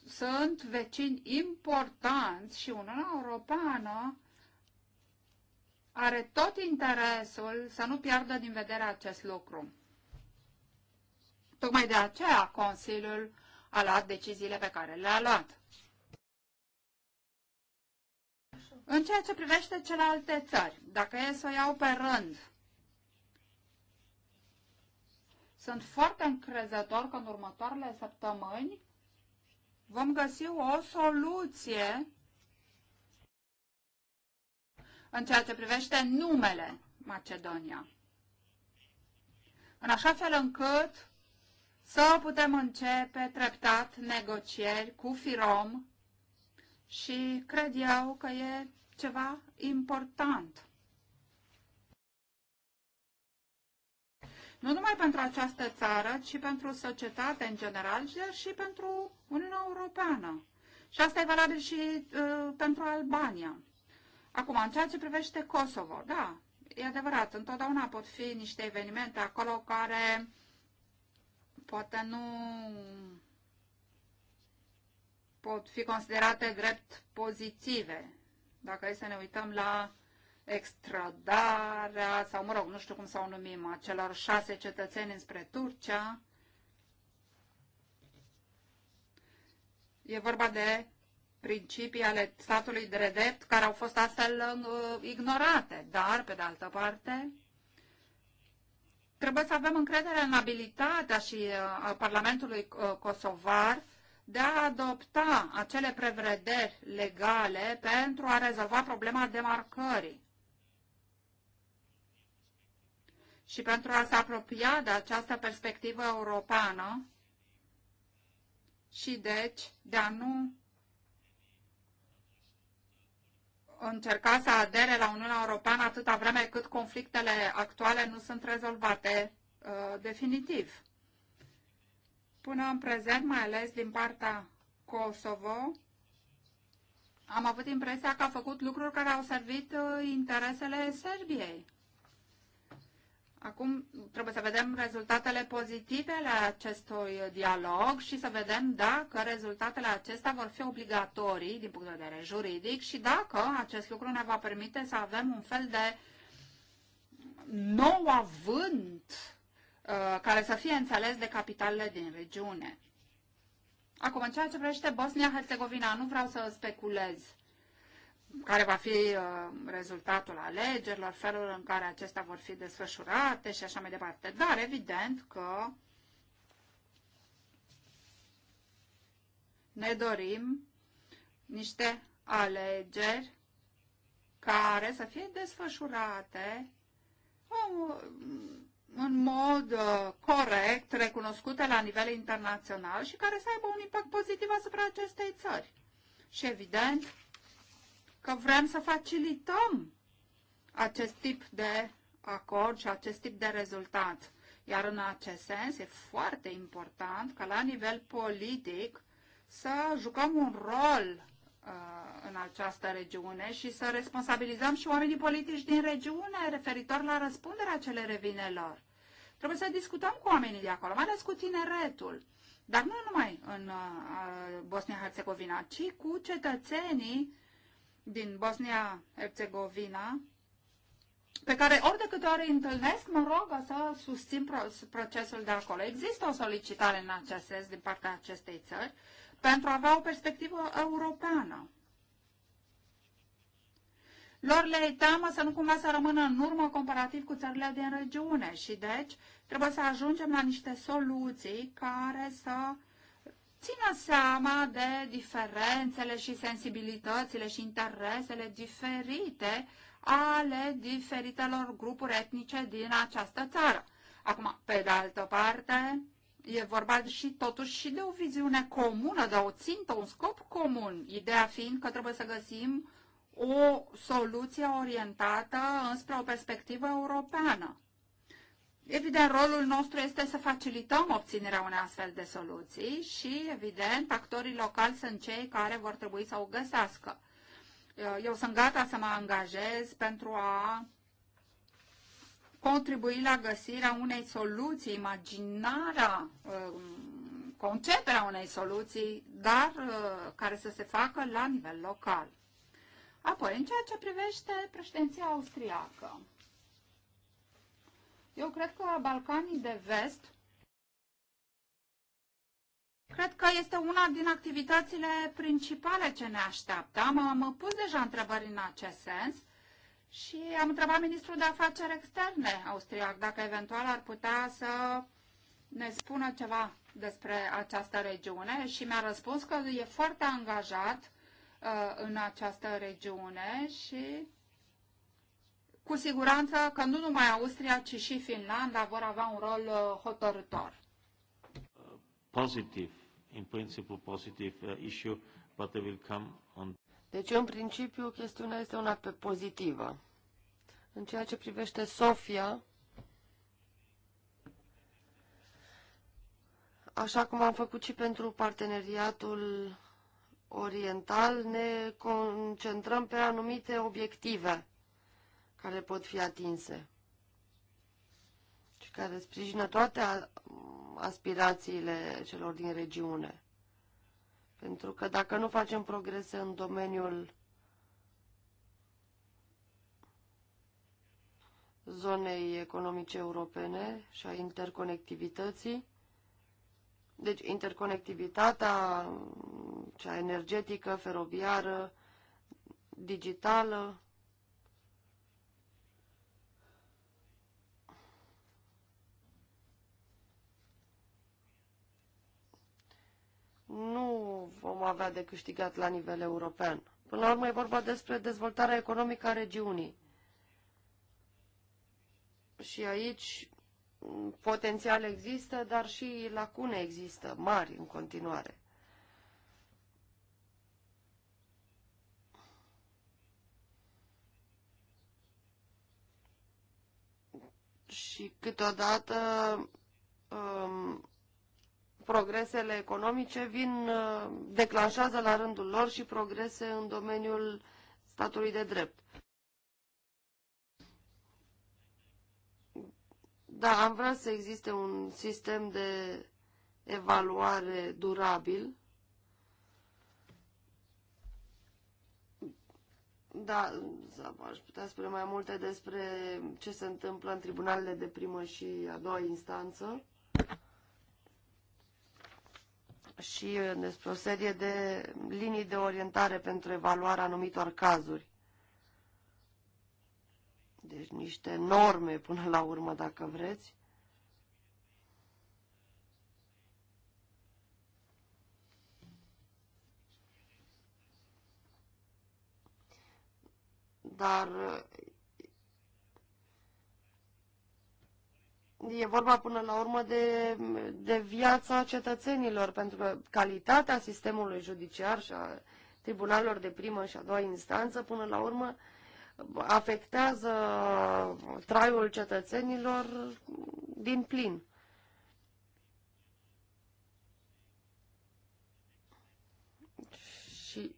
sunt vecini importanți și Uniunea Europeană are tot interesul să nu piardă din vedere acest lucru. Tocmai de aceea Consiliul a luat deciziile pe care le-a luat. În ceea ce privește celelalte țări, dacă e să o iau pe rând, Sunt foarte încrezător că în următoarele săptămâni vom găsi o soluție în ceea ce privește numele Macedonia. În așa fel încât să putem începe treptat negocieri cu Firom și cred eu că e ceva important. nu numai pentru această țară, ci pentru societate în general, dar și pentru Uniunea Europeană. Și asta e valabil și uh, pentru Albania. Acum, în ceea ce privește Kosovo, da, e adevărat, întotdeauna pot fi niște evenimente acolo care poate nu pot fi considerate drept pozitive. Dacă e să ne uităm la extradarea, sau mă rog, nu știu cum să o numim, a celor șase cetățeni înspre Turcia. E vorba de principii ale statului de drept care au fost astfel uh, ignorate, dar, pe de altă parte, trebuie să avem încredere în abilitatea și uh, a Parlamentului uh, Kosovar de a adopta acele prevederi legale pentru a rezolva problema demarcării. și pentru a se apropia de această perspectivă europeană și deci de a nu încerca să adere la Uniunea Europeană atâta vreme cât conflictele actuale nu sunt rezolvate uh, definitiv. Până în prezent, mai ales din partea Kosovo, am avut impresia că a făcut lucruri care au servit uh, interesele Serbiei. Acum trebuie să vedem rezultatele pozitive ale acestui dialog și să vedem dacă rezultatele acestea vor fi obligatorii din punct de vedere juridic și dacă acest lucru ne va permite să avem un fel de nou avânt uh, care să fie înțeles de capitalele din regiune. Acum, în ceea ce privește Bosnia-Herzegovina, nu vreau să speculez care va fi uh, rezultatul alegerilor, felul în care acestea vor fi desfășurate și așa mai departe. Dar evident că ne dorim niște alegeri care să fie desfășurate uh, în mod uh, corect, recunoscute la nivel internațional și care să aibă un impact pozitiv asupra acestei țări. Și evident, că vrem să facilităm acest tip de acord și acest tip de rezultat. Iar în acest sens e foarte important ca la nivel politic să jucăm un rol uh, în această regiune și să responsabilizăm și oamenii politici din regiune referitor la răspunderea ce le revine lor. Trebuie să discutăm cu oamenii de acolo, mai ales cu tineretul, dar nu numai în uh, Bosnia-Herzegovina, ci cu cetățenii din Bosnia-Herzegovina, pe care ori de câte ori întâlnesc, mă rog să susțin procesul de acolo. Există o solicitare în acest sens din partea acestei țări pentru a avea o perspectivă europeană. Lor le e teamă să nu cumva să rămână în urmă comparativ cu țările din regiune și deci trebuie să ajungem la niște soluții care să uh, țină seama de diferențele și sensibilitățile și interesele diferite ale diferitelor grupuri etnice din această țară. Acum, pe de altă parte, e vorba și totuși și de o viziune comună, de o țintă, un scop comun, ideea fiind că trebuie să găsim o soluție orientată înspre o perspectivă europeană. Evident, rolul nostru este să facilităm obținerea unei astfel de soluții și, evident, actorii locali sunt cei care vor trebui să o găsească. Eu sunt gata să mă angajez pentru a contribui la găsirea unei soluții, imaginarea, um, conceperea unei soluții, dar uh, care să se facă la nivel local. Apoi, în ceea ce privește președinția austriacă, eu cred că Balcanii de Vest Cred că este una din activitățile principale ce ne așteaptă. Am, am pus deja întrebări în acest sens și am întrebat ministrul de afaceri externe austriac dacă eventual ar putea să ne spună ceva despre această regiune și mi-a răspuns că e foarte angajat uh, în această regiune și cu siguranță că nu numai Austria, ci și Finlanda vor avea un rol uh, hotărător. Pozitiv, în principiu pozitiv uh, issue, but I will come on... Deci, în principiu, chestiunea este una pe pozitivă. În ceea ce privește Sofia, așa cum am făcut și pentru parteneriatul oriental, ne concentrăm pe anumite obiective care pot fi atinse și care sprijină toate aspirațiile celor din regiune. Pentru că dacă nu facem progrese în domeniul zonei economice europene și a interconectivității, deci interconectivitatea, cea energetică, feroviară, digitală, nu vom avea de câștigat la nivel european. Până la urmă e vorba despre dezvoltarea economică a regiunii. Și aici potențial există, dar și lacune există, mari în continuare. Și câteodată um, progresele economice vin, uh, declanșează la rândul lor și progrese în domeniul statului de drept. Da, am vrea să existe un sistem de evaluare durabil. Da, aș putea spune mai multe despre ce se întâmplă în tribunalele de primă și a doua instanță și despre o serie de linii de orientare pentru evaluarea anumitor cazuri. Deci niște norme până la urmă, dacă vreți. Dar e vorba până la urmă de, de viața cetățenilor, pentru că calitatea sistemului judiciar și a tribunalelor de primă și a doua instanță, până la urmă, afectează traiul cetățenilor din plin. Și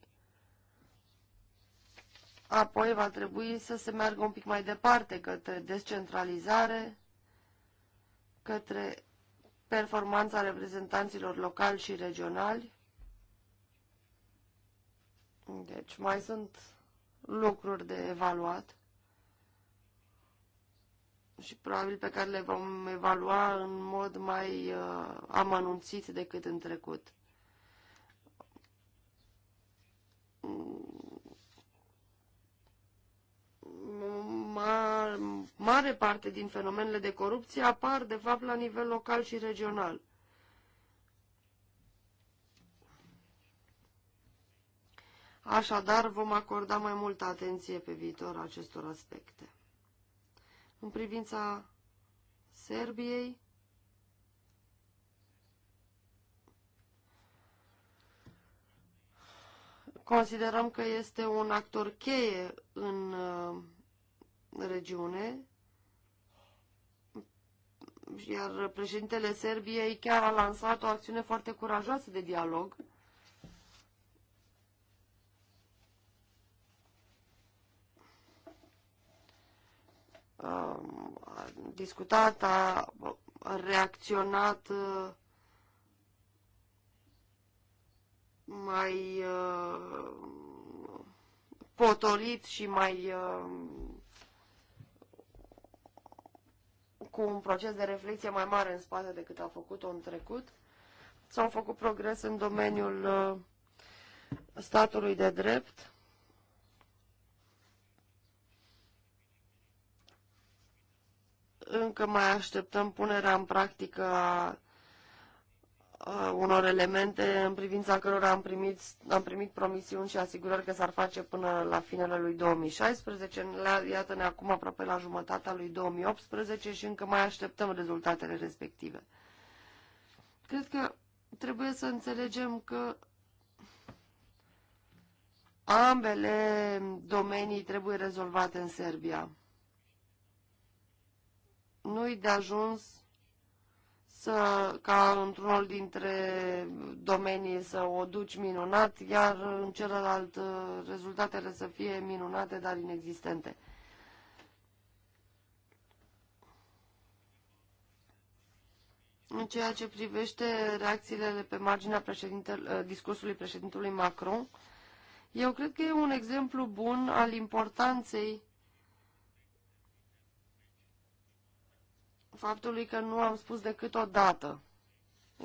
apoi va trebui să se meargă un pic mai departe către descentralizare, către performanța reprezentanților locali și regionali. Deci mai sunt lucruri de evaluat și probabil pe care le vom evalua în mod mai uh, amănunțit decât în trecut. ma mare parte din fenomenele de corupție apar, de fapt, la nivel local și regional. Așadar, vom acorda mai multă atenție pe viitor acestor aspecte. În privința Serbiei, considerăm că este un actor cheie în uh, regiune, iar președintele Serbiei chiar a lansat o acțiune foarte curajoasă de dialog. A discutat, a reacționat uh, mai uh, potolit și mai uh, cu un proces de reflexie mai mare în spate decât a făcut-o în trecut. S-au făcut progres în domeniul uh, statului de drept. Încă mai așteptăm punerea în practică a uh, unor elemente în privința cărora am primit, am primit promisiuni și asigurări că s-ar face până la finele lui 2016. La, iată-ne acum aproape la jumătatea lui 2018 și încă mai așteptăm rezultatele respective. Cred că trebuie să înțelegem că ambele domenii trebuie rezolvate în Serbia. Nu-i de ajuns să, ca într-unul dintre domenii să o duci minunat, iar în celălalt uh, rezultatele să fie minunate, dar inexistente. În ceea ce privește reacțiile pe marginea uh, discursului președintelui Macron, eu cred că e un exemplu bun al importanței faptului că nu am spus decât o dată.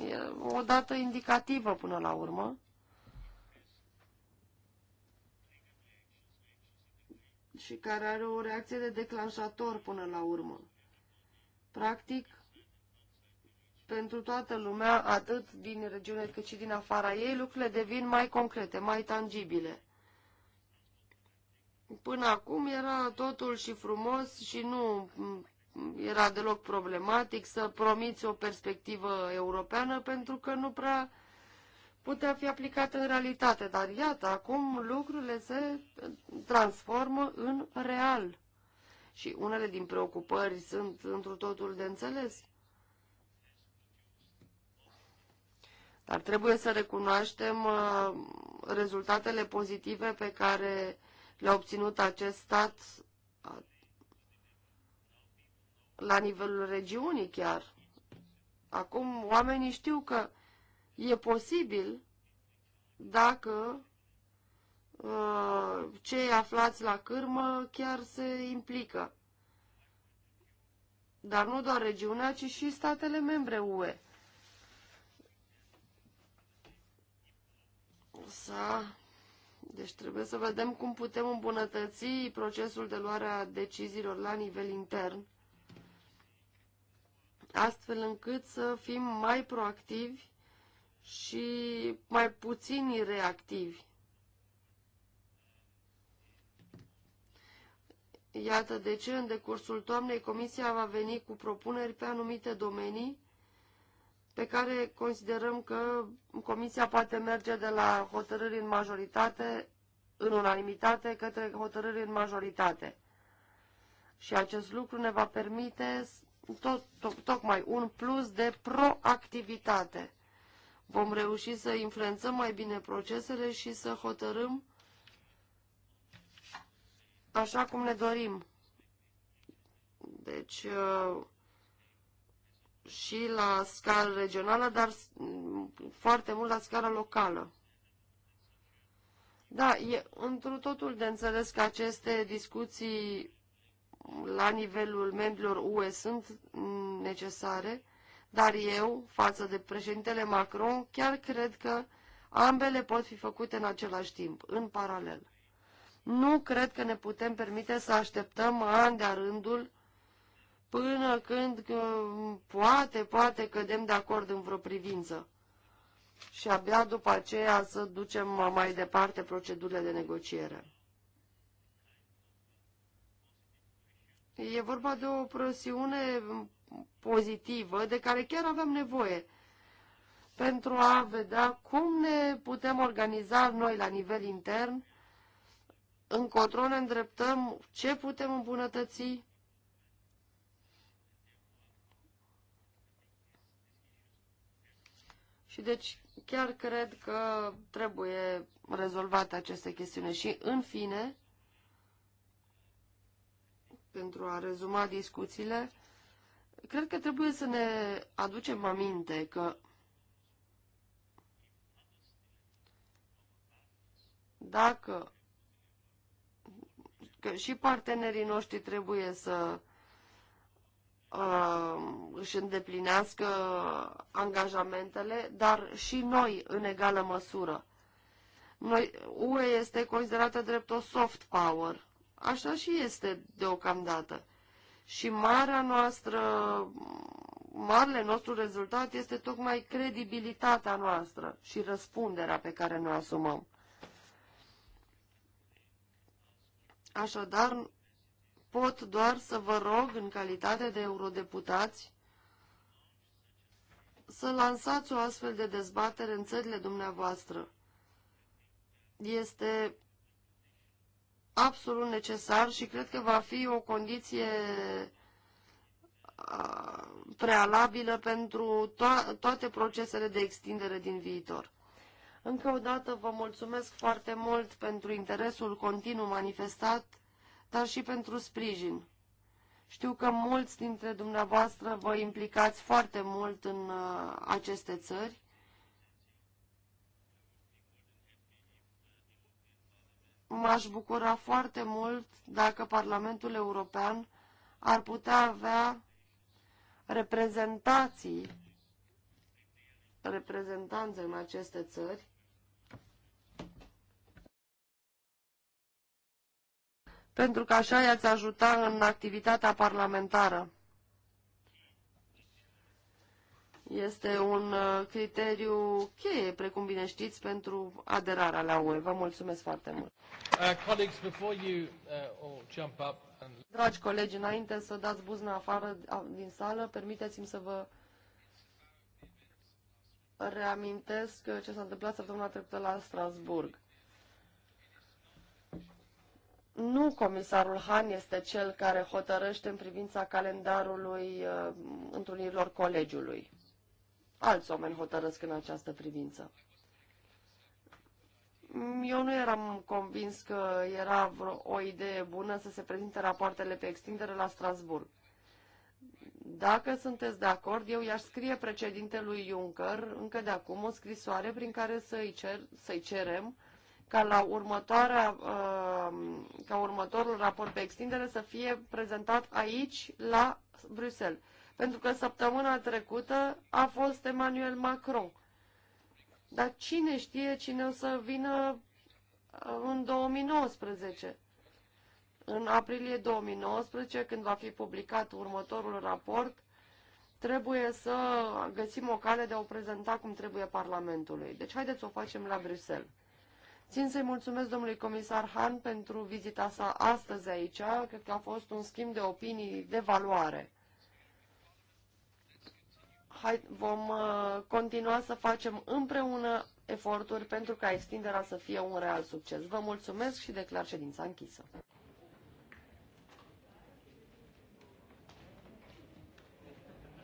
E o dată indicativă până la urmă. Și care are o reacție de declanșator până la urmă. Practic, pentru toată lumea, atât din regiune cât și din afara ei, lucrurile devin mai concrete, mai tangibile. Până acum era totul și frumos și nu era deloc problematic să promiți o perspectivă europeană pentru că nu prea putea fi aplicată în realitate. Dar iată, acum lucrurile se transformă în real. Și unele din preocupări sunt într totul de înțeles. Dar trebuie să recunoaștem uh, rezultatele pozitive pe care le-a obținut acest stat la nivelul regiunii chiar. Acum oamenii știu că e posibil dacă uh, cei aflați la cârmă chiar se implică. Dar nu doar regiunea, ci și statele membre UE. Să, Deci trebuie să vedem cum putem îmbunătăți procesul de luare a deciziilor la nivel intern astfel încât să fim mai proactivi și mai puțin reactivi. Iată de ce, în decursul toamnei, Comisia va veni cu propuneri pe anumite domenii pe care considerăm că Comisia poate merge de la hotărâri în majoritate, în unanimitate, către hotărâri în majoritate. Și acest lucru ne va permite tot, tot, tocmai un plus de proactivitate. Vom reuși să influențăm mai bine procesele și să hotărâm așa cum ne dorim. Deci, uh, și la scară regională, dar mm, foarte mult la scară locală. Da, e întru totul de înțeles că aceste discuții la nivelul membrilor UE sunt necesare, dar eu, față de președintele Macron, chiar cred că ambele pot fi făcute în același timp, în paralel. Nu cred că ne putem permite să așteptăm ani de-a rândul până când poate, poate cădem de acord în vreo privință și abia după aceea să ducem mai departe procedurile de negociere. E vorba de o presiune pozitivă de care chiar avem nevoie pentru a vedea cum ne putem organiza noi la nivel intern, încotro ne îndreptăm, ce putem îmbunătăți. Și deci chiar cred că trebuie rezolvate aceste chestiune. Și în fine, pentru a rezuma discuțiile, cred că trebuie să ne aducem aminte că dacă că și partenerii noștri trebuie să uh, își îndeplinească angajamentele, dar și noi în egală măsură. Noi, UE este considerată drept o soft power. Așa și este deocamdată. Și marea noastră, marele nostru rezultat este tocmai credibilitatea noastră și răspunderea pe care ne asumăm. Așadar, pot doar să vă rog, în calitate de eurodeputați, să lansați o astfel de dezbatere în țările dumneavoastră. Este absolut necesar și cred că va fi o condiție prealabilă pentru to- toate procesele de extindere din viitor. Încă o dată vă mulțumesc foarte mult pentru interesul continuu manifestat, dar și pentru sprijin. Știu că mulți dintre dumneavoastră vă implicați foarte mult în aceste țări m-aș bucura foarte mult dacă Parlamentul European ar putea avea reprezentații, reprezentanțe în aceste țări, pentru că așa i-ați ajuta în activitatea parlamentară. Este un uh, criteriu cheie, precum bine știți, pentru aderarea la UE. Vă mulțumesc foarte mult. Uh, uh, Dragi colegi, înainte să dați buzna afară din sală, permiteți-mi să vă reamintesc ce s-a întâmplat săptămâna trecută la Strasburg. Nu comisarul Han este cel care hotărăște în privința calendarului uh, întâlnirilor colegiului alți oameni hotărăsc în această privință. Eu nu eram convins că era o idee bună să se prezinte rapoartele pe extindere la Strasburg. Dacă sunteți de acord, eu i-aș scrie precedintelui Juncker încă de acum o scrisoare prin care să-i, cer, să cerem ca, la următoarea, uh, ca următorul raport pe extindere să fie prezentat aici, la Bruxelles. Pentru că săptămâna trecută a fost Emmanuel Macron. Dar cine știe cine o să vină uh, în 2019? În aprilie 2019, când va fi publicat următorul raport, trebuie să găsim o cale de a o prezenta cum trebuie Parlamentului. Deci haideți să o facem la Bruxelles. Țin să-i mulțumesc domnului comisar Han pentru vizita sa astăzi aici. Cred că a fost un schimb de opinii de valoare hai, vom uh, continua să facem împreună eforturi pentru ca extinderea să fie un real succes. Vă mulțumesc și declar ședința închisă.